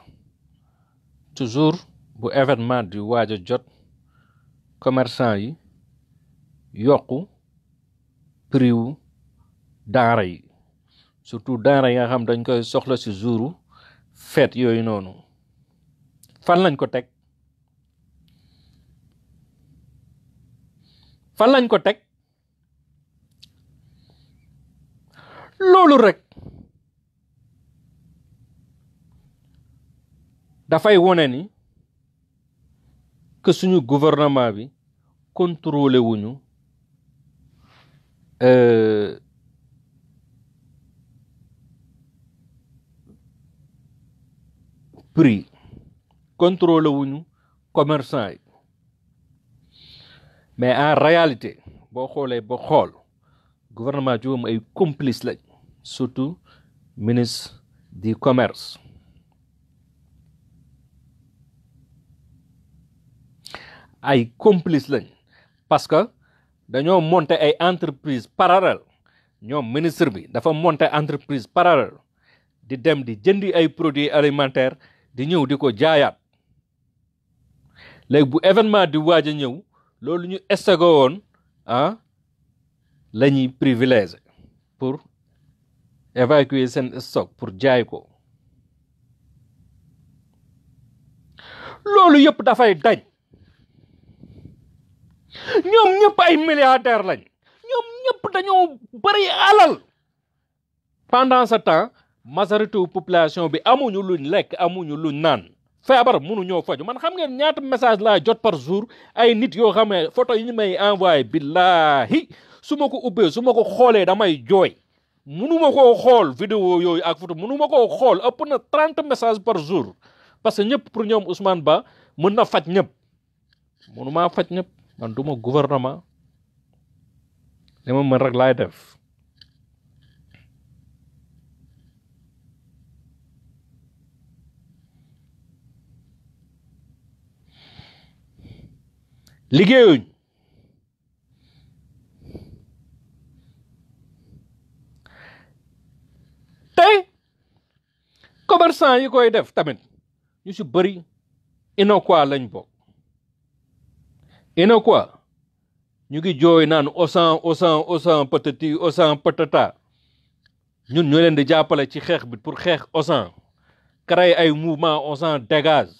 toujours bu événement yu waaj a jot commerçant yi yokku prix wu denrée yi surtout denrée yi nga xam dañ koy soxla ci jouru feet yooyu noonu fan lañ ko teg fan lañ ko teg loolu rek dafay wone ni que suñu gouvernement bi contrôlé wuñu euh, prix contrôlé wuñu commerçant yi mais en réalité boo xoolee boo xool gouvernement ci ay complice lañ surtout ministre di commerce ay complice lañ parce que dañoo monter ay entreprise parallèle ñoom ministre bi dafa monter entreprise parallèle di dem di jëndi ay produits alimentaires di ñëw di ko jaayaat léegi bu événement di waaj a ñëw loolu ñu estego woon ah la ñuy privilégié pour évacuer seen stock pour jaay ko loolu yëpp dafay daj ñoom ñëpp ay milliardaires lañ ñoom ñëpp dañoo bëri alal pendant ce temps majorité population bi amuñu luñ lekk amuñu luñ naan feebar munu ñoo faju man xam ngeen ñaata message laa jot par jour ay nit yoo xam ne photo yi ñu may envoyé billahi su ma ko ubbee su ma ko xoolee damay jooy munu ma koo xool vidéo yooyu ak photo munu ma koo xool ëpp na trente message par jour parce que ñëpp pour ñoom Ousmane Ba mën na faj ñëpp munu maa faj ñëpp man du ma gouvernement li mën rek laay def liggéeyuñ te commerçant yi koy def tamit ñu ci bëri inokwa lañ bokk ina quoi ñu ngi jooy naan osan osan osan patati osan patata ñun ñu leen di jàppale ci xeex bi pour xeex osan créer ay mouvement osan dégage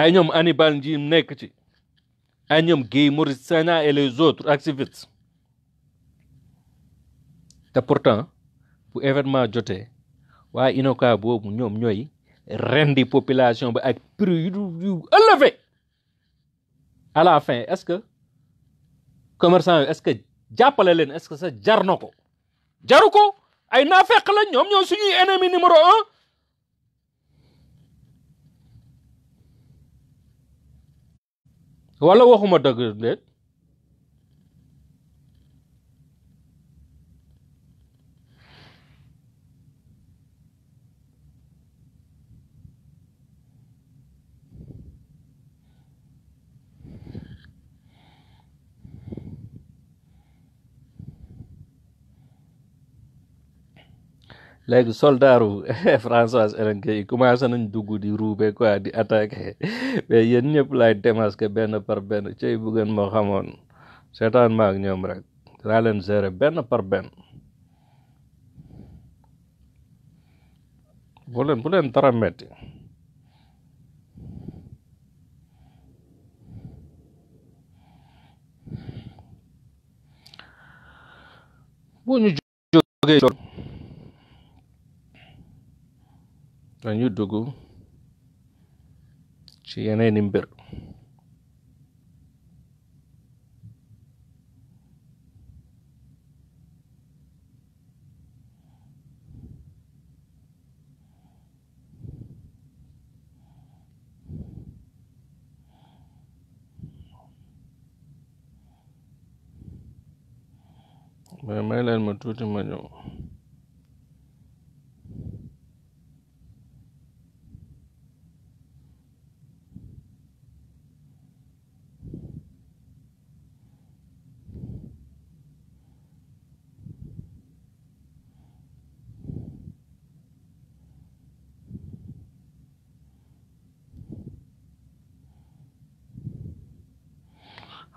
ay ñoom Hannibal ji nekk ci ay ñoom Guy Marius Sagna et les autres activistes te pourtant bu événement jotee waaye inoka boobu ñoom ñooy rendi population bi ak prix yu élevé à la fin est-ce que commerçant est-ce que jàppale leen est-ce que ça jar na ko jaru ko ay naafeq la ñoom ñoo suñuy ennemi numéro un wala waxuma dëgg léegi soldaaru eh, Françoise Hélène Guèye commencé nañ dugg di ruube quoi di attaqué mais yéen ñëpp laay démasqué benn par benn cey bu ngeen moo xamoon seetaan ma ak ñoom rek leen gérer benn par benn bu leen bu metti bu ñu jógee dañu dugg ci yeneeni mbir may leen ma tuuti ma ñëw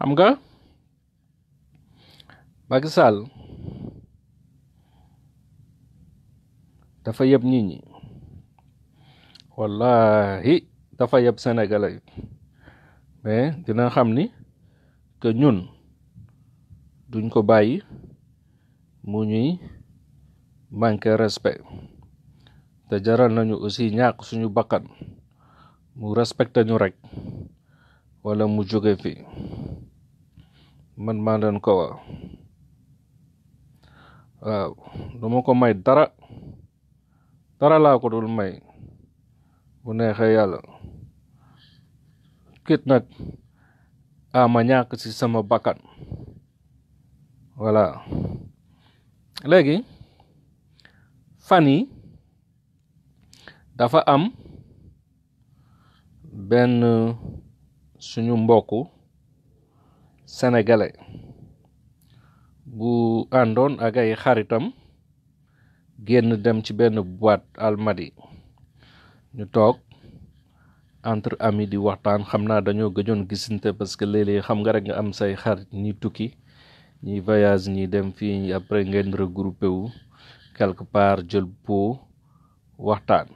xam nga Macky Sall dafa yeb nit ñi wallahi dafa yeb sénégalais mais dina xam ni que ñun duñ ko bàyyi mu ñuy manqué respect te jaral nañu aussi ñàkk suñu bakkan mu respecté ñu rek walla mu jóge fii man maa leen ko waaw waaw duma ko may dara dara laa ko dul may bu neexee yàlla kit nag ama ñàkk ci sama bakkan voilà léegi fan yi dafa am benn suñu mbokk sénégalais bu àndoon ak ay xaritam génn dem ci benn boit almadi ñu toog entre amis waxtaan xam naa dañoo gëjoon gisante parce que léeg-léeg xam nga rek nga am say xarit ñi tukki ñi voyage ñi dem fii après ngeen regroupé wu quelque part jël po waxtaan.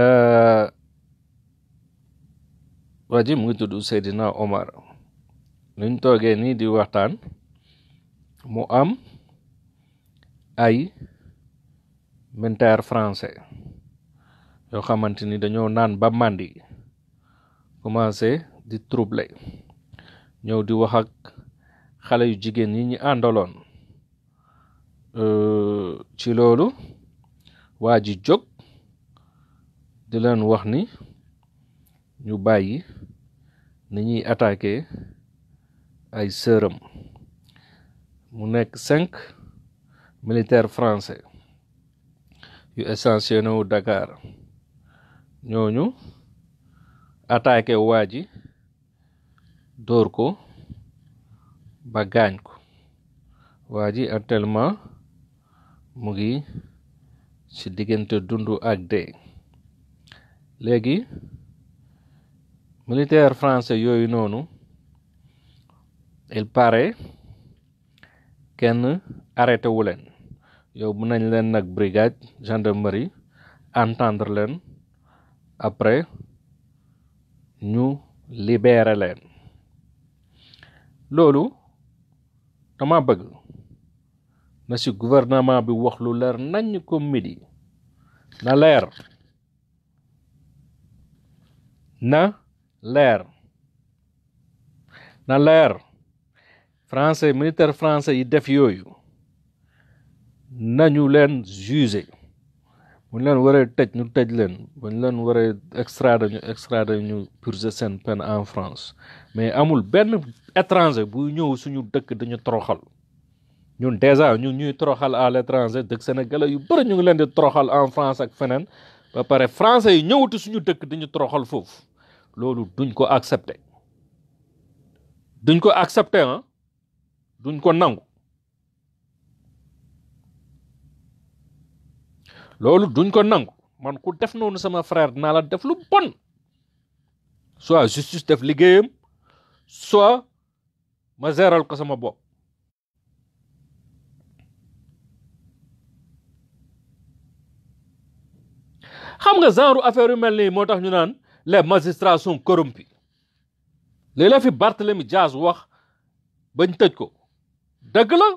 Euh, waa ji mu ngi tudd seddina Omar nuñ toogee nii di waxtaan mu am ay militaire français yoo xamante ni dañoo naan ba màndi commencé di trouble ñëw di wax ak xale yu jigéen yi ñu àndaloon euh, ci loolu waa ji jóg di leen wax ni ñu bàyyi ni ñuy attaqué ay sëram mu nekk cinq militaires français yu stationné wu Dakar ñooñu attake waa ji dóor ko ba gaañ ko waa ji actuellement mu ngi ci diggante dundu ak dé léegi militaire français yooyu noonu il paraît kenn arrêté wu leen yóbbu nañ leen nag brigade gendarmerie entendre leen après ñu libéré leen loolu dama bëgg na ci gouvernement bi wax lu leer nañ ko midi na leer na leer na leer français militaire français yi def yooyu nañu leen juger bu ñu leen waree tëj ñu tëj leen bu ñu leen waree extrader ñu extrader ñu purger seen peine en France mais amul benn étranger bu ñëw suñu dëkk dañu toroxal ñun déjà ñu ñuy toroxal à l'étranger dëkk sénégalais yu bëri ñu ngi leen di toroxal en France ak feneen ba pare français yi ñëwati suñu dëkk dañu toroxal foofu loolu duñ ko accepter duñ ko accepter ah duñ ko nangu loolu duñ ko nangu man ku def noonu sama frère dinaa la def lu bon soit justice def liggéeyam soit ma zeral ko sama bopp xam nga genre affaire yu mel nii moo tax ñu naan les magistrats sont corrompus lii la fi Barthélemy Dias wax bañ tëj ko dëgg la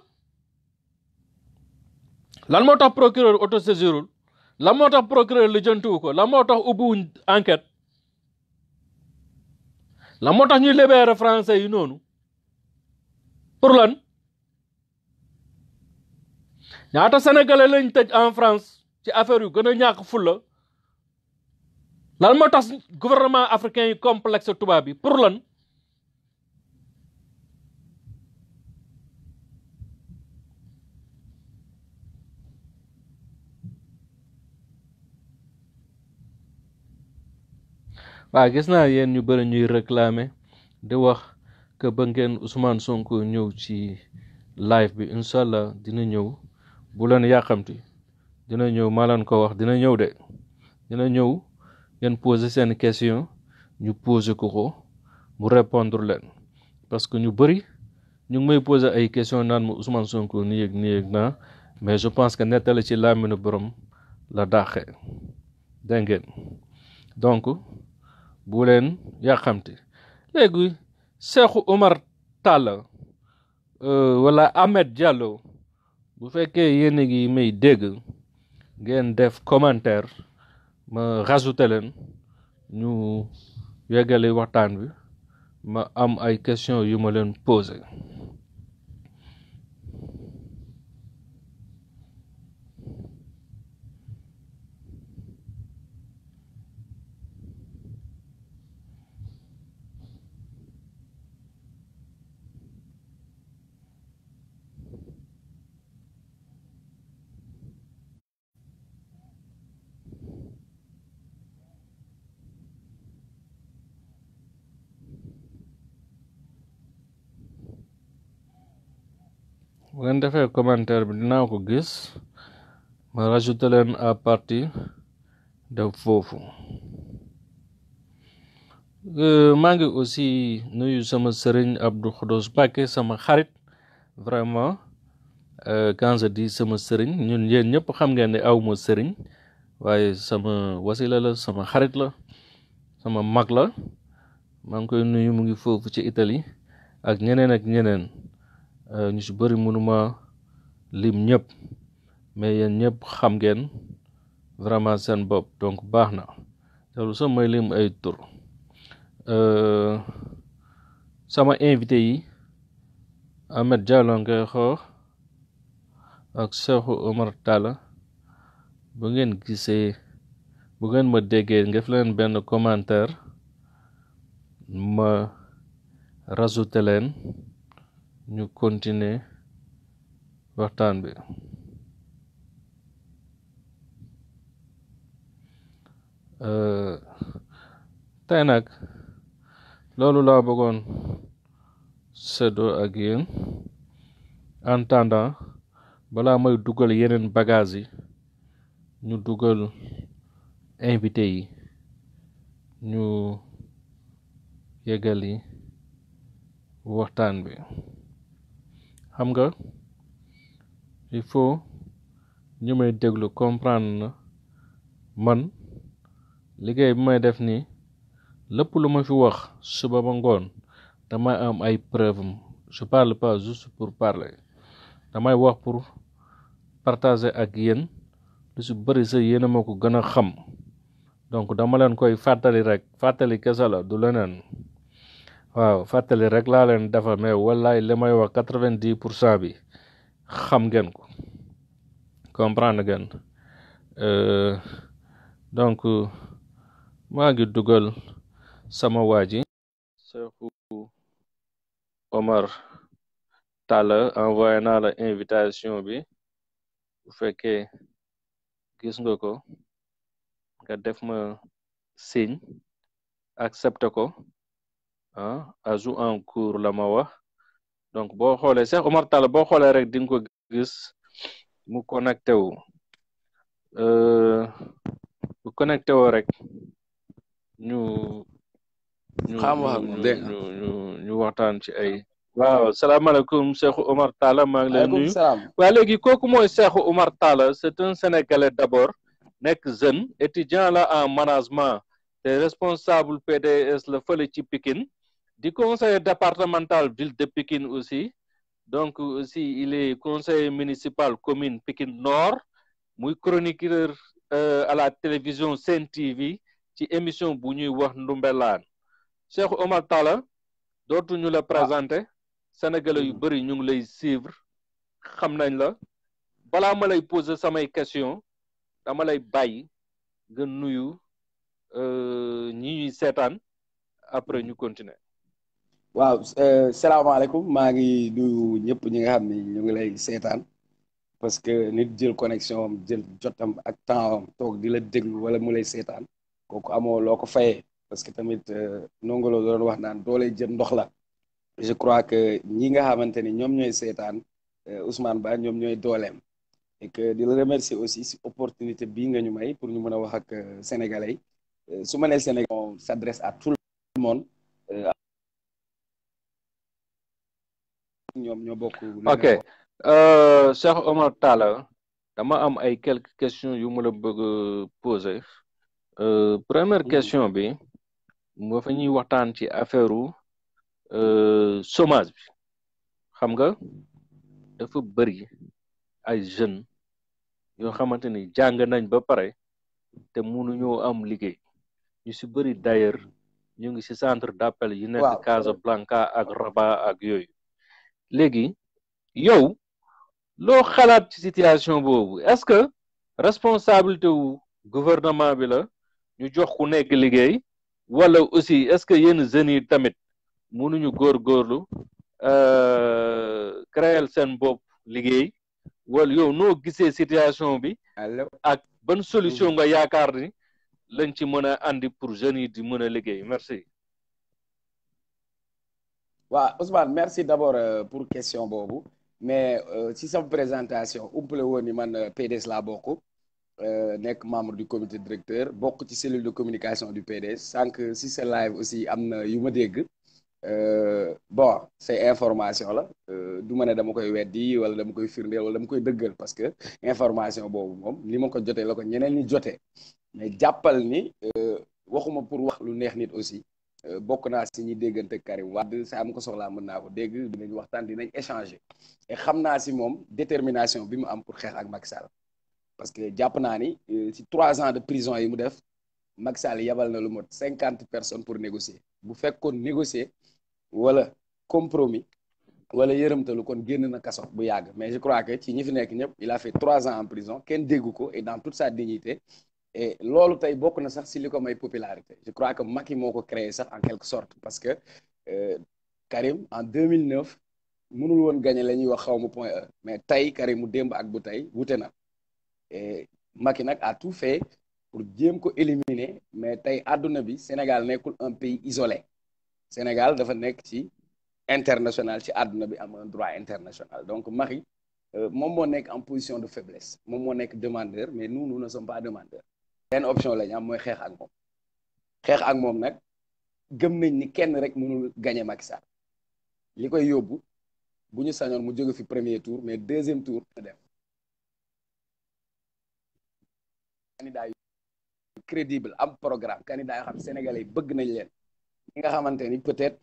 lan moo tax procureur autosaisirul lan moo tax procureur lijjantiwu ko lan moo tax ubbiwuñ enquête lan moo tax ñuy libéré français yi noonu pour lan ñaata sénégalais lañ tëj en France ci affaire yu gën a ñàkk fulla lan moo tax gouvernement africain yi complexe tubaab yi pour lan waa gis naa yéen ñu bëri ñuy réclamer di wax que ba ngeen Ousmane Sonko ñëw ci live bi incha dina ñëw bu leen yàqamti dina ñëw maa leen ko wax dina ñëw de dina ñëw ngeen poser seen question ñu poser ko ko mu répondre leen parce que ñu bëri ñu ngi may poser ay question naan ma Ousmane Sonko nii ak nii ak naa mais je pense que nettali ci làmmiñu borom la dàqee dégg donc bu leen yàqamti léegi Cheikhou Oumar Tall euh, wala Ahmed Diallo bu fekkee yéen a ngi may dégg ngeen def commentaire ma rajouté leen ñu yeggale waxtaan bi ma am ay question yu ma leen posé bu ngeen defee commentaire bi dinaa ko gis ma rajouté leen à partir de euh, maa ngi aussi nuyu sama sëriñ Abdou Khoudous Mbacké sama xarit vraiment euh, quand je dis sama sëriñ ñun yéen ñëpp xam ngeen ne awma sëriñ waaye sama wasilala sama xarit la sama mag la maa ngi koy nuyu mu ngi foofu ci itali ak ñeneen ak ñeneen Euh, ñu si bëri mënuma lim ñëpp mais yéen ñëpp xam ngeen vraiment seen bopp donc baax na te lu sax may lim ay tur euh, sama invité yi Ahmed Diallo ngay xoox ak Cheikhou Omar Talla bu ngeen gisee bu ngeen ma déggee nga leen benn commentaire ma rajouté ñu continuer waxtaan bi euh, tey nag loolu laa bëggoon séddoo ak yéen en attendant balaa may dugal yeneen bagaas yi ñu dugal invité yi ñu yëgali waxtaan bi xam nga il faut ñu may déglu comprendre na man liggéey bi may def nii lépp lu ma fi wax suba ba ngoon damay am ay preuve je parle pas juste pour parler damay wax pour partager ak yéen lu si bëri sa yéen ma ko gën a xam donc dama leen koy fàttali rek fàttali kese la du leneen waaw fàttali rek laa leen dafa mais wallaay li may wax quatre vingt dix pour cent bi xam ngeen ko comprendre ngeen euh, donc maa ngi dugal sama waa ji Cheikhou Omar Talla envoyé naa la invitation bi bu fekkee gis nga ko nga def ma signe accepté ko ah azu en cours la ma wax donc boo xoolee Cheikh Omar Tall boo xoolee rek di nga ko gis mu connecté wu euh, bu connecté woo rek ñu ñu ñu ñu waxtaan ci ay waaw salaamaaleykum Cheikh Omar Tall maa ngi lay nuyu waaw léegi kooku mooy Cheikh Omar Tall c'est un Sénégalais d'abord nekk jeune étudiant la en management te responsable PDS la fële ci Pikine du conseil départemental ville de Pékin aussi donc aussi il est conseiller municipal commune Pékin Nord muy chroniqueur euh, à la télévision Sen TV ci émission bu ñuy wax Ndumbelaan Cheikh Omar Talla dootuñu la présenter sénégalais yu bëri ñu ngi lay suivre xam nañ la balaa ma lay poser samay question dama lay bàyyi nga nuyu euh, ñi ñuy seetaan après ñu continuer waaw euh, salaamaaleykum maa ngi nuyu ñëpp ñi nga xam ne ñu ngi lay seetaan parce que nit jël connexion am jël jotam ak temps am toog di la déglu wala mu lay seetaan kooku amoo loo ko fayee parce que tamit euh, Ndongo Lo doon wax naan doo lay jëm ndox la je crois que ñi nga xamante ni ñoom ñooy seetaan euh, Ousmane Ba ñoom ñooy dooleem et que di la remercier aussi si opportunité bii nga ñu may pour ñu mën a wax ak sénégalais su ma nee Sénégal on s'adresse à tout le monde ñoom ñoo bokk. ok euh, Cheikh Omar Talla dama am ay quelques questions yu ma la bëgg pose poser euh, première question bi moo fa ñuy waxtaan ci affaire euh, chômage bi xam nga dafa bëri ay jeunes yoo xamante ni jàng nañ ba pare te mënuñoo am liggéey ñu si bëri d'ailleurs ñu ngi si centre d'appel yu nekk Casablanca ak Rabat ak yooyu léegi yow loo xalaat ci situation boobu est-ce que responsabilité wu gouvernement bi la ñu jox ku nekk liggéey wala aussi est-ce que yenn jeunes yi tamit mënuñu góorgóorlu euh, créer seen bopp liggéey wala yow noo gisee situation bi ak ban solution nga yaakaar ni lañ ci mën a andi pour jeunes yi di mën a liggéey merci waaw Ousmane merci d'abord euh, pour question boobu mais euh, si sa présentation umpale woon ni man euh, PDS la bokk nekk membre du comité directeur bokk ci cellule de communication du PDS sànq si sa live aussi am na yu ma dégg bon se information la du ma ne dama koy weddi wala dama koy firndeel wala dama koy dëggal parce que information boobu moom li ma ko jotee la ko ñeneen ñi jote mais jàppal ni waxuma pour wax lu neex nit aussi Euh, bokk naa si ñi déggante Karim Wade saa mu ko soxlaa mën naa ko dégg dinañ waxtaan dinañ échanger et xam naa si moom détermination bi mu am pour xeex ak Macky Sall parce que jàpp naa ni euh, si trois ans de prison yi mu def Macky Sall yabal na lu mot cinquante personnes pour négocier bu fekkoon négocier wala compromis wala yërëmtalu kon génn na kaso bu yàgg mais je crois que ci ñi fi nekk ñëpp il a fait trois ans en prison kenn déggu ko et dans toute sa dignité et loolu tey bokk na sax si li ko may popularité je crois que Macky moo ko créé sax en quelque sorte parce que euh, Karim en 2009 mënul woon gagné la ñuy wax xaw ma point e mais tey Karim mu démb ak bu tey wute na et Macky nag a tout fait pour jéem ko éliminer mais tey àdduna bi Sénégal nekkul un pays isolé Sénégal dafa nekk ci international ci adduna bi am un droit international donc Macky euh, moom moo nekk en position de faiblesse moom moo nekk demandeur mais nous nous ne sommes pas benn option lañ am mooy xeex ak moom xeex ak moom nag gëm nañ ni kenn rek mënul gagné Macky Sall li koy yóbbu bu ñu sañoon mu jóge fi premier tour mais deuxième tour na dem candidat yu crédible am programme candidat yoo xam sénégalais bëgg nañ leen ñi nga xamante ni peut-être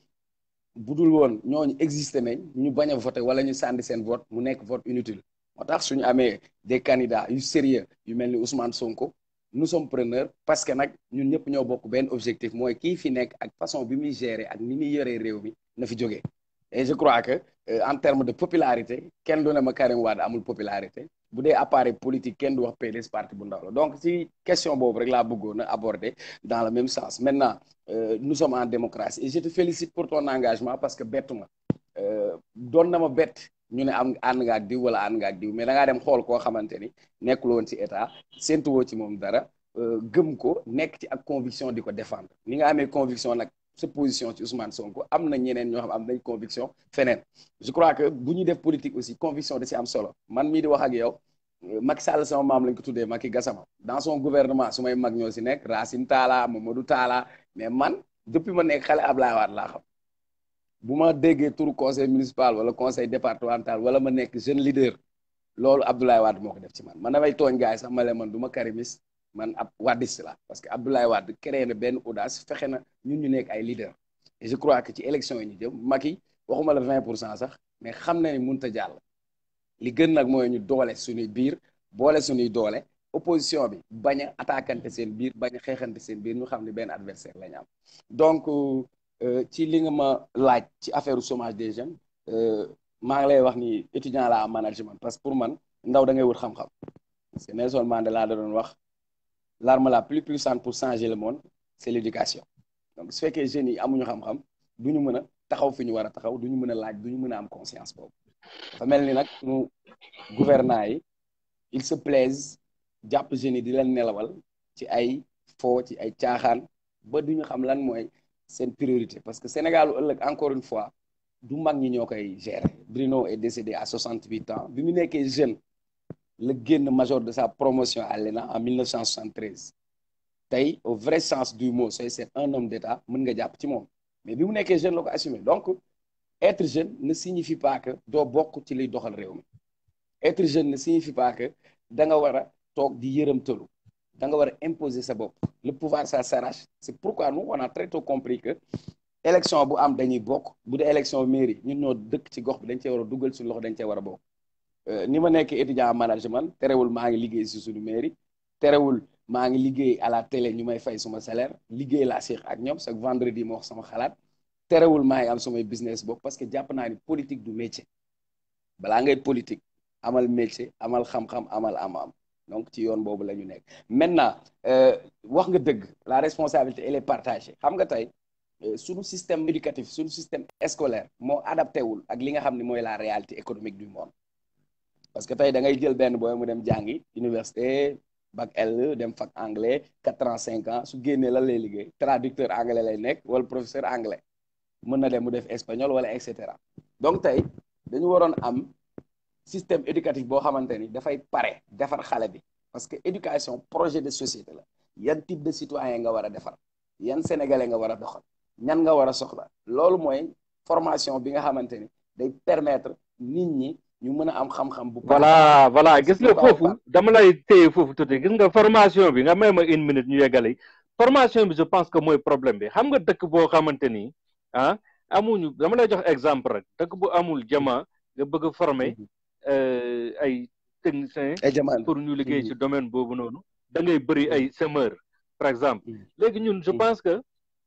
bu dul woon ñooñu existé nañ ñu bañ a voté wala ñu sànni seen vote mu nekk vote inutile moo tax ñu amee des candidats yu sérieux yu mel ni Ousmane Sonko nous sommes preneurs parce que nag ñun ñëpp ñoo bokk benn objectif mooy kii fi nekk ak façon bi muy gérer ak ni muy yoree réew mi na fi jógee et je crois que euh, en terme de popularité kenn du ne ma Karim Wade amul popularité bu dee appareil politique kenn du wax PDS parti bu ndaw la donc ci question boobu rek laa bëggoon a aborder dans le même sens maintenant euh, nous sommes en démocratie et je te félicite pour ton engagement parce que bettu ma euh, doon na ma bett ñu ne am ànd nga ak diw wala ànd nga ak diw mais da dem xool koo xamante ni nekkul woon ci état séntuwoo ci moom dara euh, gëm ko nekk ci ak conviction di ko défendre ni nga amee conviction nag sa position ci Ousmane Sonko am na ñeneen ñoo xam am nañ conviction feneen je crois que bu ñuy def politique aussi conviction da ci am solo man mii di wax ak yow euh, Macky Sall sama mam lañ ko tuddee ma Gassama gasama son gouvernement su may mag ñoo si nekk Racine Talla Mamadou Talla mais man depuis ma nekk xale Ablaye Wade laa xam. bu ma déggee turu conseil municipal wala conseil départemental wala ma nekk jeune leader loolu Abdoulaye Wade moo ko def ci man man damay tooñ gars yi sax ma leen man du ma karimiste man ab waddiste la parce que Abdoulaye Wade créé na benn audace fexe na ñun ñu nekk ay leader et je crois que ci élection yi ñu jëm Macky waxuma la 20 pour cent sax mais xam na ni mënut a jàll li gën nag mooy ñu doole suñuy biir boole sunuy doole opposition bi bañ a seen biir bañ a seen biir ñu xam ne benn adversaire la ñu am euh, Euh, ci li nga ma laaj ci affaire chômage des jeunes euh, maa ngi lay wax ni étudiant la am management parce que pour man ndaw da ngay wut xam-xam parce que Nelson Mandela da doon wax l'arme la plus puissante pour changer le moon c'est l'éducation donc su fekkee jeunes yi amuñu xam-xam du ñu mën a taxaw fi ñu war a taxaw du ñu mën a laaj du ñu mën a am conscience boobu dafa mel ni nag suñu gouvernants yi ils se plaisent jàpp jeunes yi di leen nelawal ci ay fo ci ay caaxaan ba duñu xam lan mooy seen priorité parce que Sénégal lu ëllëg encore une fois du mag ñi ñoo koy gérer Bruno est décédé à 68 ans bi mu nekkee jeune la génn major de sa promotion à l'ENA en 1973 tey au vrai sens du mot sooy seet un homme d'État mën nga jàpp ci moom mais bi mu nekkee jeune la ko assumé donc être jeune ne signifie pas que doo bokk ci liy doxal réew mi être jeune ne signifie pas que da nga war a toog di yërëmtalu danga war a imposer sa bopp le pouvoir ça s'arrache c'est pourquoi nous on a très tôt compris que élection bu am dañuy bokk bu dee élection mairie ñun ñoo dëkk ci gox bi dañ cee war a dugal suñu loxo dañ cee war a bokk euh, ni ma nekk étudiant en management terewul maa ngi liggéey si suñu mairie terewul maa ngi liggéey à la télé ñu may fay suma salaire liggéey la séq ak ñoom chaque vendredi ma wax sama xalaat terewul maa ngi am samay business bokk parce que jàpp naa du métier balaa ngay politique amal métier amal xam amal am donc ci yoon boobu la ñu nekk maintenant euh, wax nga dëgg la responsabilité elle est partagée xam nga tey euh, suñu système éducatif suñu système escolaire moo adapté wul ak li nga xam ni mooy la réalité économique du monde parce que tey da ngay jël benn booy mu dem jàngi université bac L dem fak anglais quatre ans cinq ans su génnee lan lay liggéey traducteur anglais lay nekk wala professeur anglais mën na dem mu def espagnol wala et cetera donc tey dañu waroon am système éducatif boo xamante ni dafay pare defar xale bi parce que éducation projet de société la yan type de citoyen nga war a defar yan sénégalais nga war a doxal ñan nga war a soxla loolu mooy formation bi nga xamante ni day permettre nit ñi ñu mën a am xam-xam bu. voilà voilà gis nga foofu dama lay téye foofu tuuti gis nga formation bi nga may ma une minute ñu yeggale formation bi je pense que mooy problème bi xam nga dëkk boo xamante ni ah amuñu dama lay jox exemple rek dëkk bu amul jama nga bëgg a Euh, ay techniciens. ay jamono pour ñu liggéey mm-hmm. ci domaine boobu noonu. da ngay bëri mm-hmm. ay semeurs par exemple. Mm-hmm. léegi ñun je pense que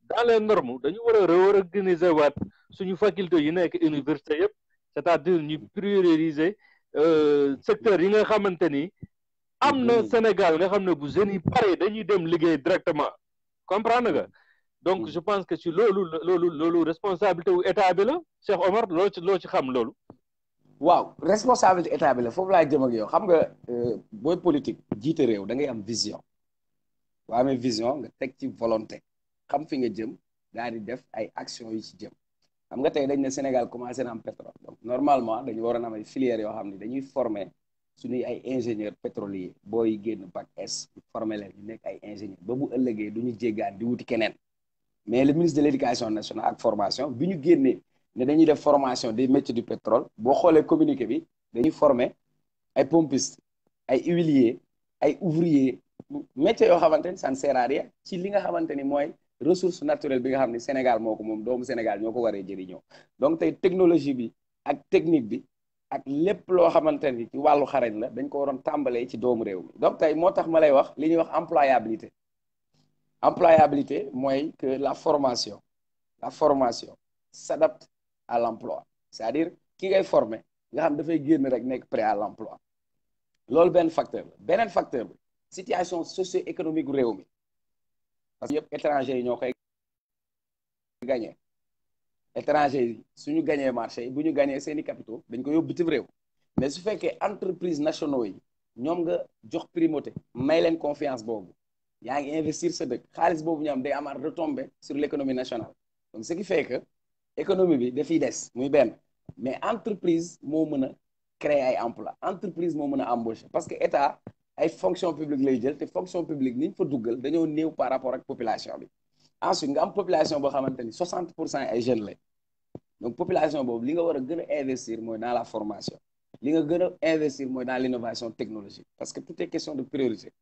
dans les normes dañu war a réorganiser waat suñu faculté yi nekk université yëpp c'est-à-dire ñu prioriser euh, secteur yi nga xamante ni. am na Sénégal nga xam ne bu jeunes yi pare dañuy dem liggéey directement comprendre nga donc je pense que ci loolu loolu loolu responsabilité wu état bi la Cheikh Omar loo ci loo ci xam loolu. waaw responsabilité état bi la foofu laay jëm ak xam nga euh, booy politique jiite réew da ngay am vision waa amee vision nga teg ci volonté xam fi nga jëm daal di def ay action yu ci jëm xam nga tey dañ ne Sénégal commencer na am pétrole donc normalement dañu waroon am ay filières yoo xam ni dañuy former suñuy ay ingénieur pétrolier booy génn bac S former leen nekk ay ingénieur ba bu ëllëgee du ñu jéggaan di wuti keneen mais le ministre de l' éducation nationale ak formation bi ñu génnee ne dañuy def formation des métiers du pétrole boo xoolee communiqué bi dañuy former ay pompistes ay huiliers ay ouvriers métiers yoo xamante ni ça ne sert à ci li nga xamante ni mooy ressource naturelle bi nga xam ne Sénégal moo ko moom doomu Sénégal ñoo ko waree jëriñoo donc tey technologie bi ak technique bi ak lépp loo xamante ni ci wàllu xarañ la dañ ko waroon tàmbalee ci doomu réew mi donc tey moo tax ma lay wax li ñuy wax employabilité employabilité mooy la formation la formation s'adapte à l'emploi c'est-à-dire ki ngay former nga xam dafay génn rek nekk prêt à l'emploi loolu benn facteur beneen facteur bi situation socio-économique réew mi parce que yëpp étranger yi ñoo koy gagné étranger yi suñu gagné marché yi bu ñu gagné seeni capitaux dañ ko yóbbu bitim réew mais su fekkee entreprise nationaux yi ñoom nga jox primauté may leen confiance boobu yaa ngi investir sa dëkk xaalis boobu ñu am day amaat retombé sur l'économie nationale donc ce qui fait que économie bi dafiy des muy benn mais entreprise moo mën a créer ay emploi entreprise moo mën a embaucher parce que état ay fonction publique lay jël te fonction publique ni ñu fa duggal dañoo néew par rapport ak population bi ensuite nga am population boo xamante ni 60 pour cent ay jeunes donc population boobu li nga war a gën a investir mooy dans la formation li nga gën a investir mooy dans l' innovation technologique parce que tout est question de priorité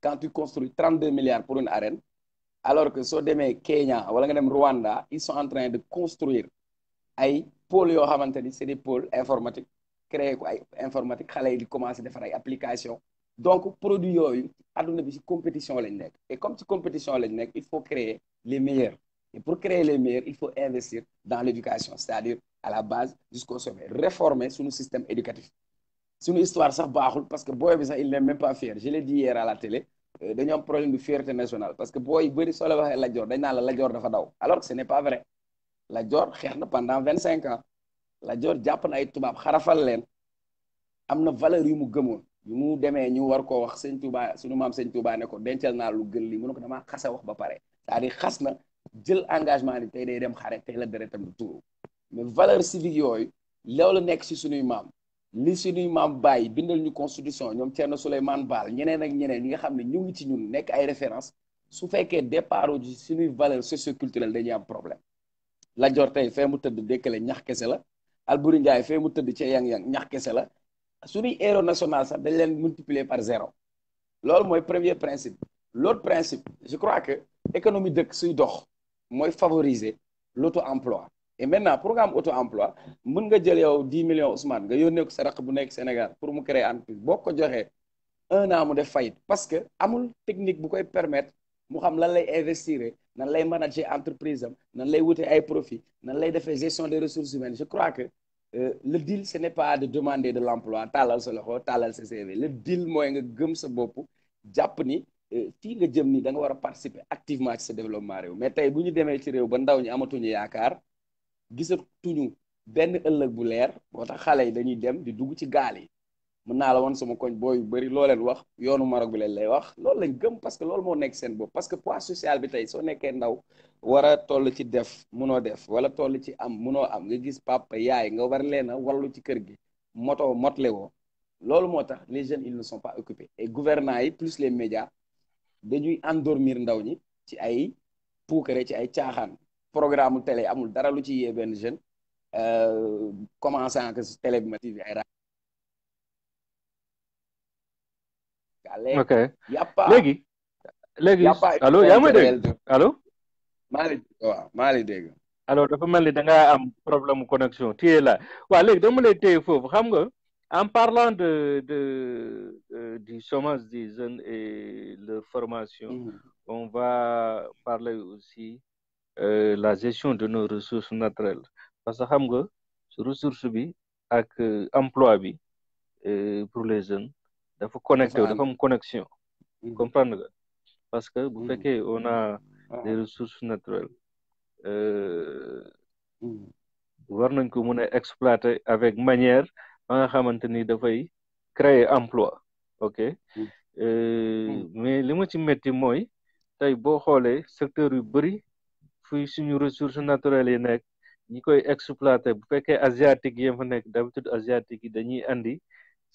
quand tu construis 32 milliards pour alors que soo demee Kenya wala nga dem Rwanda ils sont en train de construire ay pôles yoo xamante ni c'est des pôles informatiques créé ko ay informatique xale yi di commencé defar ay application donc produit yooyu àdduna bi ci compétition lañ nekk et comme ci compétition lañ nekk il faut créer les meilleurs et pour créer les meilleurs il faut investir dans l'éducation c'est-à-dire à la base jusqu'au sommet réformer suñu système éducatif suñu histoire sax baaxul parce que booy bi sax il Euh, dañu am problème de fierté nationale parce que booy bëri soo la waxee Lat Joor dañ naan la Lat dafa daw alors que ce n'est pas vrai Lat Joor xeex na pendant vingt cinq ans Lat Joor jàpp na ay tubaab xarafal leen am na valeur yu mu gëmoon yu mu demee ñu war ko wax sëñ Touba suñu maam sëñ Touba ne ko dencal naa lu gën li mu ne ko damaa xasa wax ba pare cest à xas na jël engagement ni tey day dem xare tey la deretam du tuuru mais valeur civique yooyu loolu nekk si suñuy maam li suñuy maam bàyyi bindal ñu constitution ñoom Thierno Souleymane Baal ñeneen ak ñeneen ñi nga xam ne ñu ngi ci ñun nekk ay référence su fekkee départ ci suñuy valeur socioculturelle dañuy am problème la Dior tey fee mu tëdd Dekele ñax kese la Alboury Ndiaye fee mu tëdd ci yang-yang ñax kese la suñuy héros national sax dañ leen multiplier par zéro loolu mooy premier principe l'autre principe je crois que économie dëkk suy dox mooy favoriser l'auto-emploi et maintenant pour nga auto emploi mën nga jël yow 10 millions Ousmane nga yónnee ko sa raq bu nekk Sénégal pour mu créer entreprise boo ko joxee un an mu def fayit parce que amul technique bu koy permettre mu xam lan lay investir nan lay manager entreprise am nan lay wutee ay profit nan lay defee gestion des ressources humaines je crois que euh, le deal ce ne pas de demander de l'emploi tàllal sa loxo tàllal sa CV le deal mooy nga gëm sa bopp jàpp ni euh, fii nga jëm ni da nga war a activement sa développement réew mais tey bu ñu demee ci réew ba ndaw ñi amatuñu yaakaar gisatuñu benn ëllëg bu leer moo tax xale yi dañuy dem di dugg ci gaal yi mun naa la woon sama koñ booy yu bëri loo leen wax yoonu Maroc bi leen lay wax loolu lañ gëm parce que loolu moo nekk seen bopp parce que poids social bi tey soo nekkee ndaw war a toll ci def munoo def wala toll ci am munoo am nga gis papa yaay nga war leen a wallu ci kër gi moto motle woo loolu moo tax les jeunes ils ne sont pas occupés et gouvernants yi plus les médias dañuy endormir ndaw ñi ci ay puukare ci ay caaxaan programme télé amul dara lu ci yee benn jeune euh, commencé en que télé bi ma TV ay rajo. ok léegi. léegi allo yaa ngi may dégg allo. maa ngi waaw maa ngi dégg. alors dafa mel ni da am problème mu connexion téye la waaw léegi dama lay téye foofu xam nga en parlant de de di chômage des jeunes et leur formation. Mm-hmm. on va parler aussi. Euh, la gestion de nos ressources naturelles parce que xam nga ressource bi ak euh, emploi bi euh, pour les jeunes dafa connecté dafa am connexion mm. nga parce que bu mm. fekkee on a ah. des ressources naturelles mm. war nañ ko mën a exploiter avec manière ba nga xamante ni dafay créer emploi ok mais li ma ci métti mooy tey boo xoolee secteur yu bëri fuy suñu ressource naturelle yi nekk ñi koy exploité bu fekkee asiatique yi fa nekk d'habitude asiatique yi dañuy andi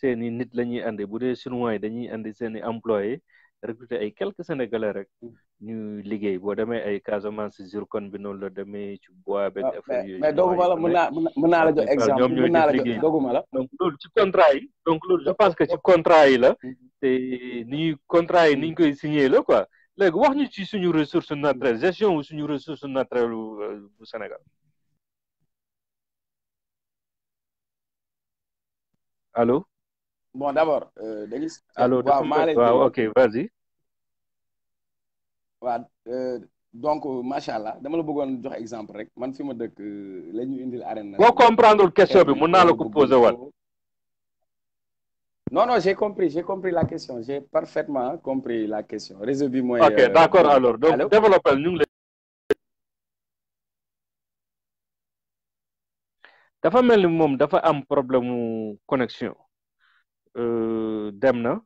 seeni nit la ñuy andi bu dee chinois yi dañuy andi seeni employé recruté ay quelques sénégalais rek ñu liggéey boo demee ay Casamance si zircon bi noonu la demee ci bois beeg ah, affaire yooyu mais dooguma la mën naa mën naa la jox exemple liggéey dooguma la donc loolu ci contra yi donc loolu je pense que ci contrat yi la te ni ñuy yi ni koy signé la quoi léegi wax ñu ci suñu ressource naturelle gestion wu suñu ressource naturelle euh, bu Sénégal alo bon d'abord. Euh, dañuy. allo alo maa lay waaw ok vas-y. waaw euh, donc macha allah dama la bëggoon jox exemple rek man fi ma dëkk la ñu indil arène. boo comprendre question bi mën naa la ko posé waat. non non j'ai compris j'ai compris la question j'ai parfaitement compris la question réseau bi mooy. ok d'accord euh, alors donc développé ñu ngi dafa mel ni moom dafa am problème mu connexion euh, dem na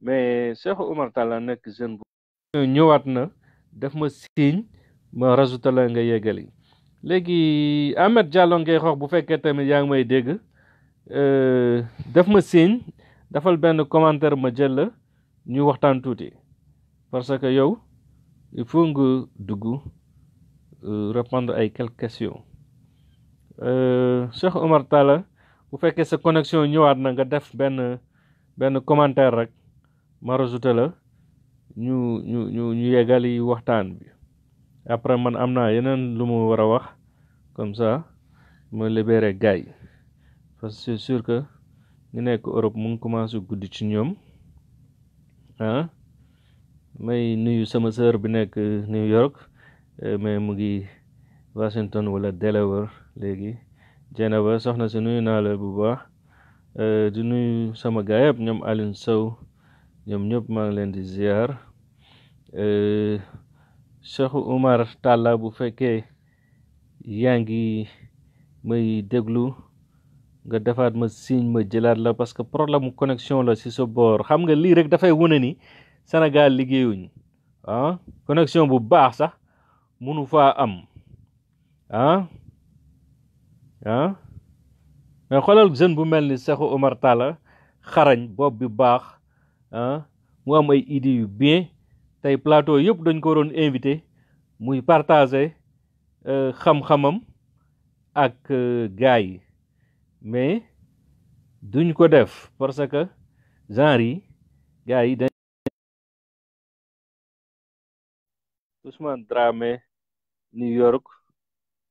mais Cheikh Oumar Talla nekk jeune bu. Euh, ñëwaat na def ma signe ma rajouté la nga yeggali léegi Ahmed Diallo ngay xoox bu fekkee tamit yaa ngi may dégg euh, def ma signe. defal benn commentaire ma jël la ñu waxtaan tuuti parce que yow il faut nga dugg euh, répondre ay quelques questions euh, Cheikh Omar Talla bu fekkee sa connexion ñëwaat na nga def benn benn commentaire rek ma rajouté la ñu ñu ñu ñu yeggali waxtaan bi après man am naa yeneen lu mu war a wax comme ça ma libéré gars yi parce que c'est sûr que ñu nekk Europe mu ngi commencé guddi ci ñoom ah may nuyu sama sœur bi nekk euh, New York euh, mais mu ngi Washington wala Delaware léegi Jeneva soxna si nuyu naa la bu baax euh, di nuyu sama gaayab ñoom Alioune Sow ñoom ñëpp maa ngi leen di ziar Cheikh Oumar Talla bu fekkee yaa ngi may déglu nga defaat ma signe ma jëlaat la parce que problème connexion la si sa boor xam nga lii rek dafay wane ni Sénégal liggéeyuñ ah connexion bu baax sax munu faa am ah ah mais xoolal jeune bu mel ni Cheikhou Oumar xarañ bopp bi baax ah mu am ay idées yu bien tey plateau yëpp dañ ko doon invité muy partager euh, xam-xamam ak euh, gars yi mais duñ ko def parce que genre yi gars yi New York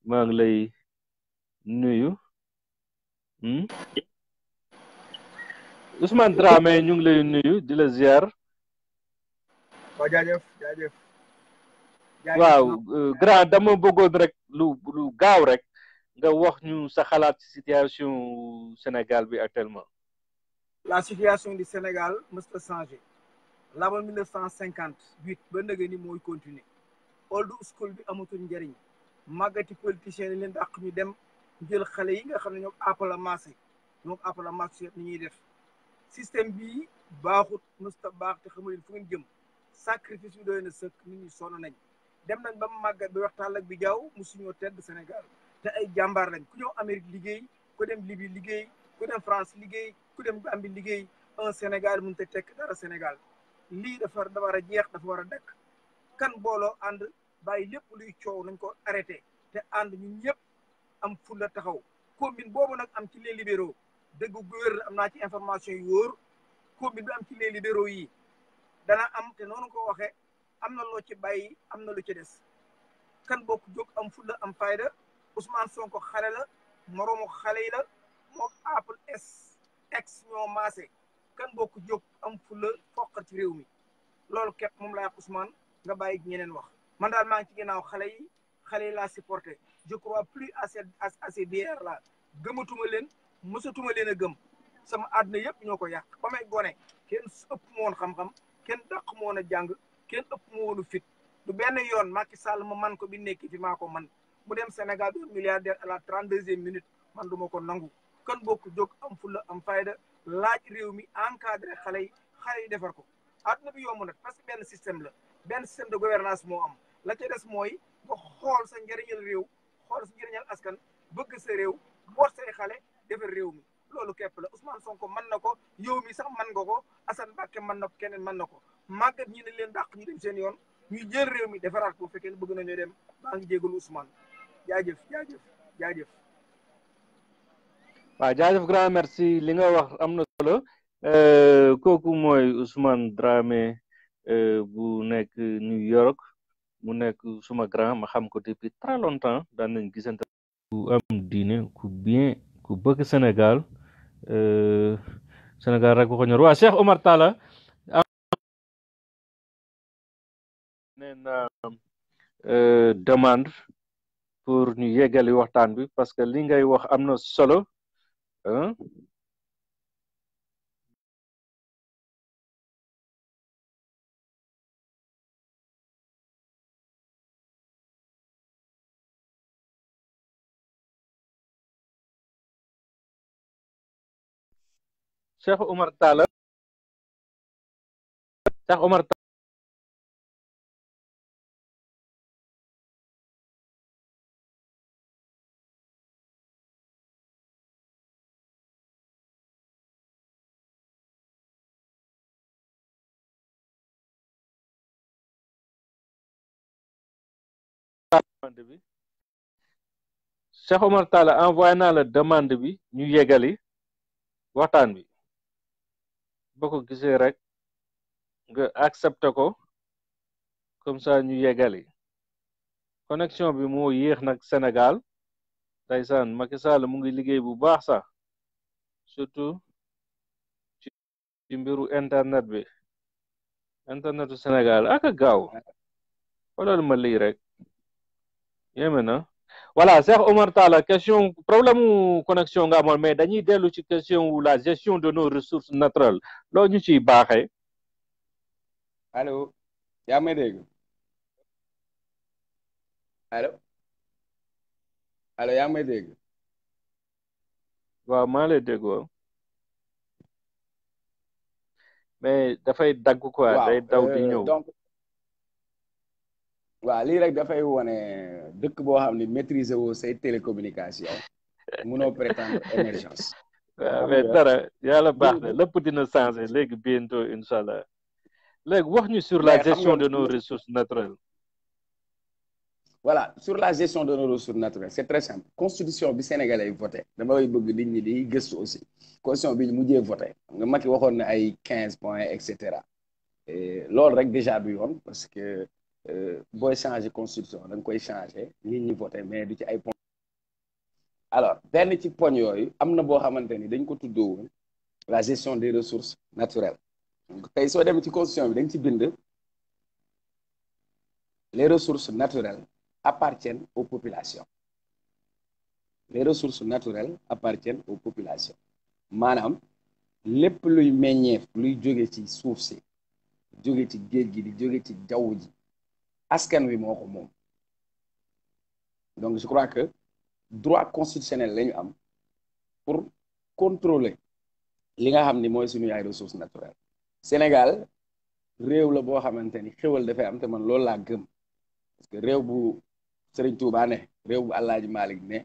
maa ngi lay nuyu hmm? Ousmane Dramé ñu ngi lay nuyu di la ziar waaw jaajëf euh, grand dama bëggoon rek lu lu gaaw rek nga wax ñu sa xalaat situation Sénégal bi actuellement. la situation du Sénégal mës a changé. l'avant 1958 ba ndege ni mooy continuer. old school bi amatul njëriñ. màggati politiciens yi leen dàq ñu dem jël xale yi nga xam ne ñoom appala massé ñoom appala massé ni ñuy def. système bi baaxut mësta baax te xamu leen fu ngeen jëm. sacrifice bi doy na sëkk nit ñi sonn nañ. dem nañ ba mu màggat bi waxtaan ak bi jaww mu suñoo tedd Sénégal. te ay jàmbaar lañ ku ñëw Amérique liggéey ku dem Libye liggéey ku dem France liggéey ku dem Gambie liggéey un Sénégal mënut te tekk dara Sénégal lii dafa dafa war a jeex dafa war a dekk kan booloo ànd bàyyi lépp luy coow nañ ko arrêté te ànd ñun ñëpp am fulla taxaw ko commune boobu nag am ci les libéraux dëgg gouverneur am naa ci information yu wóor commune bi am ci les libéraux yi dana am te noonu ko waxee am na loo ci bàyyi am na lu ci des kan bokk jóg am fula am fayda Ousmane Sonko xale la moroomu xale yi la mook Apple S ex ñoo maase kan bokk jóg am fula foqal ci réew mi loolu képp moom laa Ousmane nga bàyyi ñeneen wax man daal maa ngi ci ginnaaw xale yi xale yi laa supporté je crois plus à ces à ces bières là gëmatuma leen mësatuma leen a gëm sama àdduna yëpp ñoo ko yàq ba may gone kenn ëpp ma woon xam-xam kenn dàq ma a jàng kenn ëpp ma woon fit du benn yoon Macky sal ma man ko bi nekk fi maa ko man mu dem Sénégal bi milliardaire à la trente deuxième minute man du ma ko nangu kan bokk jóg am fulla am fayda laaj réew mi encadré xale yi xale yi defar ko adduna bi yomb nag parce que benn système la benn système de gouvernance moo am la ca des mooy nga xool sa njëriñal réew xool sa njëriñal askan bëgg sa réew boot say xale defar réew mi loolu képp la son ko mën na ko yow mi sax mën nga ko Assane Mbacké mën na keneen mën na ko màggat ñi ne leen dàq ñu dem seen yoon ñu jël réew defaraat ko bu fekkee bëgg nañoo dem maa ngi jégalu Ousmane jaajëf jaajëf grand merci li nga wax am na solo euh, kooku mooy Ousmane Dramé euh, bu nekk New York mu nekk suma grand ma xam ko depuis très longtemps daan nañ gisante ku am diine ku bien ku bëgg Sénégal euh, Sénégal rek ko ñor waa Cheikh Omar Talla nee na demande pour ñu yeggali waxtaan bi parce que li ngay wax am na solo Cheikh Omar Talla Cheikh Omar demande bi Cheikh Omar Talla envoyé naa la demande bi ñu yegali waxtaan bi boo ko gisee rek nga accepté ko comme ça ñu yegali connexion bi moo yéex nag Sénégal ndeysaan Macky Sall mu ngi liggéey bu baax sax surtout ci mbiru internet bi internetu Sénégal aka gaaw xoolal ma rek yeména voilà Cheikh Omar Talla question problème mu connexion nga amoon mais dañuy dellu ci question la gestion de nos ressources naturelles loo ñu ciy baaxee allo yaa may dégg allo allo yaa may dégg dafay dagg quoi day daw di euh, ñëw waaw lii rek dafay wone dëkk boo xam ne maîtriser woo say télécommunication munoo prétendre émergence waaw mais dara yàlla baax na lépp dina changer léegi bientôt incha allah léegi wax ñu sur la gestion de nos ressources naturelles voilà sur la gestion de nos ressources naturelles c'est très simple constitution bi sénégalais yi voté damay bëgg nit ñi di gëstu aussi constitution bi ñu mujjee voté nga Macky waxoon na ay quinze points et cetera loolu rek déjà du yoon parce que Euh, booy changer constitution da nga koy changer nit ñi voté mais du ci ay poñ. alors benn ci poñ yooyu am na boo xamante ni dañ ko tuddoo woon la gestion des ressources naturelles tey soo demee ci constitution bi dañ ci bind les ressources naturelles appartiennent aux populations les ressources naturelles appartiennent aux populations maanaam lépp luy meññeef luy jóge ci suuf si jóge ci géej gi di jóge ci jaww ji askan wi moo ko moom donc je crois que droit constitutionnel la ñu am pour contrôler li nga xam ni mooy suñu ay ressources naturelles Sénégal réew la boo xamante ni xéwal dafay am te man loolu laa gëm parce que réew bu Serigne Touba ne réew bu Alaaji Malick ne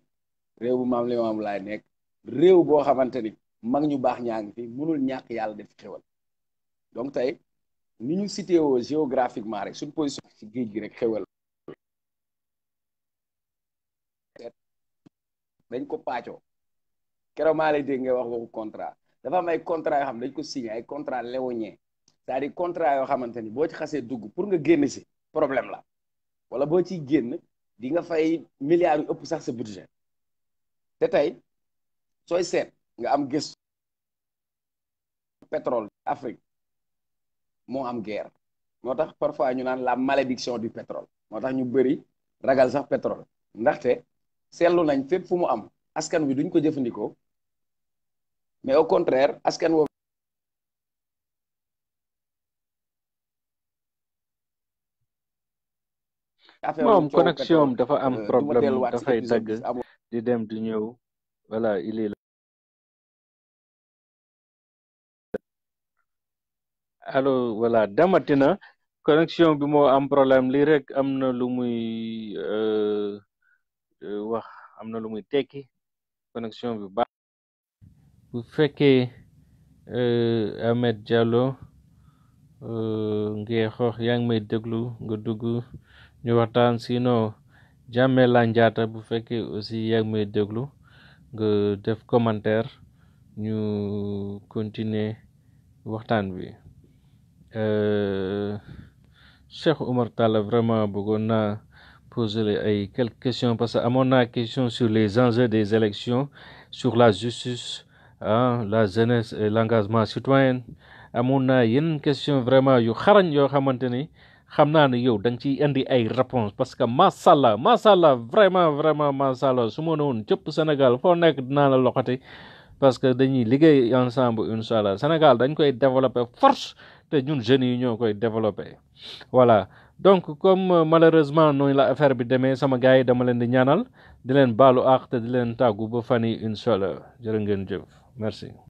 réew bu Maam Limaamu Laay nekk réew boo xamante ni mag ñu baax ñaa ngi fi mënul ñàkk yàlla def xéwal donc tey ni ñu cité woo géographiquement rek suñu position ci géej gi rek xewal dañ ko pàccoo keroog maa lay dégg ngay wax waxu contrat dafa am ay contrat yoo xam dañ ko signé ay contrat léonien c'est-à-dire contrat yoo xamante ni boo ci xasee dugg pour nga génn si problème la wala boo ciy génn di nga fay milliards yu ëpp sax sa budget te tey sooy seet nga am gëstu pétrole Afrique moo am guerre moo tax parfois ñu naan la malédiction du pétrole moo tax ñu bëri ragal sax pétrole ndaxte seetlu nañ fépp fu mu am askan wi duñ ko jëfandikoo mais au contraire askan woo moom connexion dafa am euh, problème dafay tagg di dem di ñëw voilà il est allo voilà damatina connexion bi moo am problème lii rek am na lu muy euh, euh, wax am na lu muy tekki connexion bi baax bu fekkee euh, Ahmed Diallo ngee xoox yaa ngi may déglu nga dugg ñu waxtaan sinon Jammeh Landiatta bu fekkee aussi yaa may déglu nga def commentaire ñu continuer waxtaan bi Euh, Cheikh Oumar Tall vraiment bëggoon naa poser ay quelques questions parce que amoon naa question sur les enjeux des élections sur la justice ah la jeunesse et l'engagement citoyen amoon na yen question vraiment yu xarañ yoo xamante ni xam naa ne yow da nga ciy indi ay réponse parce que macha allah macha allah vraiment vraiment macha allah su ma ne woon cëpp Sénégal foo nekk dinaa la loxati parce que dañuy liggéey ensemble incha allah Sénégal dañ koy développé force te ñun jeunes yi ñoo koy développé voilà donc comme euh, malheureusement noonu la affaire bi demee sama gars yi dama leen di ñaanal di leen baalu àq te di leen tàggu ba fan yi incha allah jërë ngeen jëf merci.